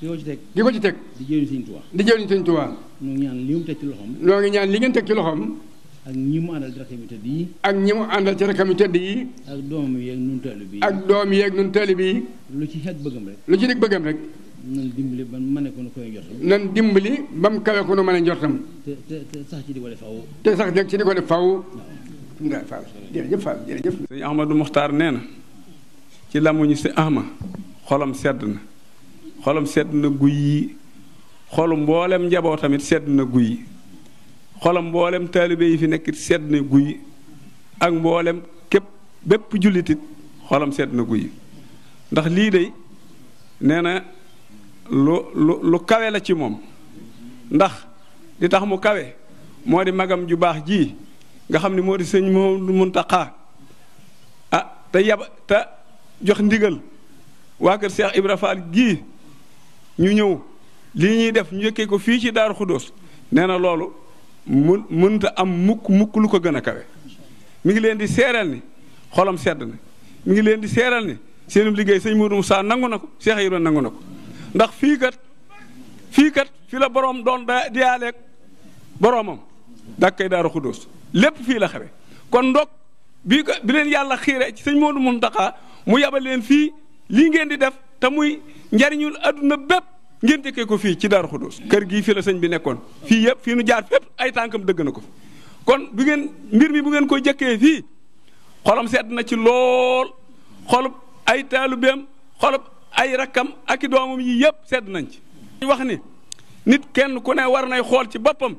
di ko ci teg di ko ci teg. di jëriñ Sëñ Tuubaa. di jëriñ Sëñ Tuubaa. ñoo ngi ñaan li mu teg ci loxoom. ñoo ngi ñaan li ngeen teg ci loxoom. ak ñi mu àndal ci rakam yu tëdd yi. ak ñi àndal ci rakam yu yi. ak doom yeeg nun taalibe bi ak doom yeeg nun taalibe yi. lu ci xet bëggam rek. lu ci dig bëggam rek. nan dimbali ba mu mane ko nu koy njortam. nan dimbali ba mu kawe ko nu mane njortam. te te te sax ci di ko def faaw. te sax nag ci di ko def faaw. waaw Fall jërëjëf Fall jërëjëf. sëñ nee na ci lamuñu si Ahma xolam sedd na xolam sedd na guy yii xolu mboolem njaboo tamit sedd na guy xolam mboolem taalibe yi fi nekk sedd na guy ak mboolem képp bépp jullitit xolam sedd na guy ndax lii de nee na lu lu lu kawe la ci moom ndax li tax mu kawe moo di magam ju baax jii nga xam ni moo di sëñ Mouhamadou Mountakha ah te yab te jox ndigal waa kër Cheikh Ibra Fall gii ñu ñëw lii ñuy def ñu yëkkee ko fii ci Daaru Xuddoos nee na loolu mun mënta am mukk mukk lu ko gën a kawe mu ngi leen di seeral ni xolam sedd na mi ngi leen di seeral ni seenum liggéey sëñ Mourou saa nangu na ko Cheikh Ibra nangu na ko ndax fii kat fii kat fi la boroom doon diyaaleeg boroomam dàkkay Daaru Xuddoos lépp fii la xewe kon ndok bi ko bi leen yàlla xiire ci sëñ Mourou Mountakha mu yabal leen fii lii ngeen di def te muy njariñul adduna bépp ngeen jëkkee ko fii ci dara Xudoos kër gii fi la sëñ bi nekkoon fii yëpp fi nu jaar fépp ay tànkam dëgg na ko fi kon bu ngeen mbir mi bu ngeen koy jëkkee fii xolam sedd na ci lool xolub ay taalubeem xolub ay rakkam ak i doomam yii yëpp sedd nañ ci wax ni nit kenn ku ne war nay xool ci boppam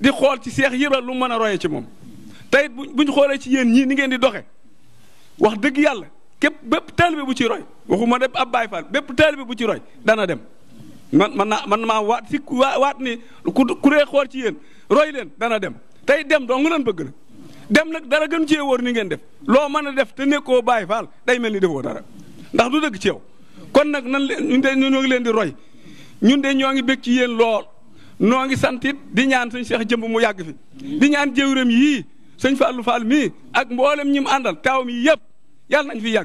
di xool ci seex yëbra lu mën a roye ci moom teyit buñ xoolee ci yéen ñii ni ngeen di doxe wax dëgg yàlla képp bépp taalibe bu ci roy waxuma de ab Baay Faal bépp taalibe bu ci roy dana dem man man naa man maa waat si waat ni ku kuree xool ci yéen roy leen dana dem tey dem dong lan bëgg na dem nag dara gën cee woor ni ngeen def loo mën a def te nekkoo Baay Faal day mel ni defoo dara ndax du dëgg ci yow kon nag nan leen ñun de ñoo ngi leen di roy ñun de ñoo ngi bég ci yéen lool noo ngi sant di ñaan suñ seex jëmb mu yàgg fi di ñaan jëwrëm yii sëñ Fallou Fall mii ak mboolem ñi mu àndal taawam yii yëpp يالنا في يا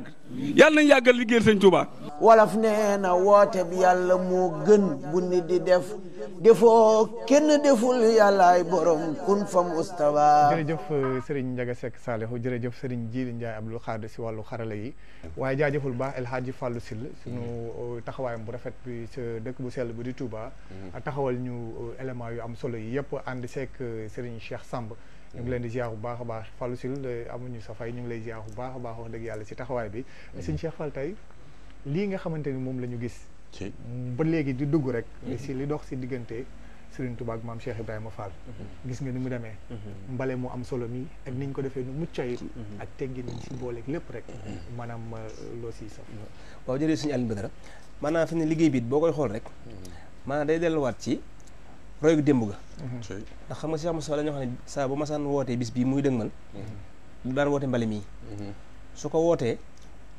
يالنا ياغ ليغيل يا توبا ولا فنينا واتي بيالا مو گن بو ني دي ديف ديفو كين ديفول يالا اي بوروم كون فام استوا جيري جيف سيرين نجا سيك صالح جيري جيف سيرين جيل نجا عبد الخالد سي والو خارلا يي واي جاجيفول با الحاج فالو سيل سونو تاخوايم بو رافيت بي سي دك بو سيل بو دي توبا تاخوال نيو اليمان يو ام سولو ييب اند سيك سيرين شيخ سامب ñu ngi di ziar bu baax a baax Fallou Sil amuñu sa fay ñu ngi lay ziar bu baax a baax wax dëgg yàlla ci taxawaay bi mm-hmm. sëñ Cheikh Fall tey lii nga xamante ni moom la ñu gis ba léegi di dugg rek si mm-hmm. li dox si diggante Serigne Touba ak maam Cheikh Ibrahima Fall mm-hmm. gis nga ni mu demee mbale mu am solo mi ni ñu ko defee nu mucc ayib ak teggin niñ si booleek lépp rek maanaam euh, loo siy saf waaw jërëjëf sëñ Aliou Badara maanaam fi ne liggéey bi boo koy xool rek maanaam day delluwaat ci gu dembu ga mhm. ndax xam nga Cheikh Moussa la bis bimu muy deugmal du mhm. dar wote mbale mi mhm. su ko wote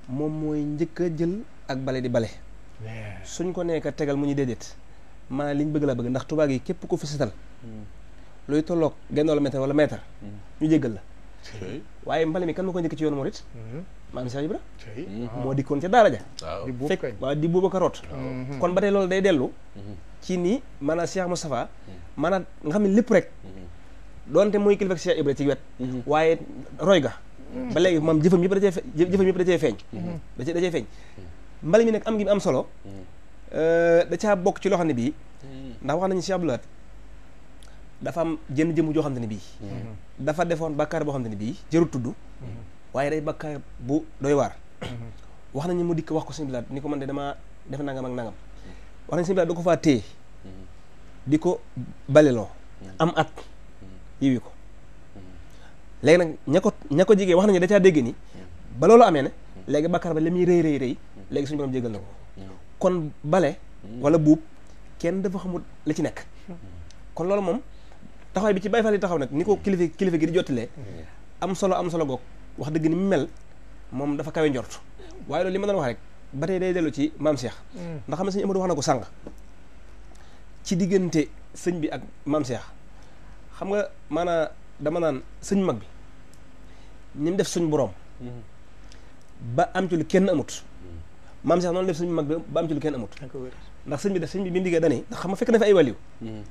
mom moy njëkk jël ak bale di balé suñ ko nekk tegal mu ñu déedéet maanaam liñ bëgg la bëgg ndax tuba gi képp ku fi setal luy tolok genn wala wala mètre ñu jéggal la waye mbale mi kan mako ñëk ci yoonu murit maam Cheikh Ibra ah. di kon ja di buuba kon ba lol day ci ni maanaam Cheikh Moustapha mana hmm. nga liprek ne lépp rek hmm. doonte muy kilifa Cheikh Ibra ci wet hmm. waaye roy ga ba léegi moom jëfam yëpp da cee jëfam yëpp da cee feeñ da cee da cee mi am gi am solo euh, da caa bok ci loo bi ne bii ndax wax nañu Cheikh Abdoulaye dafa am jënn jëmm joo xam ne dafa defoon bakar bo xam bi bii jërut wae waaye day bo bu doy war wax nañu mu dikk wax ko sëñ Abdoulaye ni ko man de def nangam ak nangam wax nañ sëñ bi ko faa téye di ko bale loo mm-hmm. am at mm-hmm. yiwi ko mm-hmm. léegi nag ña ko ña jigee wax nañu da caa dégg ni ba loolu amee ne léegi bàkkaar ba li muy rëy rëy rëy léegi suñu borom jégal na kon bale wala buub kenn dafa xamul la ci nekk kon loolu moom taxawaay bi ci Baay Faal yi taxaw nag ni ko kilifa kilifa gi di jottalee am solo am solo goog wax dëgg ni mu mel moom dafa kawe njort waaye loolu li ma doon wax rek ba tey day dellu ci maam Cheikh. Mm. ndax xam ne sëñ Amadou wax na ko sànq ci diggante sëñ bi ak maam Cheikh xam nga maanaa dama naan sëñ mag bi ñun def suñ boroom. Mm-hmm. ba am ci lu kenn amut. Mm. maam Cheikh noonu def suñ mag bi ba am ci lu kenn amut. sëñ bi def sëñ bi bi ndiggee dane ndax xam nga fekk na fi ay wàliw mm.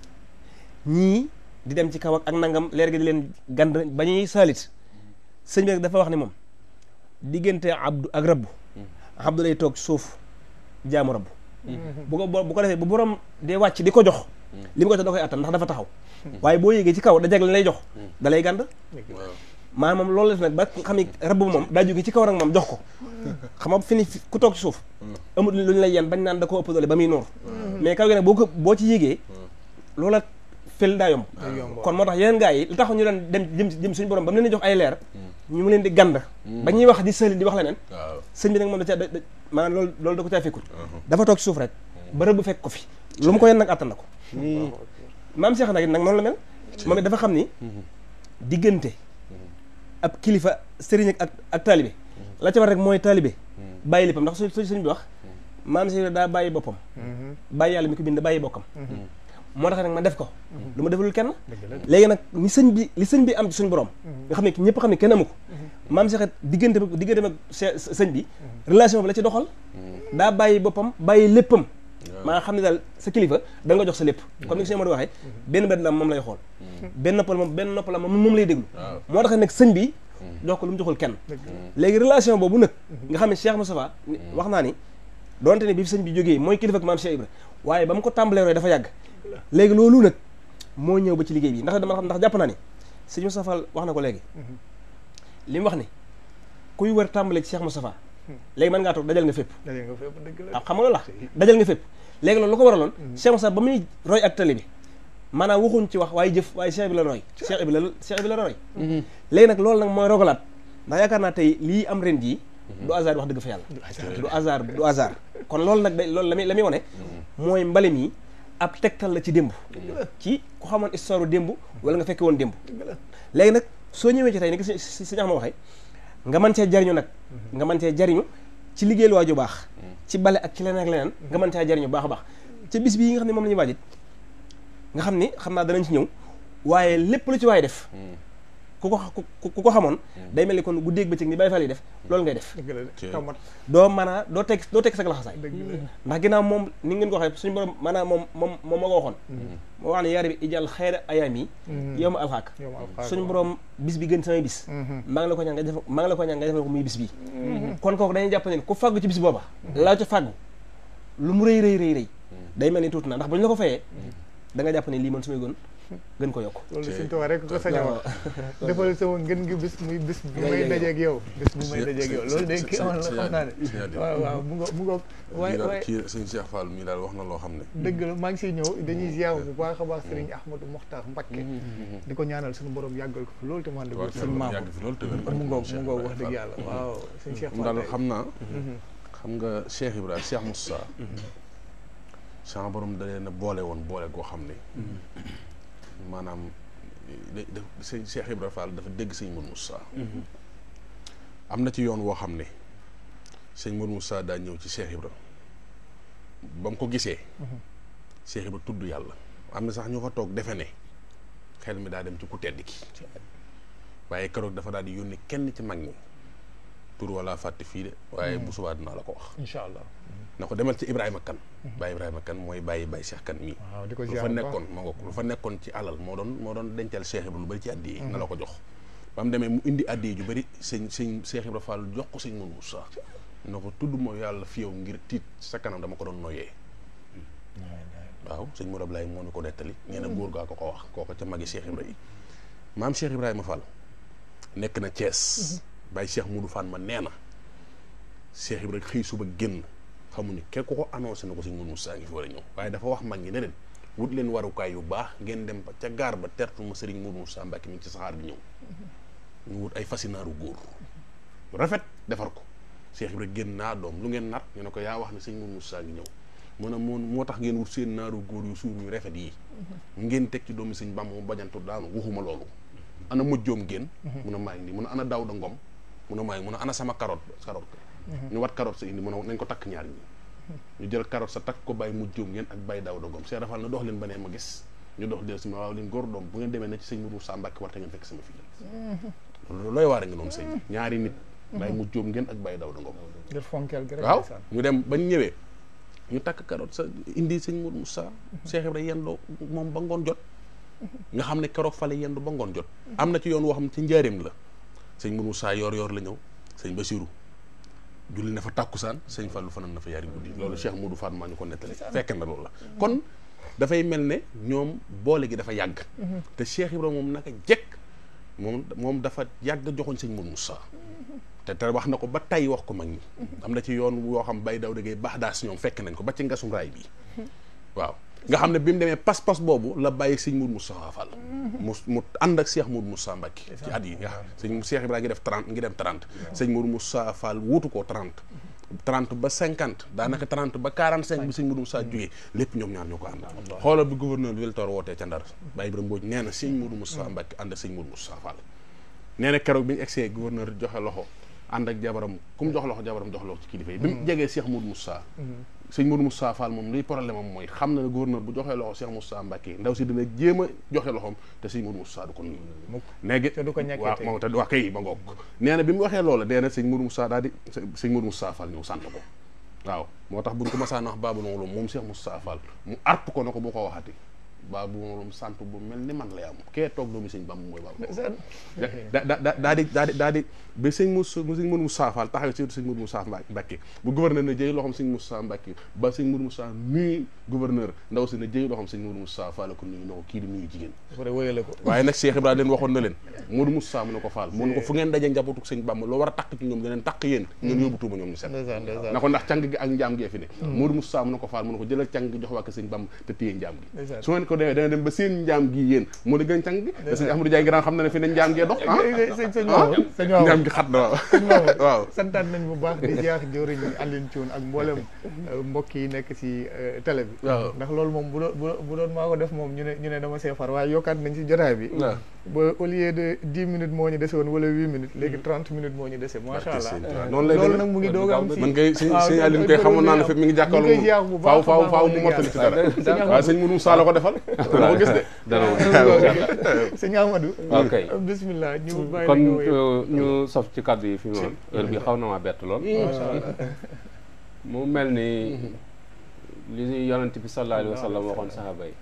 ñii di dem ci kaw ak nangam leer gi di leen gand ba ñuy saalit sëñ bi dafa wax ne moom diggante abdu ak rabbu abdu lay toog suuf jaamu rabb mm-hmm. bu ko bu ko defee bu borom dee wàcc di ko jox mm-hmm. li mu ko jox ndax dafa taxaw waaye boo yéegee ci kaw da jag la lay jox mm-hmm. dalay lay gànd maanaam moom loolu la def nag ba xam ne rabb moom daa jóge ci kaw rek moom jox ko xam nga fi ni ku toog suuf amul lu ñu lay yan bañ naan da koo ëpp doole ba muy noor mais kaw gi nag boo ko boo ci yéegee loola fel daa yomb kon moo tax yeneen gaa yi li tax ñu doon dem jëm jëm suñu borom ba mu leen jox ay leer ñu mu leen di gand mm. ba ñuy wax di sëlin di wax leneen sëñ bi nag moom da ca maanaam loolu da ko caa fekkut uh-huh. dafa toog suuf rek bërëb bu fekk ko fi lu mu ko yen nag àttan na ko mm. nag nag la mel moom it dafa xam ni mm-hmm. diggante mm-hmm. ab kilifa sëriñ ak ak taalibe mm-hmm. la ca war rek mooy taalibe bàyyi léppam ndax su sëñ bi wax maam Cheikh daa bàyyi boppam bàyyi yàlla mi ko bind bàyyi bokkam moo tax nag ma def ko mhm. lu ma defalul kenn léegi nag ni sëñ bi li sëñ bi am suñ suñu mhm. nga xam ne ñëpp xam ne kenn amu ko mhm. maam Cheikh diggante diggante mag sëñ bi relation bi la ci doxal daa bàyyi boppam bàyyi léppam maa xam ne daal sa kilifa da nga jox sa lépp comme ni ko sëñ Amadou waxee benn bët la moom lay xool benn nopp la benn nopp la moom moom lay déglu moo tax nag sëñ bi jox ko mu joxul kenn léegi relation boobu nag nga xam ne Cheikh Moustapha wax naa ni donte ne bii sëñ bi jógee mooy kilifa ak maam Cheikh Ibra waaye ba mu ko tàmbalee roy dafa yàgg léegi loolu nag moo ñëw ba ci liggéey bi ndax dama xam ndax jàpp naa ni sëñ Moustapha wax na ko léegi li mu wax ni kuy war tàmbali ci Cheikh Moustapha léegi man ngaa toog dajal nga fépp waaw ah, xam nga la dajal nga fépp léegi loolu lu ko war a waraloon mm-hmm. Cheikh Moustapha ba muy roy ak tali bi maanaam waxuñ ci wax waaye jëf waaye Cheikh bi la roy Cheikh bi la Cheikh la roy mm-hmm. léegi nag loolu nag mooy rogalaat ndax yaakaar naa tey lii am ren jii mm-hmm. du hasard wax dëgg fa yàlla du hasard du hasard kon loolu nag day loolu la muy la muy wane mooy mbalim yi ab tegtal la ci démb ci ku xamoon histoire démb wala nga fekke woon démb léegi nag soo ñëwee ci tey ni si si ñax ma waxee nga mën cee jariñu nag nga mën cee jariñu ci liggéeyal waaju baax ci bale ak ci leneen ak nga mën cee jariñu baax a baax ca bis bii nga xam ne moom la ñuy waajit nga xam ni xam naa danañ ci ñëw waaye lépp lu ci waaye def hmm. ku ko ku ko xamoon hmm. day mel ni kon bu dégg bëccëg ni Baay Faal yi def hmm. loolu ngay def doo mën a doo teg doo teg sa laxasaay ndax ginnaaw moom ni ngeen ko waxee suñu borom maanaam moom moom moom moo ko waxoon hmm. moo wax ne yaare bi ijal xayra ayaam yi yow ma alxaak suñu borom bis bi gën samay bis maa ngi la ko ñaan nga def maa la ko ñaan nga defal ko muy bis bi kon kooku dañuy jàpp ne ku fàggu ci bis booba laa ci fàggu lu mu rëy rëy rëy rëy day mel ni tuuti na ndax bu ñu la ko fayee da nga jàpp ne lii man su may gën ko yokk loolu suñu tubaab rek ko saña wax defal sama ngën ngi bis bis bu may dajeeg yow bis bu may dajeeg yow loolu waaye waaye kii sëñ Cheikh Fall mii daal wax na loo xam ne dëgg la maa ngi siy ñëw dañuy ziar bu baax a baax mm-hmm. sëriñ Ahmadou Mokhtar Mbacké mm-hmm. Mm-hmm. di ko ñaanal suñu borom yàggal ko loolu te man dëgg suñu maam mu ngoog mu ngoog wax dëgg yàlla waaw sëñ Cheikh Fall daal xam naa xam nga Cheikh Ibrahima seex Moussa sama borom da na boole woon boole goo xam ne maanaam sëñ Cheikh Ibra dafa dégg sëñ mu Moussa. Mhm. am na ci yoon woo xam ne sëñ Mourou Moussa daa ñëw ci Cheikh Ibra ba mu ko gisee. Mhm. Cheikh Ibra tudd yàlla am na sax ñu fa toog defe ne xel mi daa dem ci ku tedd ki waaye keroog dafa daal di yónni kenn ci mag ñi tur wala fàtte fii de waaye mhm. bu subaa dinaa la ko wax. allah. na ko demal ci Ibrahima Kan Baye Ibrahima Kan mooy bàyyi Baye Cheikh Kan mii lu fa nekkoon ma ko lu fa nekkoon ci alal moo doon moo doon dencal Cheikh Ibra lu bari mhm. na la ko jox ba mu demee mu indi addi ju bari sëñ sëñ Cheikh Ibra jox ko sëñ Mourou Moussa na ko tudd ma yàlla fi ngir tiit sa kanam dama ko doon noyee waaw sëñ Mourou Ablaye moo ko nettali nee na góor ko wax kooko ca magi Cheikh Ibra maam Cheikh Ibrahima Fall nekk na Thiès mhm. Baye Cheikh Moudou Fane ma nee na Cheikh Ibra xëy suba génn Kamu ne képp ko annoncé nako ci si ngunu ngi fi war a dafa wax mag ni ne wut leen kay yu baax ngeen dem ba ca gar ba tertu ma serigne Mourou sa mbak mi ci saxaar bi ñew ñu wut ay fascinaru goor rafet defar ko Cheikh ibrahim génn na dom lu ngeen nar ñu ne ko yaa wax ni serigne Mourou Moussa ngi ñëw mu ne ngeen wut seen naru goor yu suñu rafet yi ngeen tek ci domi serigne mu bañantu waxuma lolu ana uhuh. mujjom na ngi na ana daw da ngom na ngi ana sama carotte carotte ñu wat carotte sa indi mën nañ ko takk ñaar ñi ñu jël carotte sa takk ko bàyyi mu jóg ngeen ak bàyyi daaw dogom seera fal na dox leen ba nee ma gis ñu dox del si ma waaw leen góor doom bu ngeen demee na ci sëñ Mourou Samba Mbacke warte ngeen fekk sama fii looy ñaari nit bàyyi mu jóom ngeen ak bàyyi daw dogom ngir fonkeel gi rek waaw ñu dem bañ ñëwee ñu takk carotte sa indi sëñ Mourou Moussa Cheikh Ibrahima yendoo moom ba ngoon jot nga xam ne keroog fale yendu ba ngoon jot am na ci yoon woo xam ne ci njaareem la sëñ Mourou Moussa yoor yoor la ñëw sëñ ba Basirou julli na fa tàkkusaan sëñ Fallou fanaan na fa yaari guddi loolu Cheikh Modou Fall maa ñu ko nettali fekk na loolu la kon dafay mel ne ñoom boole gi dafa yàgg te Cheikh Ibrahima moom naka jekk moom moom dafa yàgg joxoñ sëñ Modou Moussa te te wax na ko ba tey wax ko mag ñi am na ci yoon yoo xam bay daw da ngay baax daas ñoom fekk nañ ko ba ci ngasum raay bi waaw nga xam ne bi mu demee pas-pas boobu la bàyyi sëñ Mourou Moustapha Fall mu mu ànd ak seex Mourou mu Mbacké ci at yi nga xam sëñ Cheikh Ibrahima ngi def trente ngi dem trente sëñ Mourou Moustapha Fall ko trent trente ba cinquante daanaka trente ba quarante cinq bi sëñ Mourou Moustapha jógee lépp ñoom ñaar ñoo ko ànd xoola bi gouverneur Wiltor wootee ca Ndar Baye Ibrahima Mbodj nee na sëñ Mourou Moustapha Mbacké ànd ak sëñ Mourou Moustapha Fall keroog bi ñu egsee gouverneur joxe loxo ànd ak jabaram ku mu jox loxo jabaram jox loxo ci kilifa yi bi mu mm. jegee Cheikh Mourou Moustapha mm-hmm. sëñ Modou mu Fall moom luy problème am mooy xam na ne gouverneur bu joxee loxo Cheikh Moustapha Mbacké ndaw si dina jéem a joxe loxoom te sëñ Modou Moustapha du ko nuyu léegi waaw moom te wax kay ba ngoog nee na bi mu waxee loola dee na sëñ Modou Moustapha daal di sëñ Modou Moustapha Fall ñëw sant ko waaw moo tax bu buñ ko masaan wax baabul moom Cheikh mu Fall mu art ko na ko boo ko waxati baa bu moom sant bu melni man lay am ke kee toog doomi sëñ bamb mooy baabu da da da daa di daa di be seigne ba sëñ mus Mourou Moussa Fall taxaw ci seigne Mourou Moussa Mbacke bu gouverneur na jey loxom seigne Moussa Mbacke ba seigne Mourou Moussa ni gouverneur ndaw si na jëy loxom seigne Mourou Moussa Fall ko nuyu na ko kii di nuyu ko waye nak Cheikh ibrahim len waxon na len Mourou Moussa mu ne ko Fall mu ne ko fu ngeen dajje njabootu seigne bam lo wara tak ci ñom leneen tak yeen ngeen yóbbu tuuma ñoom ñu set nako ndax cang gi ak njam gi fi ne mm. Mourou Moussa mu ne ko Fall mu ne ko jëlal cang gi jox wak seigne bam te téye njam gi de da dem ba seen njaam gi yéen moo di gën càng gi sëñ Ahmadou Ndiaye Grand xam na ne fi ne njaam gee dox ah. eh, eh, sëñ sëñ waaw ah. sëñ waaw njaam gi xat na waaw waaw nañ bu baax di jaax jëwriñ Alioune Thioune ak mboolem euh, mbokk yi nekk si euh, télé bi ndax loolu moom bu doon bu def moom ñu ne ñu ne dama see far waaye nañ si jotaay bi ba au lieu de dix minutes moo ñu dese woon wala huit minutes léegi trente minutes moo ñu dese macha allah noonu lay loolu nag mu ngi doog am si man kay sëñ ah, sëñ Alioune koy xamoon naa ne fi mi ngi jàkkaarloo faaw faaw faaw mu mottali ci dara waaw sëñ Mourou Sall defal Oke, ko gis de dara sëñ Amadou ok bismillah ñu bàyyi iya, mhm. kon ñu sof ci kàddu yi fi moom heure bi xaw na maa bett ni Lizi ñuy yonent bi sallallahu alayhi wa sallam waxoon sahaba yi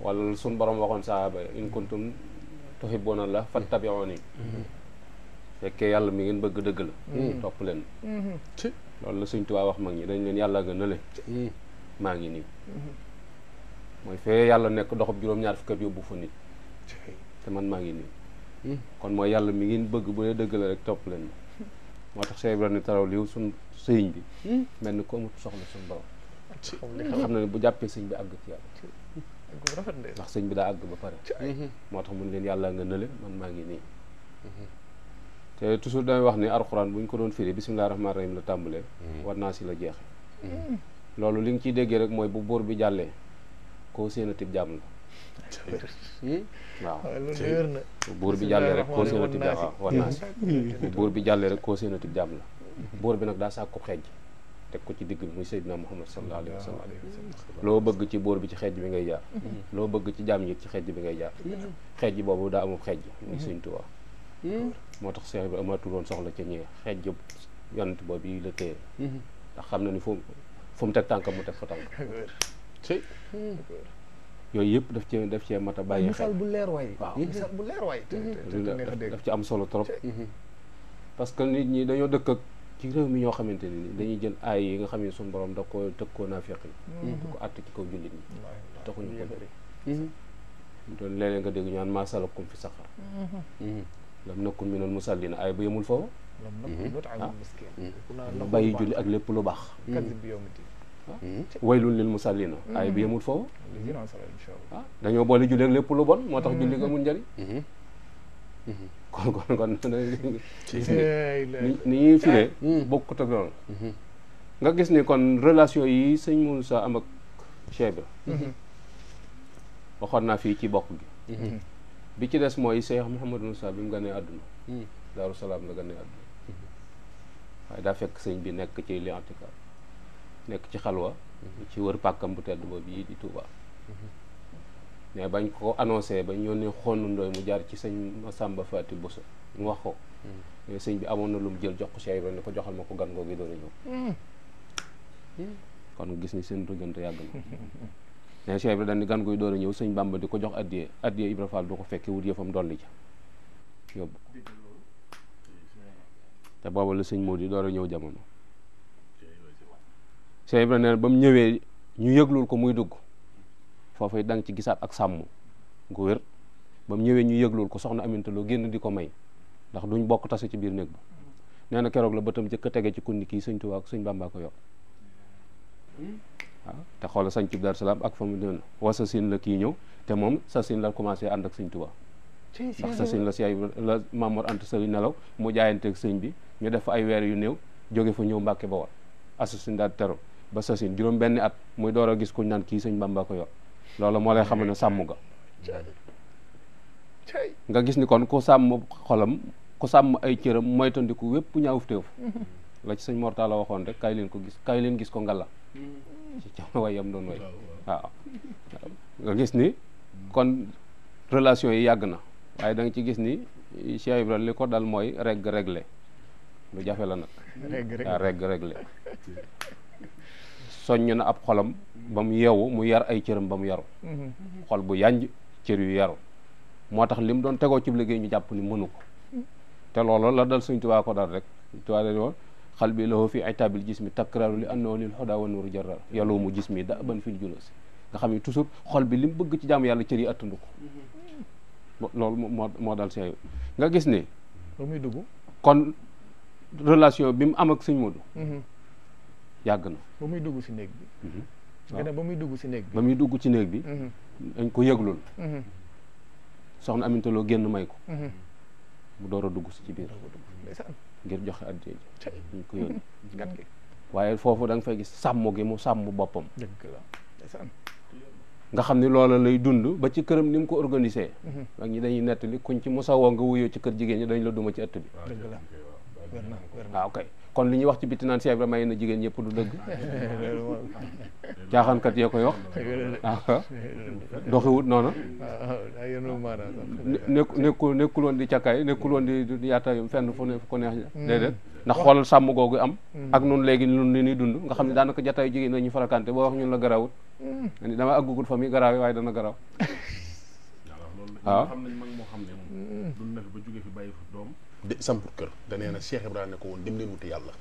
wala sun borom waxoon sahaba in kuntum tuhibbuna la fattabi'uni mhm. fekkee yàlla mi ngeen bëgg dëgg la mhm. topp leen loolu la suñ tubaa wax mag ñi dañ leen ngi moy fe yalla nek doxop juroom ñaar fukk yobbu fu nit te man ma ngi ni hmm. kon moy yalla mi ngi bëgg bu dee dëgg la rek top leen motax sey ibrahim Taraw liw sun seyñ bi hmm. melni ko mu soxla sun borom xam na ne bu jàppee sëñ bi àgg ci ndé wax seyñ bi da ag ba paré hmm, motax mu mun leen yàlla nga nële man ma ngi ni te tousul day wax ni alquran buñ ko doon firi bismillahir rahmanir rahim la tambulé war si la jeexe loolu li nga ciy rek moy bu bor bi jallé koo séenatib jàmm la hmm? waaw buur bi jàllee rek koo séenatib jàmm la hmm. hmm. buur bi jàllee rek koo séenatib jàmm la buur bi nag daa sàkku xeej teg ko ci digg bi muy Seydina Muhammad sallallahu alayhi wa sallam loo bëgg ci buur bi ci xeej bi ngay jaar loo bëgg ci jàmm yi ci xeej bi ngay jaar xeej boobu daa amul xeej muy Sëñ Tuubaa moo tax seex bi woon soxla ca ñee xeej yonent boobu yi la téye ndax xam na ni fu fu mu teg tànkam mu teg fa tànk yooyu yëpp daf cee daf cee mat a bàyyi bu leer waay waaw misaal bu leer daf ci am solo trop mhm. parce que nit ñi dañoo dëkk ci réew mi ñoo xamante ne ni dañuy jël aay yi nga xam ne suñu borom da ko tëg koo naa feq yi mhm. da ko àtt ci kaw jullit ñi taxuñu ko bëri mhm. doon léeg-léeg nga dégg ñu naan maa salakum fi saxar lam nakun minal musallin aay ba yemul foofu ah bàyyi julli ak lépp lu baax Hmm? waylun lil musallina hmm. aay bi yemul foofu ah dañoo boole julli lépp lu bon moo tax hmm. julli amul njëriñ kon kon kon ni ñuy firee ah, bokkut ak nga gis ni kon relation yi sëñ Moussa am ak Cheikh bi waxoon naa fii ci bokk gi bi ci des mooy Cheikh Mouhamadou sa bi mu gënee àdduna Daaru Salaam la gënee àdduna waaye daa fekk sëñ bi nekk ci li antiqua nekk ci xalwa mhm. ci wër pàkkam bu tedd boobu yii di Touba. Mhm. mais bañ ko annoncé bañ yónnee xonnu ndooy mu jaar ci sëñ Massamba Faty Bousso mu wax ko mhm. sëñ bi amoon na lu jël jox ko Cheikh Ibrahima ne ko joxal ma ko gan googu doon ñëw kon gis ni seen duggante yàgg na mais Cheikh Ibrahima dañ ni gan guy doon ñëw sëñ Bamba di ko jox addiye addiye Ibrahima Fall du ko fekkee wut yëfam dolli ca yóbbu te booba la sëñ moo di door a ñëw jamono Cheikh Ibrahima nee na ba mu ñëwee ñu yëglul ko muy dugg foofu da nga ci gisaat ak sàmm gu wér ba mu ñëwee ñu yëglul ko soxna Aminta Lo génn di ko may ndax duñ bokk tase ci biir néeg ba nee na keroog la bëtam jëkk a tege ci kundi kii sëñ Tuubaa ak sëñ Bàmbaa ko yor te xoola sañ cib Daaru Salaam ak fa mu doon wa sa sin la kii ñëw te moom sa sin la commencé ànd ak sëñ Tuubaa ndax sa sin la si ay la Mamour Anta Sali nelaw mu jaayanteeg sëñ bi ñu def fa ay weer yu néew jóge fa ñëw Mbàkke Bawol assasine daal tero ba sasin juróom benn at muy door gis kuñ nan ki señ Bamba ko yor loolu mo lay xam ne sàmm ga nga gis ni kon ku sàmm xolam ku sàmm ay cëram moytandiku wépp ñaawuf teef mm-hmm. la ci sëñ Mortala waxoon rek kay leen ko gis kay leen gis ko ngalla ci jamono wayam doon way waaw nga gis ni kon relation yi yàgg na waaye da nga ci gis ni Cheikh ibrahim li ko dal mooy reg réglé lu jafe la nag reg soññ na ab xolam bam yew mu yar ay cërëm bam yar mhm. xol bu yanj cër yu yar motax lim doon tegoo ci liggéey ñu japp ni mënu ko mhm. té loolu la dal suñ tuba ko dal rek tuba dañu woon xal lahu fi aitabil jismi takraru li annahu lil huda wa nur jarra yaloo mu jismi da ban fil julus nga xam ne toujours xol bi lim bëgg ci jaamu yalla cër yi attandu ko loolu mo dal sey nga gis ni muy dugg kon relation bi mu am ak sëñ Modou mhm. yàgg na ba muy dugg si mhm. néeg bi ba muy dugg si néeg bi ba dugg ci néeg bi mhm. dañ ko yëglul mhm. soxna amintaloo génn may ko mu door a dugg si ci biir ngir joxe addiya ji dañ ko yónni waaye foofu danga nga fay gis sàmm gi mu sàmm boppam nga xam ni loola lay dund ba ci këram ni mu ko organisé ak ñi dañuy nettali kuñ ci mu sawoo nga wuyoo ci kër jigéen ñi dañ la duma ci ëtt bi waaw kon li ñuy wax ci bitti naan Cheikh Ibrahima may na jigéen ñëpp du dëgg caaxaankat yee koy wax doxiwut noonu ah, nekk nekku nekkul woon di càkkaay nekkul woon di yaatayum fenn fu ne fu ko neex hmm. déedéet ndax xoolal sàmm googu am hmm. ak nun léegi nun ni nuy dund nga xam ne daa daanaka jataayu jigéen la ñu farakante boo wax ñun la garawut hmm. ni dama àggugul fa mi yi waaye dana garaaw waaw moo xam ne moom dund na de samp kër da nee na Cheikh Ibrahima ne ko woon dem leen wuti yàlla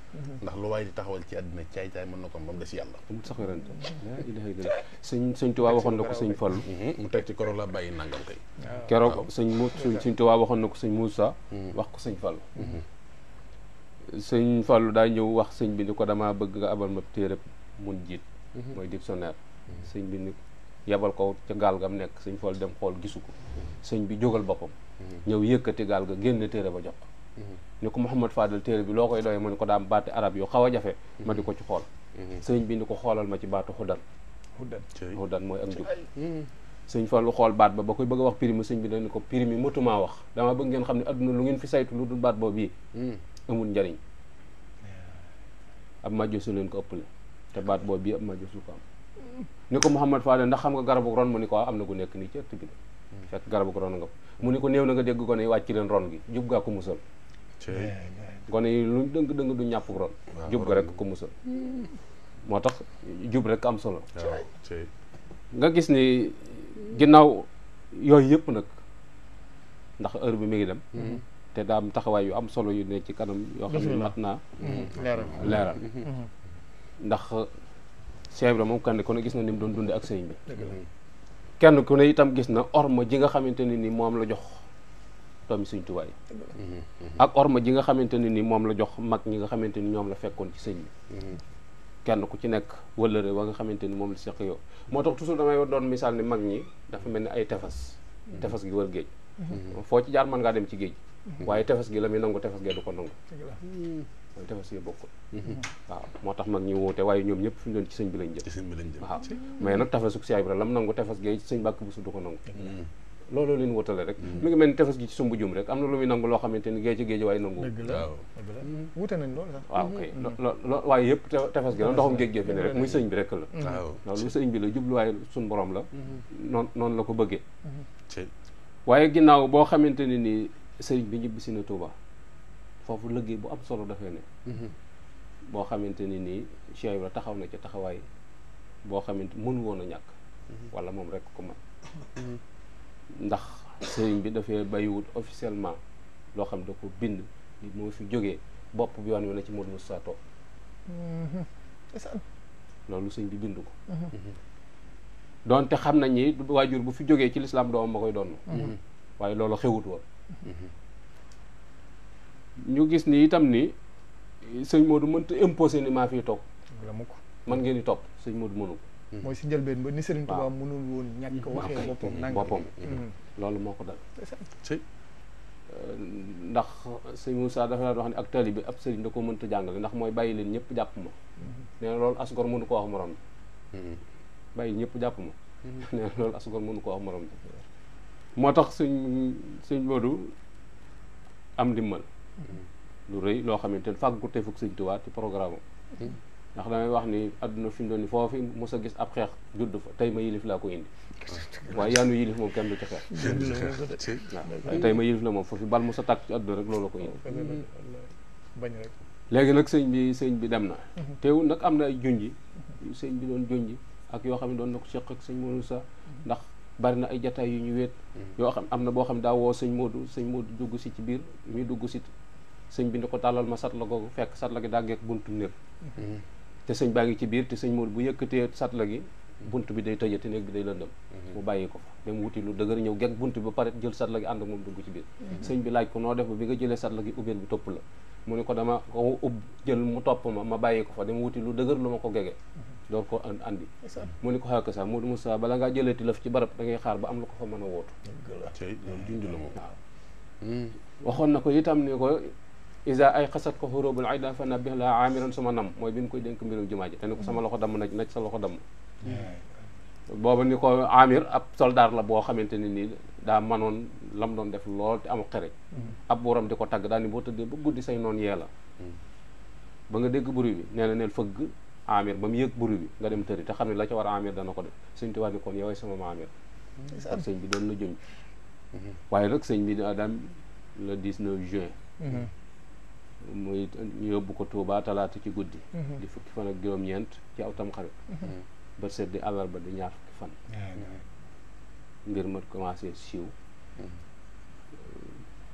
ndax lu waaye di taxawal ci àddina caay caay mën na ko ba mu des yàlla sax werante mhm, sëñ sëñ Tuubaa waxoon na ko sëñ Fallu mu teg ci keroog la bàyyi nangam kay keroog sëñ mu sëñ Tuubaa waxoon na ko sëñ Moussa wax ko sëñ Fallu daa ñëw wax sëñ bi ni ko damaa bëgg nga abal ma téere mun jiit mhm. mooy dictionnaire mhm. sëñ bi ni yabal ko ca gaal gam nekk sëñ Fallu dem xool gisu ko sëñ bi jógal boppam ñëw yëkkati gaal ga génn téere ba jox ko ni ko Mouhamad Fadel téere bi loo koy doyee mu ne ko daam baati arab yu xaw a jafe ma di ko ci xool mhm. sëriñ bi ni ko xoolal ma ci baatu xudan xudan xudan mooy ak njub mhm. sëñ lu xool baat ba ba koy bëgg a wax primi sëñ bi dañ ko primi mëtumaa wax dama bëgg ngeen xam ne adduna lu ngeen fi saytu lu dul baat boobu yi mhm. amul njariñ ab majjosu leen ko ëppale baat boobu bii ab majjosu ko am ni ko Mouhamad Fadel ndax xam nga garabu ron mu ni ko ah, am na ku nekk nii ci ëtt bi de fekk garabu ron nga mu ni ko néew na nga dégg ko ne wàcc leen gi jub ko musal gone yi lu dëng dëng du ñàpp ron jub ga rek ko musal mm. moo tax jub rek am solo nga gis ni ginnaaw yooyu yëpp nag ndax ër bi mi ngi dem mm. te daa am taxawaay yu am solo yu ne ci kanam yoo xam ne mat naa mm. leeral mm-hmm. Mm-hmm. ndax Cheikh moom kenn ku ne gis na ni mu doon dunde ak sëñ bi kenn ku ne itam gis na orma ji nga xamante ne ni moom la jox doomi sëñ Tuubaa yi mhm, mhm. ak orma ji nga xamante ne ni moom la jox mag ñi nga xamante ni ñoom la fekkoon ci sëñ bi mhm. kenn ku ci nekk wëllëre wa nga xamante ni moom la seq yow moo tax toujours damay doon misaal ni mag ñi dafa mel ni ay tefas tefas gi wër géej foo ci jaar mën ngaa dem ci géej waaye tefas gi la muy nangu tefas gee du ko nangu mooy hmm. tefas yi bokkul waaw moo tax mag ñi wuute waaye ñoom ñëpp fi ñu doon ci sëñ bi lañ jëm ci sëñ bi lañ jëm waaw mais la mu nangu tefas gee ci sëñ bàkk bu su du ko nangu looloo leen wutale rek mi mm-hmm. ngi mel ni tefes gi ci sumbu jum rek am na lu muy nangu loo xamante ni géej géej waaye nangu mm-hmm. wute nañ loolu sax mm-hmm. lo waaye yëpp tefes gi la ndoxum géej gee fi ne rek muy bi rek la waaw lu bi la jubluwaay suñ borom la noon noonu la ko bëggee waaye ginnaaw boo xamante ne nii sëriñ bi ñibbisi na Touba foofu liggéey bu am solo defee ne boo xamante ni nii bi la taxaw na ca taxawaay boo xamante mënu woon a ñàkk wala moom rek ko mën ndax sëñ bi dafay bàyyiwut officiellement loo xam da ko bind li moo fi jógee bopp bi yoon wi na ci Modou Moussa Top mm-hmm. loolu sëñ bi bind ko mm-hmm. Mm-hmm. donte xam nañ ñi waajur bu fi jógee ci lislaam doomam ma koy donn waaye loolu xewut woon ñu gis ni itam ni sëñ Modou mënta imposé ni maa fiy toog man ngeen di topp sëñ Modou mënu ko Hmm. mooy si njëlbeen ba ni Serigne Touba mënul woon ñàkk hmm. waxee boppam hmm. nanga boppam loolu moo ko dal euh, ndax sëñ Moussa dafa daan wax ne ak taalibe bi ab sëriñ da ko mënta jàngale ndax mooy bàyyi leen ñëpp jàpp ma nee na loolu asgor mënu ko wax morom bi ñëpp jàpp loolu asgor mënu ko wax morom bi moo tax suñ suñ Modou am ndimbal lu rëy loo xamante ne fàggu te fukk sëñ Tuubaa ci programme ndax damay wax ni àdduna fi mu doon ni foofu mos a gis ab xeex judd fa tey ma yilif laa ko indi waaye yaanu yilif moom kenn du ci xeex waaw tey ma yilif la moom foofu bal mos a tàkk ci adduna rek loolu ko indi léegi nag sëñ bi sëñ bi dem na mhm. teewul nag am na ay junji sëñ bi doon junji ak yoo xam ne doon na ko seq ak sëñ Modou sa mhm. ndax bari na ay jataay yu ñu wéet mhm. yoo xam am na boo xam daa woo sëñ Modou sëñ Modou dugg si ci biir ñuy dugg si sëñ bi ni ko tàllal ma sat la googu fekk sat la gi daa te sëñ baa ngi ci biir te sëñ moom bu yëkkatee satla gi bunt bi day tëjati néeg bi day lëndëm mhm. mu bàyyi ko fa dem wuti lu dëgër ñëw geg bunt bi ba pare jël satla gi ànd moom dugg ci biir mhm. sëñ bi laaj ko noo def ba bi nga jëlee satla gi ubbeel bi topp la mu ne ko dama ko ubb jël mu topp ma ma bàyyi ko fa dem wuti lu dëgër lu ma ko gegee mhm. door ko andi mu ne ko xaaka sax Modou Moussa bala ngaa jëleeti lëf ci barab da ngay xaar ba am lu ko fa mën a wootu waaw hmm. na ko itam iza ay xasat ko xurubul ayda fa nabih la amiran suma nam moy bi koy denk mbirum jumaaji tan ko sama loxo dam na sa loxo dam bobu ni ko amir ab soldaar la bo xamanteni ni da manon lam don def lol te am xere ab buuram diko tag tagg ni bo tëddee bu guddi say non yela ba nga deg buru bi neena neel feug amir bam yek buru bi nga dem te xamni la ci war amir dana ko def seigne tubaab ya. bi kon yoy sama amir ab seigne bi don la jëm waye nag seigne bi adam le 19 juin mhm. muy ñu yóbbu ko Touba talaata ci guddi. Mhm. di fukki fan ak juróom-ñeent ci aw tamxarit. Mhm. Mhm. ba sedd di ba di ñaar fukki fan. mbir ma commencé siiw.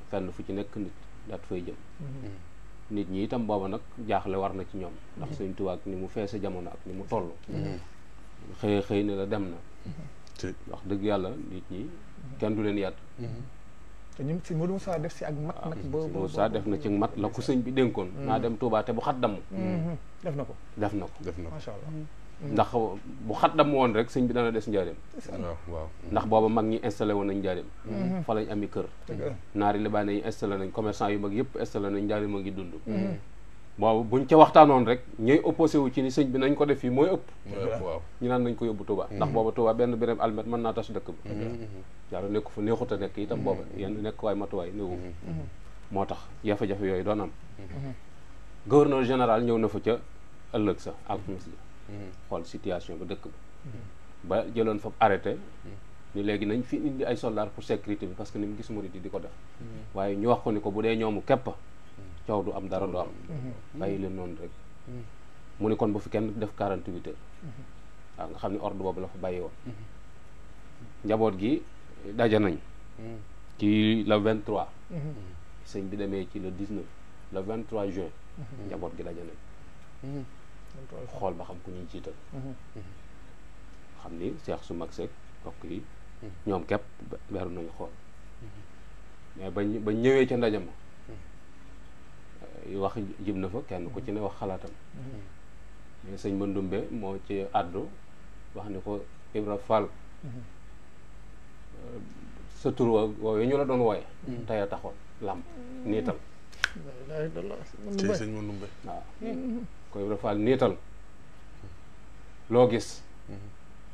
fenn fu ci nekk nit daat fay jëm. nit ñi itam booba nag jaaxle war na ci ñoom. ndax Sëñ Tuubaa ak ni mu feese jamono ak ni mu toll. xëy xëy ne la dem na. wax dëgg yàlla nit ñi kenn du leen yàtt. te ñun si Modou Moussa def si ak mat nag ba Moussa def na ci mat la ku sëñ bi dénkoon mm-hmm. naa dem Touba bu xat damm mm-hmm. def na ko def na ko def na ko macha allah mm-hmm. ndax bu xat damm woon rek sëñ bi dana des njaareem waaw ndax booba mag ñi installé woon nañ njaareem fa lañ ami kër naar naari libaane yi installé nañ commerçant yu mag yëpp installé nañ njaareem a ngi dund waaw buñ ca waxtaanoon rek ñooy opposé wu ci ni sëñ bi nañ ko def fii mooy ëpp waaw ñu naan nañ ko yóbbu Touba mm-hmm. ndax booba Touba benn béréb almet mën naa tas dëkk bi jaaru nekk fa neexu a nekk itam mm-hmm. booba yenn nekk waay matuwaay néewu mm-hmm. moo tax jafe-jafe yooyu doon am gouverneur général ñëw na fa ca ëllëg sa alxames ja xool situation ba dëkk ba ba jëloon fa arrêté ni léegi nañ fi indi ay soldats pour sécurité bi parce que ni mu gis murid yi di ko def waaye ñu wax ko ni ko bu dee ñoomu képp coow du am dara du am. Mhm. bàyyi leen noonu rek. Mhm. mu ne kon bu fi kenn def 48 heures. Mhm. waaw nga xam ne ordre boobu la fa bàyyi woon. njaboot gi daja nañ. ci le 23. sëñ bi demee ci le 19 le 23 juin. njaboot gi daje nañ. xool ba xam ku ñu jiital. xam ni seex su mag seeg mbokk yi. ñoom képp beru nañu xool. mais bañ bañ ñëwee ca ndaje ma. Eh, wax jib na fa kenn ku ci ne wax xalaatam mm-hmm. mais sëñ Mandumbe moo ci àddu wax ni ko Ibra Fall mm-hmm. eh, sa tur wa woowe ñu la doon wooye mm-hmm. tey a taxoon làmp niital ci sëñ Mandumbe waaw ko Ibra Fall niital loo gis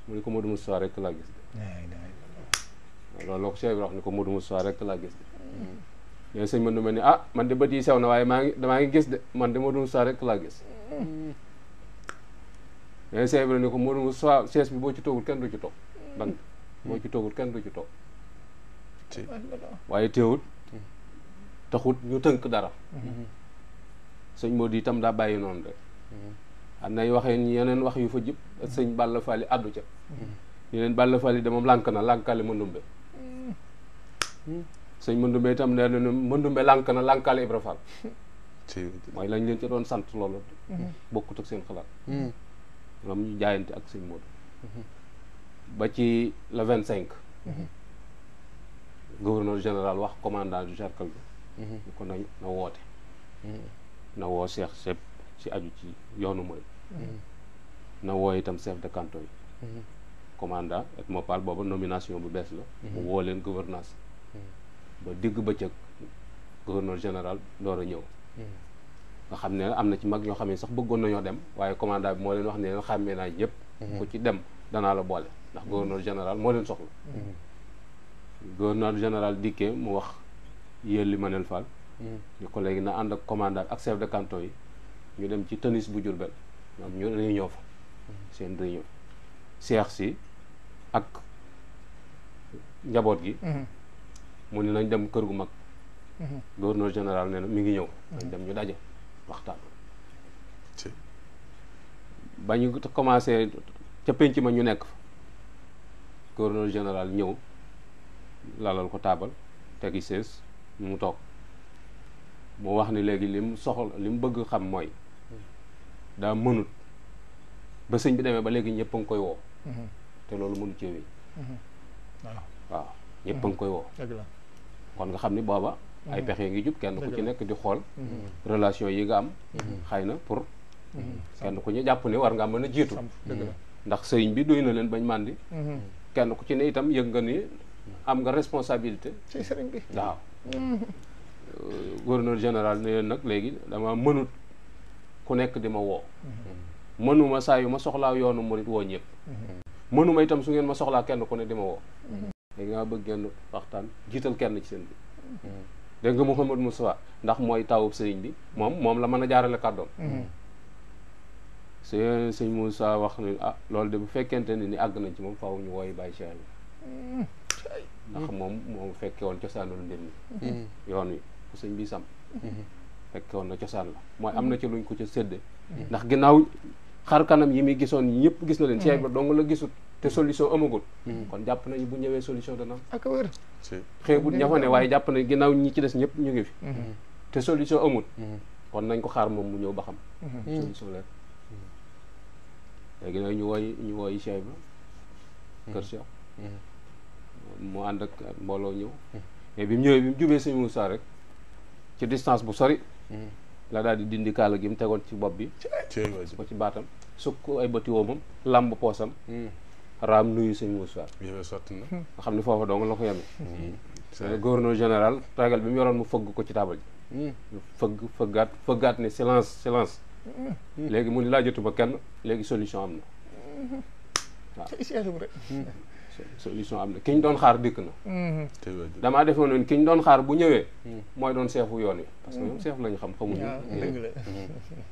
mu ni ko Modou Moussa rek laa gis de loo ko Cheikh Ibra wax ni ko Modou Moussa rek laa gis de léegi sëñ Mandumbe ni ah man de bët yi sew na waaye maa ngi damaa ngi gis de man de Modou Moussa rek laa gis léegi sëñ Ibrahima ni ko Modou Moussa sees bi boo ci toogul kenn du ci toog ban boo ci toogul kenn du ci toog waaye teewut taxut ñu tënk dara sëñ Modou itam daa bàyyi noonu rek am nay waxe yeneen wax yu fa jëpp ak sëñ Balla Fally addu ca yeneen Balla Fally de moom lànk na lànkale Mandumbe sëñ Mëndumbe itam nee na Mëndumbe lànk na lànkaale Ibra Fall mooy lañ leen ci doon sant loolu mhm. bokkut ak seen xalaat ñoom mhm. jaayante ak sëñ Moodu mhm. ba ci la vingt cinq gouverneur général wax commandant du cercle bi ñu ko na na woote na woo seex sepp ci aju ci yoonu mooy na woo itam chef de canton yi commandant et Mopal booba nomination bu bees la mu woo leen gouvernance ba digg bëccëg gouverneur général door a ñëw hmm. nga xam ne am na ci mag ñoo xam ne sax bëggoon nañoo dem waaye commandant bi moo leen wax ne leen xàmmee naa ñëpp hmm. ku ci dem danaa la boole ndax hmm. gouverneur général moo leen soxla gouverneur général dikkee mu wax li ma Fall ñu ko léegi na ànd ak commandant ak chef de canton yi ñu dem ci tennis bu Jurbel ñoom ñu réunion fa seen réunion seex si ak njaboot gi mu ne nañ dem kër gu mag. Mhm. gouverneur général nee na mi ngi ñëw. Mhm. nañ dem ñu daje waxtaan. ba ñu commencé ca penc ma ñu nekk fa gouverneur général ñëw lalal ko taabal tegi mu toog mu wax ni léegi li mu soxla li mu bëgg xam mooy mhm. daa mënut ba sëñ bi demee ba léegi ñëpp a ngi koy woo. te loolu mënu cee wéy. waaw ñëpp a ngi koy woo. kon nga xamni ni booba ay mm-hmm. pexe ngi jup kenn ku ci nek di xol mm-hmm. relation yi nga am mm-hmm. xayna pour kenn ku ñu japp ni war nga mëna jitu mm. ndax sëriñ bi doyna len bañ mandi kenn ku ci ne itam yeug nga ni am nga responsabilité ci sëriñ bi waaw gouverneur général ne nak légui dama mënut ku nek di ma woo mënuma saa yu ma soxlaa yoonu mourid wo ñepp mënuma itam su ngeen ma soxla kenn ku ne di ma léegi nga bëgg genn waxtaan jiital kenn ci seen bi mm-hmm. dégg nga mu Moustapha ndax mooy tawub sëriñ bi moom moom la mën a jaarale kàddoom mm-hmm. sëñ Moussa wax ne ah loolu de bu fekkente ne ni àgg nañ ci moom faw ñu wooyu bàyyi Cheikh bi mm-hmm. ndax moom moom fekke woon cosaanul mbir mi yoon wi ku sëñ bi sam fekke na cosaan la mooy am na ci luñ ko ca sédde ndax ginnaaw xar kanam yi muy gisoon yëpp gis na leen Cheikh ba mm. dong la gisut te solution amagul mm. kon jàpp nañu bu ñëwee solution dana am ak wér xeebut ña waaye jàpp nañ ginnaaw ñi ci des ñëpp ñu ngi fi mm-hmm. mm. te solution amul kon nañ ko xaar moom mu ñëw ba xam mm-hmm. solution la léegi ñu wooy ñu wooy Cheikh Ibra kër mu ànd ak mbooloo ñëw bi mu ñëwee bi mu jubee sëñ Moussa rek ci distance bu sori la daal di dindi kaala gi mu tegoon ci bopp bi ba ci baatam sukk ay bëti woomam làmb poosam hmm. raam nuyu sëñ Moussa sotti na hmm. nga xam ne foofa dong la ko yemee hmm. gouverneur général ragal bi mu yoroon mu fëgg ko ci taabal ji fëgg fëggaat fëggaat ne silence silence léegi mu ni laa jotuma kenn léegi solution am na solution am na ki ñu doon xaar dikk na damaa defoon noonu ki ñu doon xaar bu ñëwee mooy doon seefu yoon yi parce que ñoom seef lañu xam xamuñu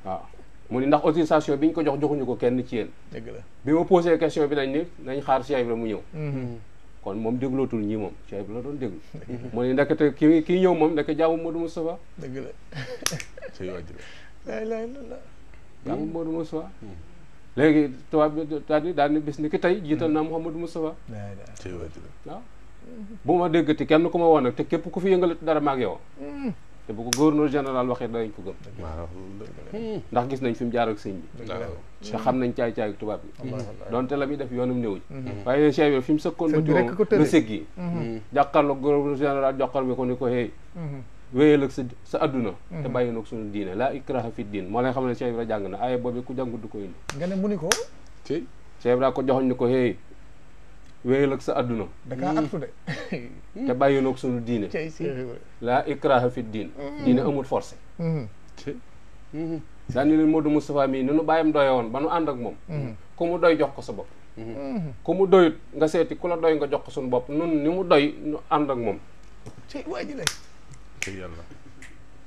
waaw mu ni ndax autorisation bi ñu ko jox joxuñu ko kenn ci yéen. dëgg la bi ma posé question bi nañ ni nañ xaar Cheikh la mu ñëw. Mm-hmm. kon moom déglootul ñii moom Cheikh Ibra la doon déglu. mu ni ndekete ki kii ñëw moom ndeke jaamu Modou Moustapha. dëgg la. sëñ Wadjir. laay laay léegi tubaab bi daal di daal bis ni ki tey jiital naa mm-hmm. Mouhamadou Moustapha. laay laay sëñ Wadjir. bu ma déggati kenn ku ma woon nag te képp ku fi yëngalatu dara ma ak te bu ko gouverneur général waxee danañ ko gëm ndax gis nañ fi mu jaar ak sëñ bi te xam nañ caay-caay tubaab bi donte la muy def yoonum néewuñ mhm. waaye Cheikh fi mu sëkkoon ba tiwoon lu yi jàkkaarloo gouverneur ko ni ko hey mhm. wéyal ak sa sa adduna mhm. te bàyyi nag suñu diine laa ikraha fi diin moo lay xam ne Cheikh Ibra jàng na aaye ku jàngut du ko indi nga ne mu ni ko Cheikh Ibra ko joxoñ ni ko hey wéyal ak sa aduna da nga artu de te bàyyi noog sunu diine la ikraha fi din mm-hmm. diine amul forcé daani mm-hmm. mm-hmm. leen Modou mustafa mi ni nu bàyyam doye woon ba nu ak mom kumu doy jox ko sa bop kumu doy nga seeti kula doy nga jox ko suñu bop nun nimu doy nu and ak mom ci waji lay lay yalla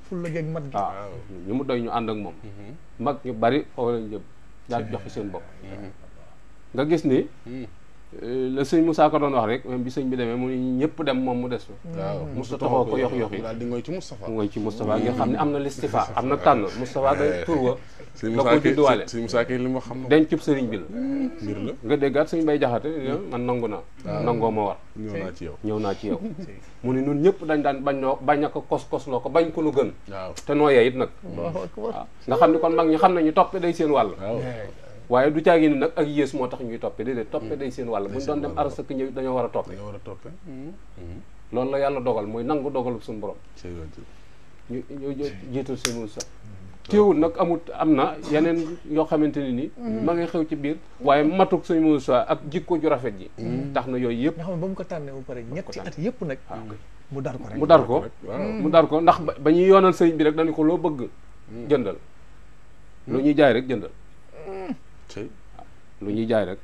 ful la géeg mat gi ah, nimu doy ñu and ak mom mag ñu bari foofu lañ jëm dal jox ko bop nga gis ni Euh, la sëñ Moussa ko doon wax rek même bi sëñ bi demee mu ñëpp dem moom mu des fa mm. waaw mm. Moussa taxoo ko yox yox yi daal di ngoy ci Moustapha ci Moustapha mm. nga xam ne am na listifa am na tànn Moustapha day eh. wa da ko li ma xam na dencub sëriñ bi la mbir la nga déggaat Bay Jaxate eh, man nangu naa ah. nangoo ma war ñëw ci yow ñëw naa ci yow mu ne nun ñëpp dañ daan bañ noo bañ a kos kos loo ko bañ ko lu gën te ah. nga xam ne kon mag ñi xam ñu toppe day seen wàll waye du tiagne nak ak yees motax tax ñuy toppe déedéet mm. topé day seen wal buñ doon dem aras ak ñëw dañoo wara topé hmm loolu la yalla dogal moy nangu dogal suñ borom ñu ñu jiital seen wul sax teewul nag amut amna yenen yo xamanteni ni mm. ma ngay xew ci biir waye matuk suñu Moussa ak jikko ju rafet ji mm. taxna yoy yooyu yëpp nga xam ne mu ko tànnee ba pare ñetti at yëpp nak ah, mu dar ko rek mu dar ko mu dar ko ndax bañuy yonal yoonal bi rek dañu ko lo bëgg jëndal lu ñuy jaay rek jëndal lu ñuy jaay rek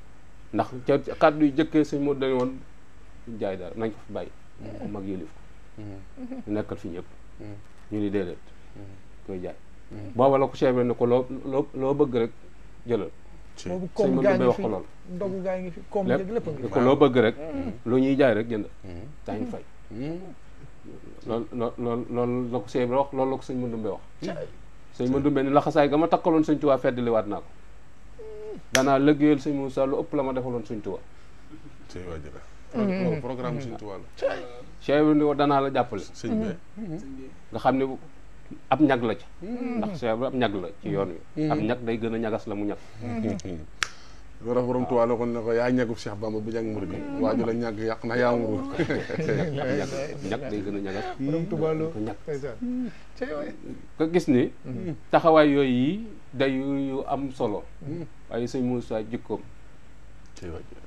ndax ca kàddu yu jëkkee suñ moo dañu woon jaay dara nañ ko fi bàyyi mm-hmm. mag yëlif ko mm-hmm. nekkal fi ñëpp mm-hmm. ñu ni déedéet koy jaay booba la ko chebre ne ko loo loo bëgg rek jëlal boobu comme gaa ngi fi dogu lool ngi fi comme lépp lépp ko loo bëgg rek lu ñuy jaay rek jënd daañu fay loolu loolu loolu la ko chebre wax lool la ko sëñ Mandumbe wax sëñ Mandumbe ni laxasaay ga ma takkaloon sëñ Tuubaa feddali waat naa ko dana lëggéeyal seigne Moussa lu upp lama defalon seigne touba suñ wadira mm-hmm. programme seigne touba la Cheikh Ibrahima Ndiaye danaa la jàppale seigne be mm-hmm. nga xam ab ñag la ci mm-hmm. ndax Cheikh Ibrahima ab ñag la ci yoon wi ab ñag day gëna ñagas la mu ñag wara borom touba la ko ne ko ya ñagu Cheikh Bamba bu ñag mourid bi la ñag yaq na ya mourid ñag day gëna ñagas borom tuwaalo ñag ko mm. gis ni taxaway yoy yi day yu am solo waaye sëñ Moussa jikkoom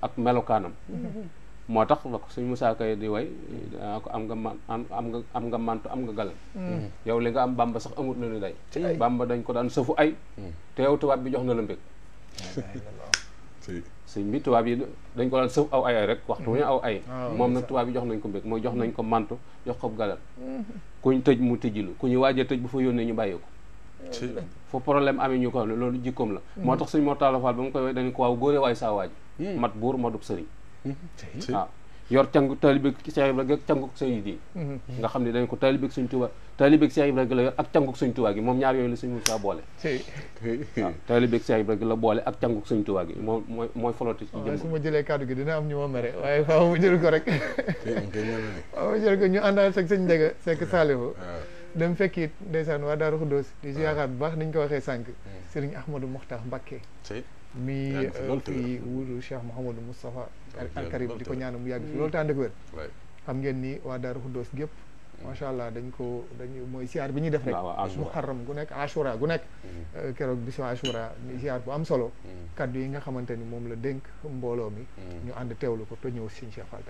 ak melokaanam mm-hmm. moo tax la ko sëñ Moussa kay di way daa ah, ko am nga man nga am nga mantu am nga galan mm-hmm. yow li nga am bamba sax amut la ne day bamba dañ ko daan sëfu ay mm. te yow tubaab bi jox na la mbég sëñ bi tubaab yi dañ ko daan sëf aw ay rek waxtu ñu aw ay mm-hmm. ah, moom nag tubaab yi jox nañ ko mbég mooy jox nañ ko mantu jox ko galan kuñ tëj mu tëjilu ku ñu waaj a tëj bu fa yónnee ñu bàyyi ko fo problème amee ñu ko xam ne loolu jikkoom la mm-hmm. moo tax suñ mortala faal ba mu koy way dañu ko waaw góore waay saa waaj mm-hmm. mat buur madub sëriñ mm-hmm. waaw yor cangu taalibe Cheikh Ibra gi ko taalibe suñ tuba taalibe Cheikh Ibra gi la yor ak canguk suñ tuba gi moom ñaar yooyu la suñ Moussa boole waaw taalibe Cheikh Ibra gi la boole ak canguk suñ tuba gi moom mooy mooy ci jëm su ma jëlee kàddu gi dina am ñu ma mere waaye faaw ma jël ko rek waaw ma jël ko ñu àndaal sag sëñ dem fekk it ndeysaan waa Daaru Xuddoos di ah. ziyaaraat bu baax ni ko waxee sànq hmm. sëriñ Ahmadou Mokhtar Mbacké mi fii wuutu Cheikh Mouhamadou Moustapha al Karim di ko ñaanal mu yàgg fi hmm. loolu tànd ko wér xam ngeen ni waa Daaru Xuddoos gépp hmm. macha allah dañ ko dañu mooy siyaar bi ñuy def rek muharram gu nekk ashura gu nekk euh, keroog bisu ashura siyaar bu am solo kaddu yi nga xamante ni moom la dénk mbooloo mi ñu ànd teewlu ko te ñëw sëñ Cheikh Fall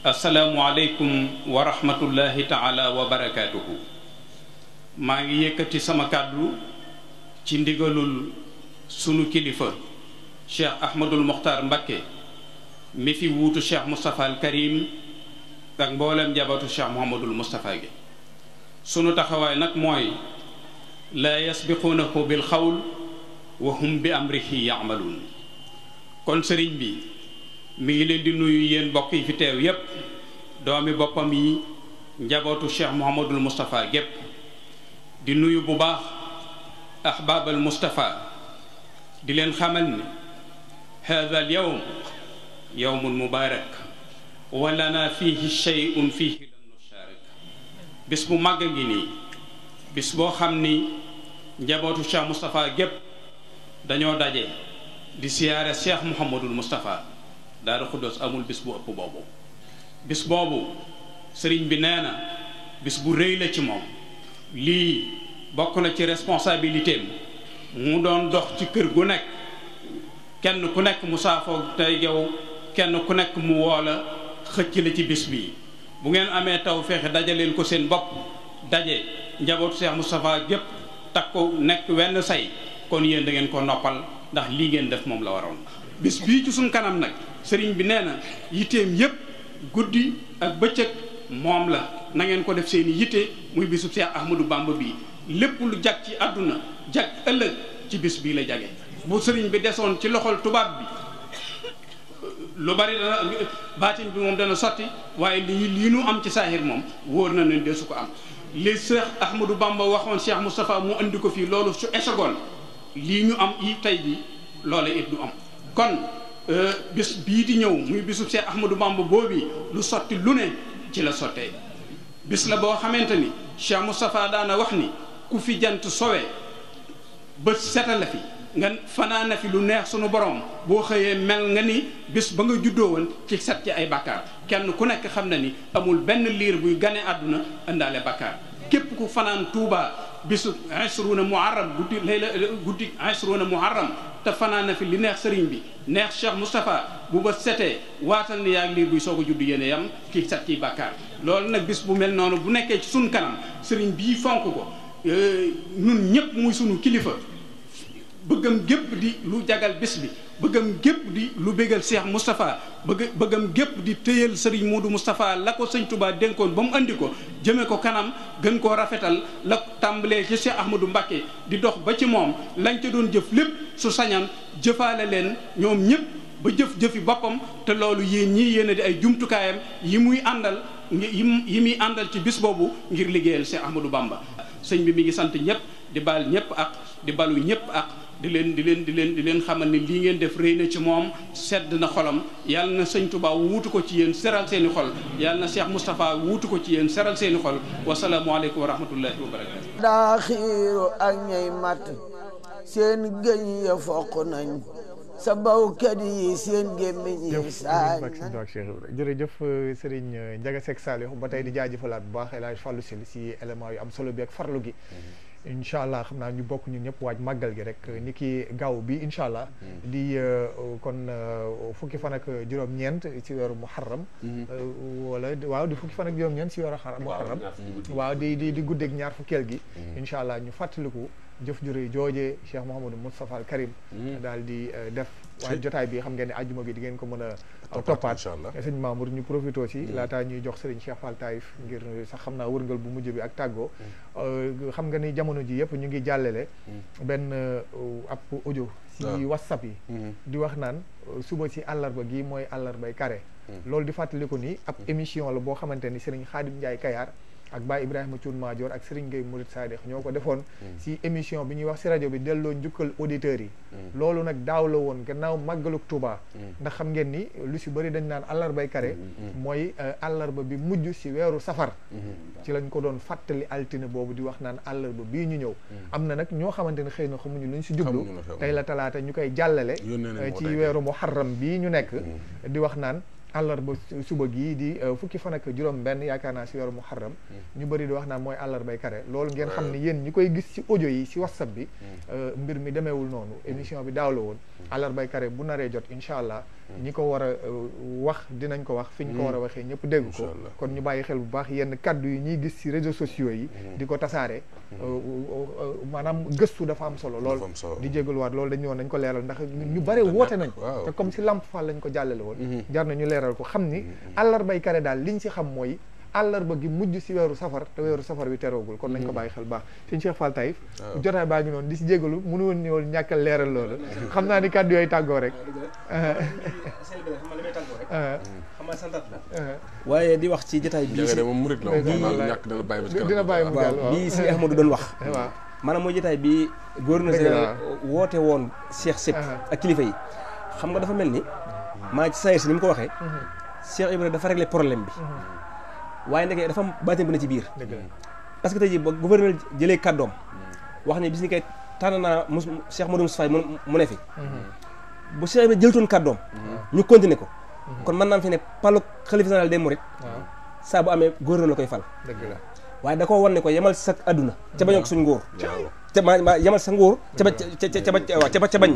asalaamualeykum wa rahmatullahi taala wa barakaatuhu maa ngi yëkkati sama kàddu ci ndigalul sunu kilifa cheikh ahmadul moxtar mbakke mi fi wuutu cheikh moustapha al karim ak mboolem njabootu cheikh mohamadul moustapha gi sunu taxawaay nag mooy laa yasbiquunahu bil xawl wa hum bi amrihi yamaluun kon sëriñ bi mi ngi leen di nuyu yéen mbokk yi fi teew yépp doomi boppam yi njabootu cheikh mouhamadul moustapha gépp di nuyu bu baax ahbaabal moustapha di leen xamal ni hada al yowm yowmun mubaarak wa lana fihi shay'un fihi lan nusharik bis bu màgg ngi nii bis boo xam ni njabootu cheikh moustapha gépp dañoo daje di siyaare cheikh mouhamadul moustapha Daaru Xuddoos amul bis bu ëpp boobu bis boobu sëriñ bi nee na bis bu rëy la ci moom lii bokk na ci responsabilité mu doon dox ci kër gu nekk kenn ku nekk mu saafoo tey yow kenn ku nekk mu woo la xëcc la ci bis bii bu ngeen amee taw feexe dajaleel ko seen bopp daje njabootu Cheikh Moustapha gépp takk ko nekk wenn say kon yéen da ngeen ko noppal ndax lii ngeen def moom la waroon bis bii ci suñ kanam nag sëriñ bi nee na yitteem yépp guddi ak bëccëg moom la nangeen ko def seen i yitte muy bisub Seex Ahmadou Bamba bii lépp lu jag ci àdduna jag ëllëg ci bis bii la jage bu sëriñ bi desoon ci loxol tubaab bi lu bari dana baatin bi moom dana sotti waaye li lii nu am ci saahir moom wóor na ne desu ko am li Seex Ahmadou Bamba waxoon Cheikh Moustapha mu indi ko fii loolu su esegoon lii ñu am yi tey ji loola it du am kon euh, bis bii di ñëw muy bisub Cheikh Ahmadou Bamba boobi lu sotti lu ne ci la sottee bis la boo xamante ni Cheikh Moustapha daana wax ni ku fi jant sowe bët seta la fi nga fanaana fi lu neex sunu borom boo xëyee mel nga ni bis ba nga juddoo woon ci set ci ay bakkaar kenn ku nekk xam na ni amul benn liir buy gane àdduna indaale bakkaar képp ku fanaan Touba bisu isruuna muharram guddi layla guddi mu aram te fanaana fi li neex sëriñ bi neex Cheikh Moustapha bu ba setee waatal ni yaa ngi liir buy soog a judd yéene yam ki set kiy bàkkaar loolu nag bis bu mel noonu bu nekkee ci suñ kanam sëriñ bii fonk ko nun euh, ñëpp muy sunu kilifa bëggam gépp di lu jagal bis bi bëggam gépp di lu bégal Cheikh Moustapha bëgg bëggam gépp di téyal sëriñ Moodu Moustapha la ko sëñ Touba dénkoon ba mu andi ko jëme ko kanam gën koo rafetal la tàmbalee ci Cheikh Ahmadou Mbacké di dox ba ci moom lañ ca doon jëf lépp su sañan jëfaale leen ñoom ñëpp ba jëf-jëfi boppam te loolu yéen ñii yéen di ay jumtukaayam yi muy àndal yi muy àndal ci bis boobu ngir liggéeyal Cheikh Ahmadou Bamba sëñ bi mi ngi sant ñëpp di bal ñëpp ak di balu ñëpp ak di leen di leen di leen di leen xamal ni lii ngeen def rëy na ci moom sedd na xolam yàlla na sëñ Tuubaa wuutu ko ci yéen seral seeni i xol yàlla na Cheikh Moustapha wuutu ko ci yéen seral seeni i xol wasalaamualeykum wa rahmatullahi wa barakatu daa xiiru ak ñay matt seen gëñ ya foq nañ sa bawkat yi seen gémmiñ yi saañ jërëjëf euh, sëriñ euh, Ndiaga saal Saliou ba tey di jaajëfalaat bu baax El Hadj Fallou Syll si élément yu am solo bi ak farlu gi mm-hmm. incha allah xam naa ñu bokk ñun ñëpp waaj màggal gi rek ni ki gaaw bi incha allah. di hmm. euh, kon euh, fukki fan ak juróom-ñeent ci weeru muharram hmm. euh, wala waaw di fukki fan ak juróom-ñeent ci weeru muharram waaw di di di ñaar fukkeel gi. Hmm. incha allah ñu fàttaliku jëf ju rëy joojee Cheikh Mouhamadou Moustapha Al daal di def. waaye jotaay bi xam ngeen ne ajjuma bi di ngeen ko mën a toppaat sëñ Mamour ñu profité si mm. laataa ñuy jox sëriñ Cheikh Fall Taïf ngir sax xam naa wërngal bu mujj bi ak tàggoo mm. euh, xam nga ni jamono ji yëpp ñu ngi jàllale mm. benn euh, ab audio ci ah. whatsapp yi mm-hmm. di wax naan euh, suba si àllarba gi mooy àllarbay carré loolu di fàttaliku ni ab émission la boo xamante ni sëriñ Xaadim Njaay Kayaar ak Baye Ibrahima Thioune Madior ak Serigne Gueye Mouride Sadikh ñoo ko defoon si mm. émission bi ñuy wax si rajo bi delloo njukkal auditeurs yi mm. loolu nag daaw la woon gannaaw màggaluk tubaa mm. ndax xam ngeen nii lu si bëri dañ naan àllarbay kare mooy euh, àllarba bi mujj si weeru safar ci lañ ko doon fàttali altine boobu di wax naan àllarba bii ñu ñëw am na nag ñoo xamante ne xëy na xamuñu lu si jublu tey la talaata ñu koy jàllale euh, ci weeru muharram bii ñu nekk di wax naan àllarba suba gii di euh, fukki fan ak juróom-benn yaakaar naa si weeru muharram hmm. ñu bëri di wax naa mooy àllarbay kare loolu ngeen xam ne yéen ñi koy gis si audio yi si whatsapp bi hmm. euh, mbir mi demeewul noonu hmm. émission bi daaw la woon àllarbay kare bu naree jot incha allah ñi ko war a euh, wax dinañ ko wax fi ñu ko war a mm. waxee ñëpp dégg ko kon ñu bàyyi xel bu baax yenn kàddu yi ñuy gis ci réseaux sociaux yi mm. di ko tasaare mm. euh, euh, maanaam gëstu dafa am solo lool di jégaluwaat loolu dañu woon nañ ko leeral ndax ñu bare woote nañ te comme si Lamp Fall lañ ko jàllale woon mm-hmm. jar na ñu leeral ko xam ni mm-hmm. àllarbay kare daal ñu si xam mooy àllarba gi mujj si weeru safar te weeru safar bi teroogul kon nañ ko mm-hmm. bàyyi xel baax sëñ Cheikh Fall Taïf jotaay baa ngi di si jégalu mënu woon ñëwal ñàkkal leeral xam naa ni kàddu yooyu tàggoo rek waaye di wax ci jotaay bii dina bàyyi waaw bii si Ahmadou doon wax maanaam mooy jotaay bi gouverneur général woote woon Cheikh Sepp uh-huh. ak kilifa yi xam nga dafa mel ni maa ci sayir si ni mu ko waxee uh-huh. Cheikh Ibrahima dafa réglé problème bi uh-huh. waaye ndeke dafa am baatin bu ne ci biir parce que tey jii ba gouverneur jëlee kàddoom wax ne bis ni kay tànn naa mus Cheikh Modou Moustapha mu ne fi mhm. bu Cheikh Ibrahima jëltoon kàddoom mhm. ñu continuer ko mhm. kon mën naa fi ne palu xalifa général des mourides saa bu amee gouverneur la koy fal waaye da koo wan ne ko yemal sa adduna ca bañoo ko suñ ngóor ca ma yemal sa ngóor ca ba ca ca ca bañ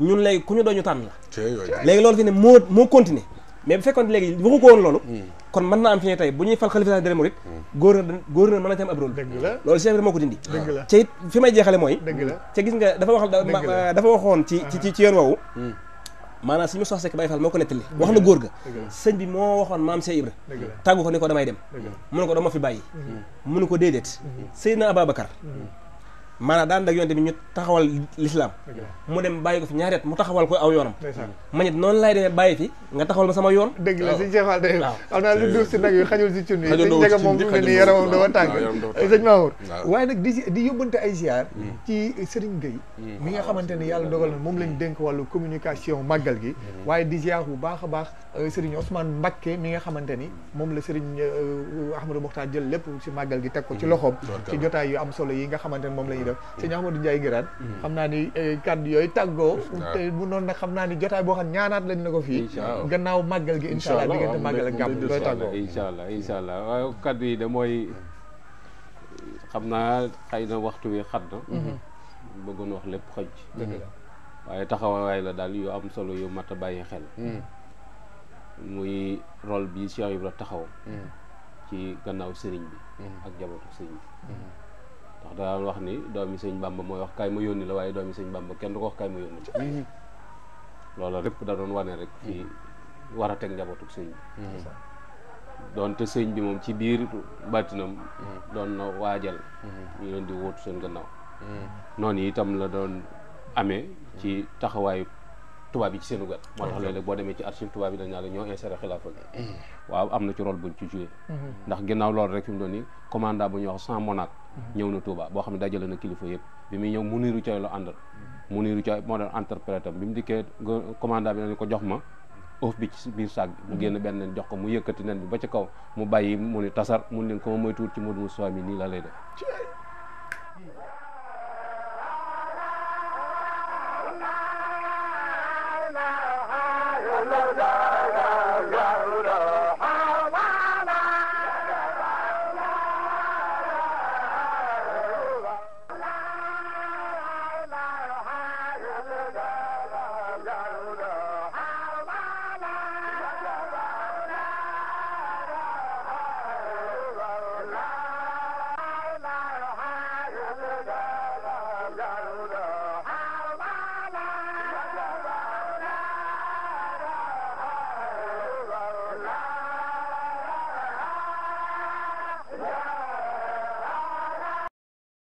ñun léegi ku ñu doon ñu tànn la léegi loolu fi ne moo moo continuer mais bu fekkoon léegi waxu ko woon loolu hmm. kon mën naa am fi ne tey bu ñuy fal xalifa général des mourides hmm. gouverneur gouverneur mën na ci am ab rôle loolu Cheikh Ibra moo ko dindi ca it fi may jeexale mooy ca gis nga dafa wax dafa waxoon ci ci ci yoon woowu hmm. maanaam suñu soxna Seck Baye Fall moo ko nettali wax na góor ga sëñ bi moo waxoon maam Cheikh Ibra tàggu ko ni ko damay dem mu ne ko dama fi bàyyi mu ne ko déedéet Seydina Ababacar maanaam daan dag yonte bi ñu taxawal lislaam mu dem bàyyi ko fi ñaari mu taxawal ko aw yoonam ma nit noonu laay demee bàyyi nga taxawal ma sama yoon dëgg la si jeexal de xam naa lu duuf si nag yu xajul si cunni sëñ njega moom mu ne nii yaramam dafa hmm. hmm. nga xamante ne yàlla dogal na moom lañ dénk wàllu communication màggal gi hmm. waaye di bu baax a baax euh, Serigne Ousmane Mbacké mi nga xamante ni moom la Serigne euh, Ahmadou Mokhtar jël lépp si màggal gi teg ko ci loxoom ci jotaay yu am solo yi nga xamante ne moom lañ ñuy def sëñ Amadou Ndiaye Guirane mm. xam naa ni eh, kàddu yooyu tàggoo ah. te bu noonu xam naa ni jotaay boo xam ñaanaat lañ la ko fii gannaaw màggal gi incha allah diggante màggal ak gàmm looy tàggoo incha allah incha yi da mooy xam naa xëy na waxtu wi xat na mm-hmm. bëggoon wax lépp xëj waaye taxawaay la daal yu am solo yu mat a bàyyi xel mm. muy rôle bi Cheikh Ibra taxaw mm. ci gannaaw sëriñ bi ak jabootu sëriñ bi ndax da daan wax ni doomi sëñ ba mooy wax kaay ma yónni la waaye doomi sëñ bàmba kenn du ko wax kaay ma yónni la mhm. loola lépp da doon wane rek fii war a teg njabootu sëñ bi mhm. doonte sëñ bi moom ci biir bàttinam mhm. doon na waajal ñu leen di wóotu seen gannaaw noonu tam la doon amee ci taxawaayu tubaab yi ci Sénégal moo tax léeg-léeg boo demee ci archive tubaab yi dañ naa ñoo inséré xilaafa waaw am na ci rôle buñ ci joué ndax ginnaaw loolu rek fi doon ni commanda bu ñuy wax sans ñëw na Touba boo xam ne dajale na kilifa yëpp bi muy ñëw Mounirou Thiaw la àndal Mounirou Thiaw moo doon interprète am bi mu dikkee commandant bi nañu ko jox ma oof bi ci biir saag bi mu génn benn nen jox ko mu yëkkati nen bi ba ca kaw mu bàyyi mu ni tasar mun leen ko ma moytuwut ci Modou Moussa mi nii la lay def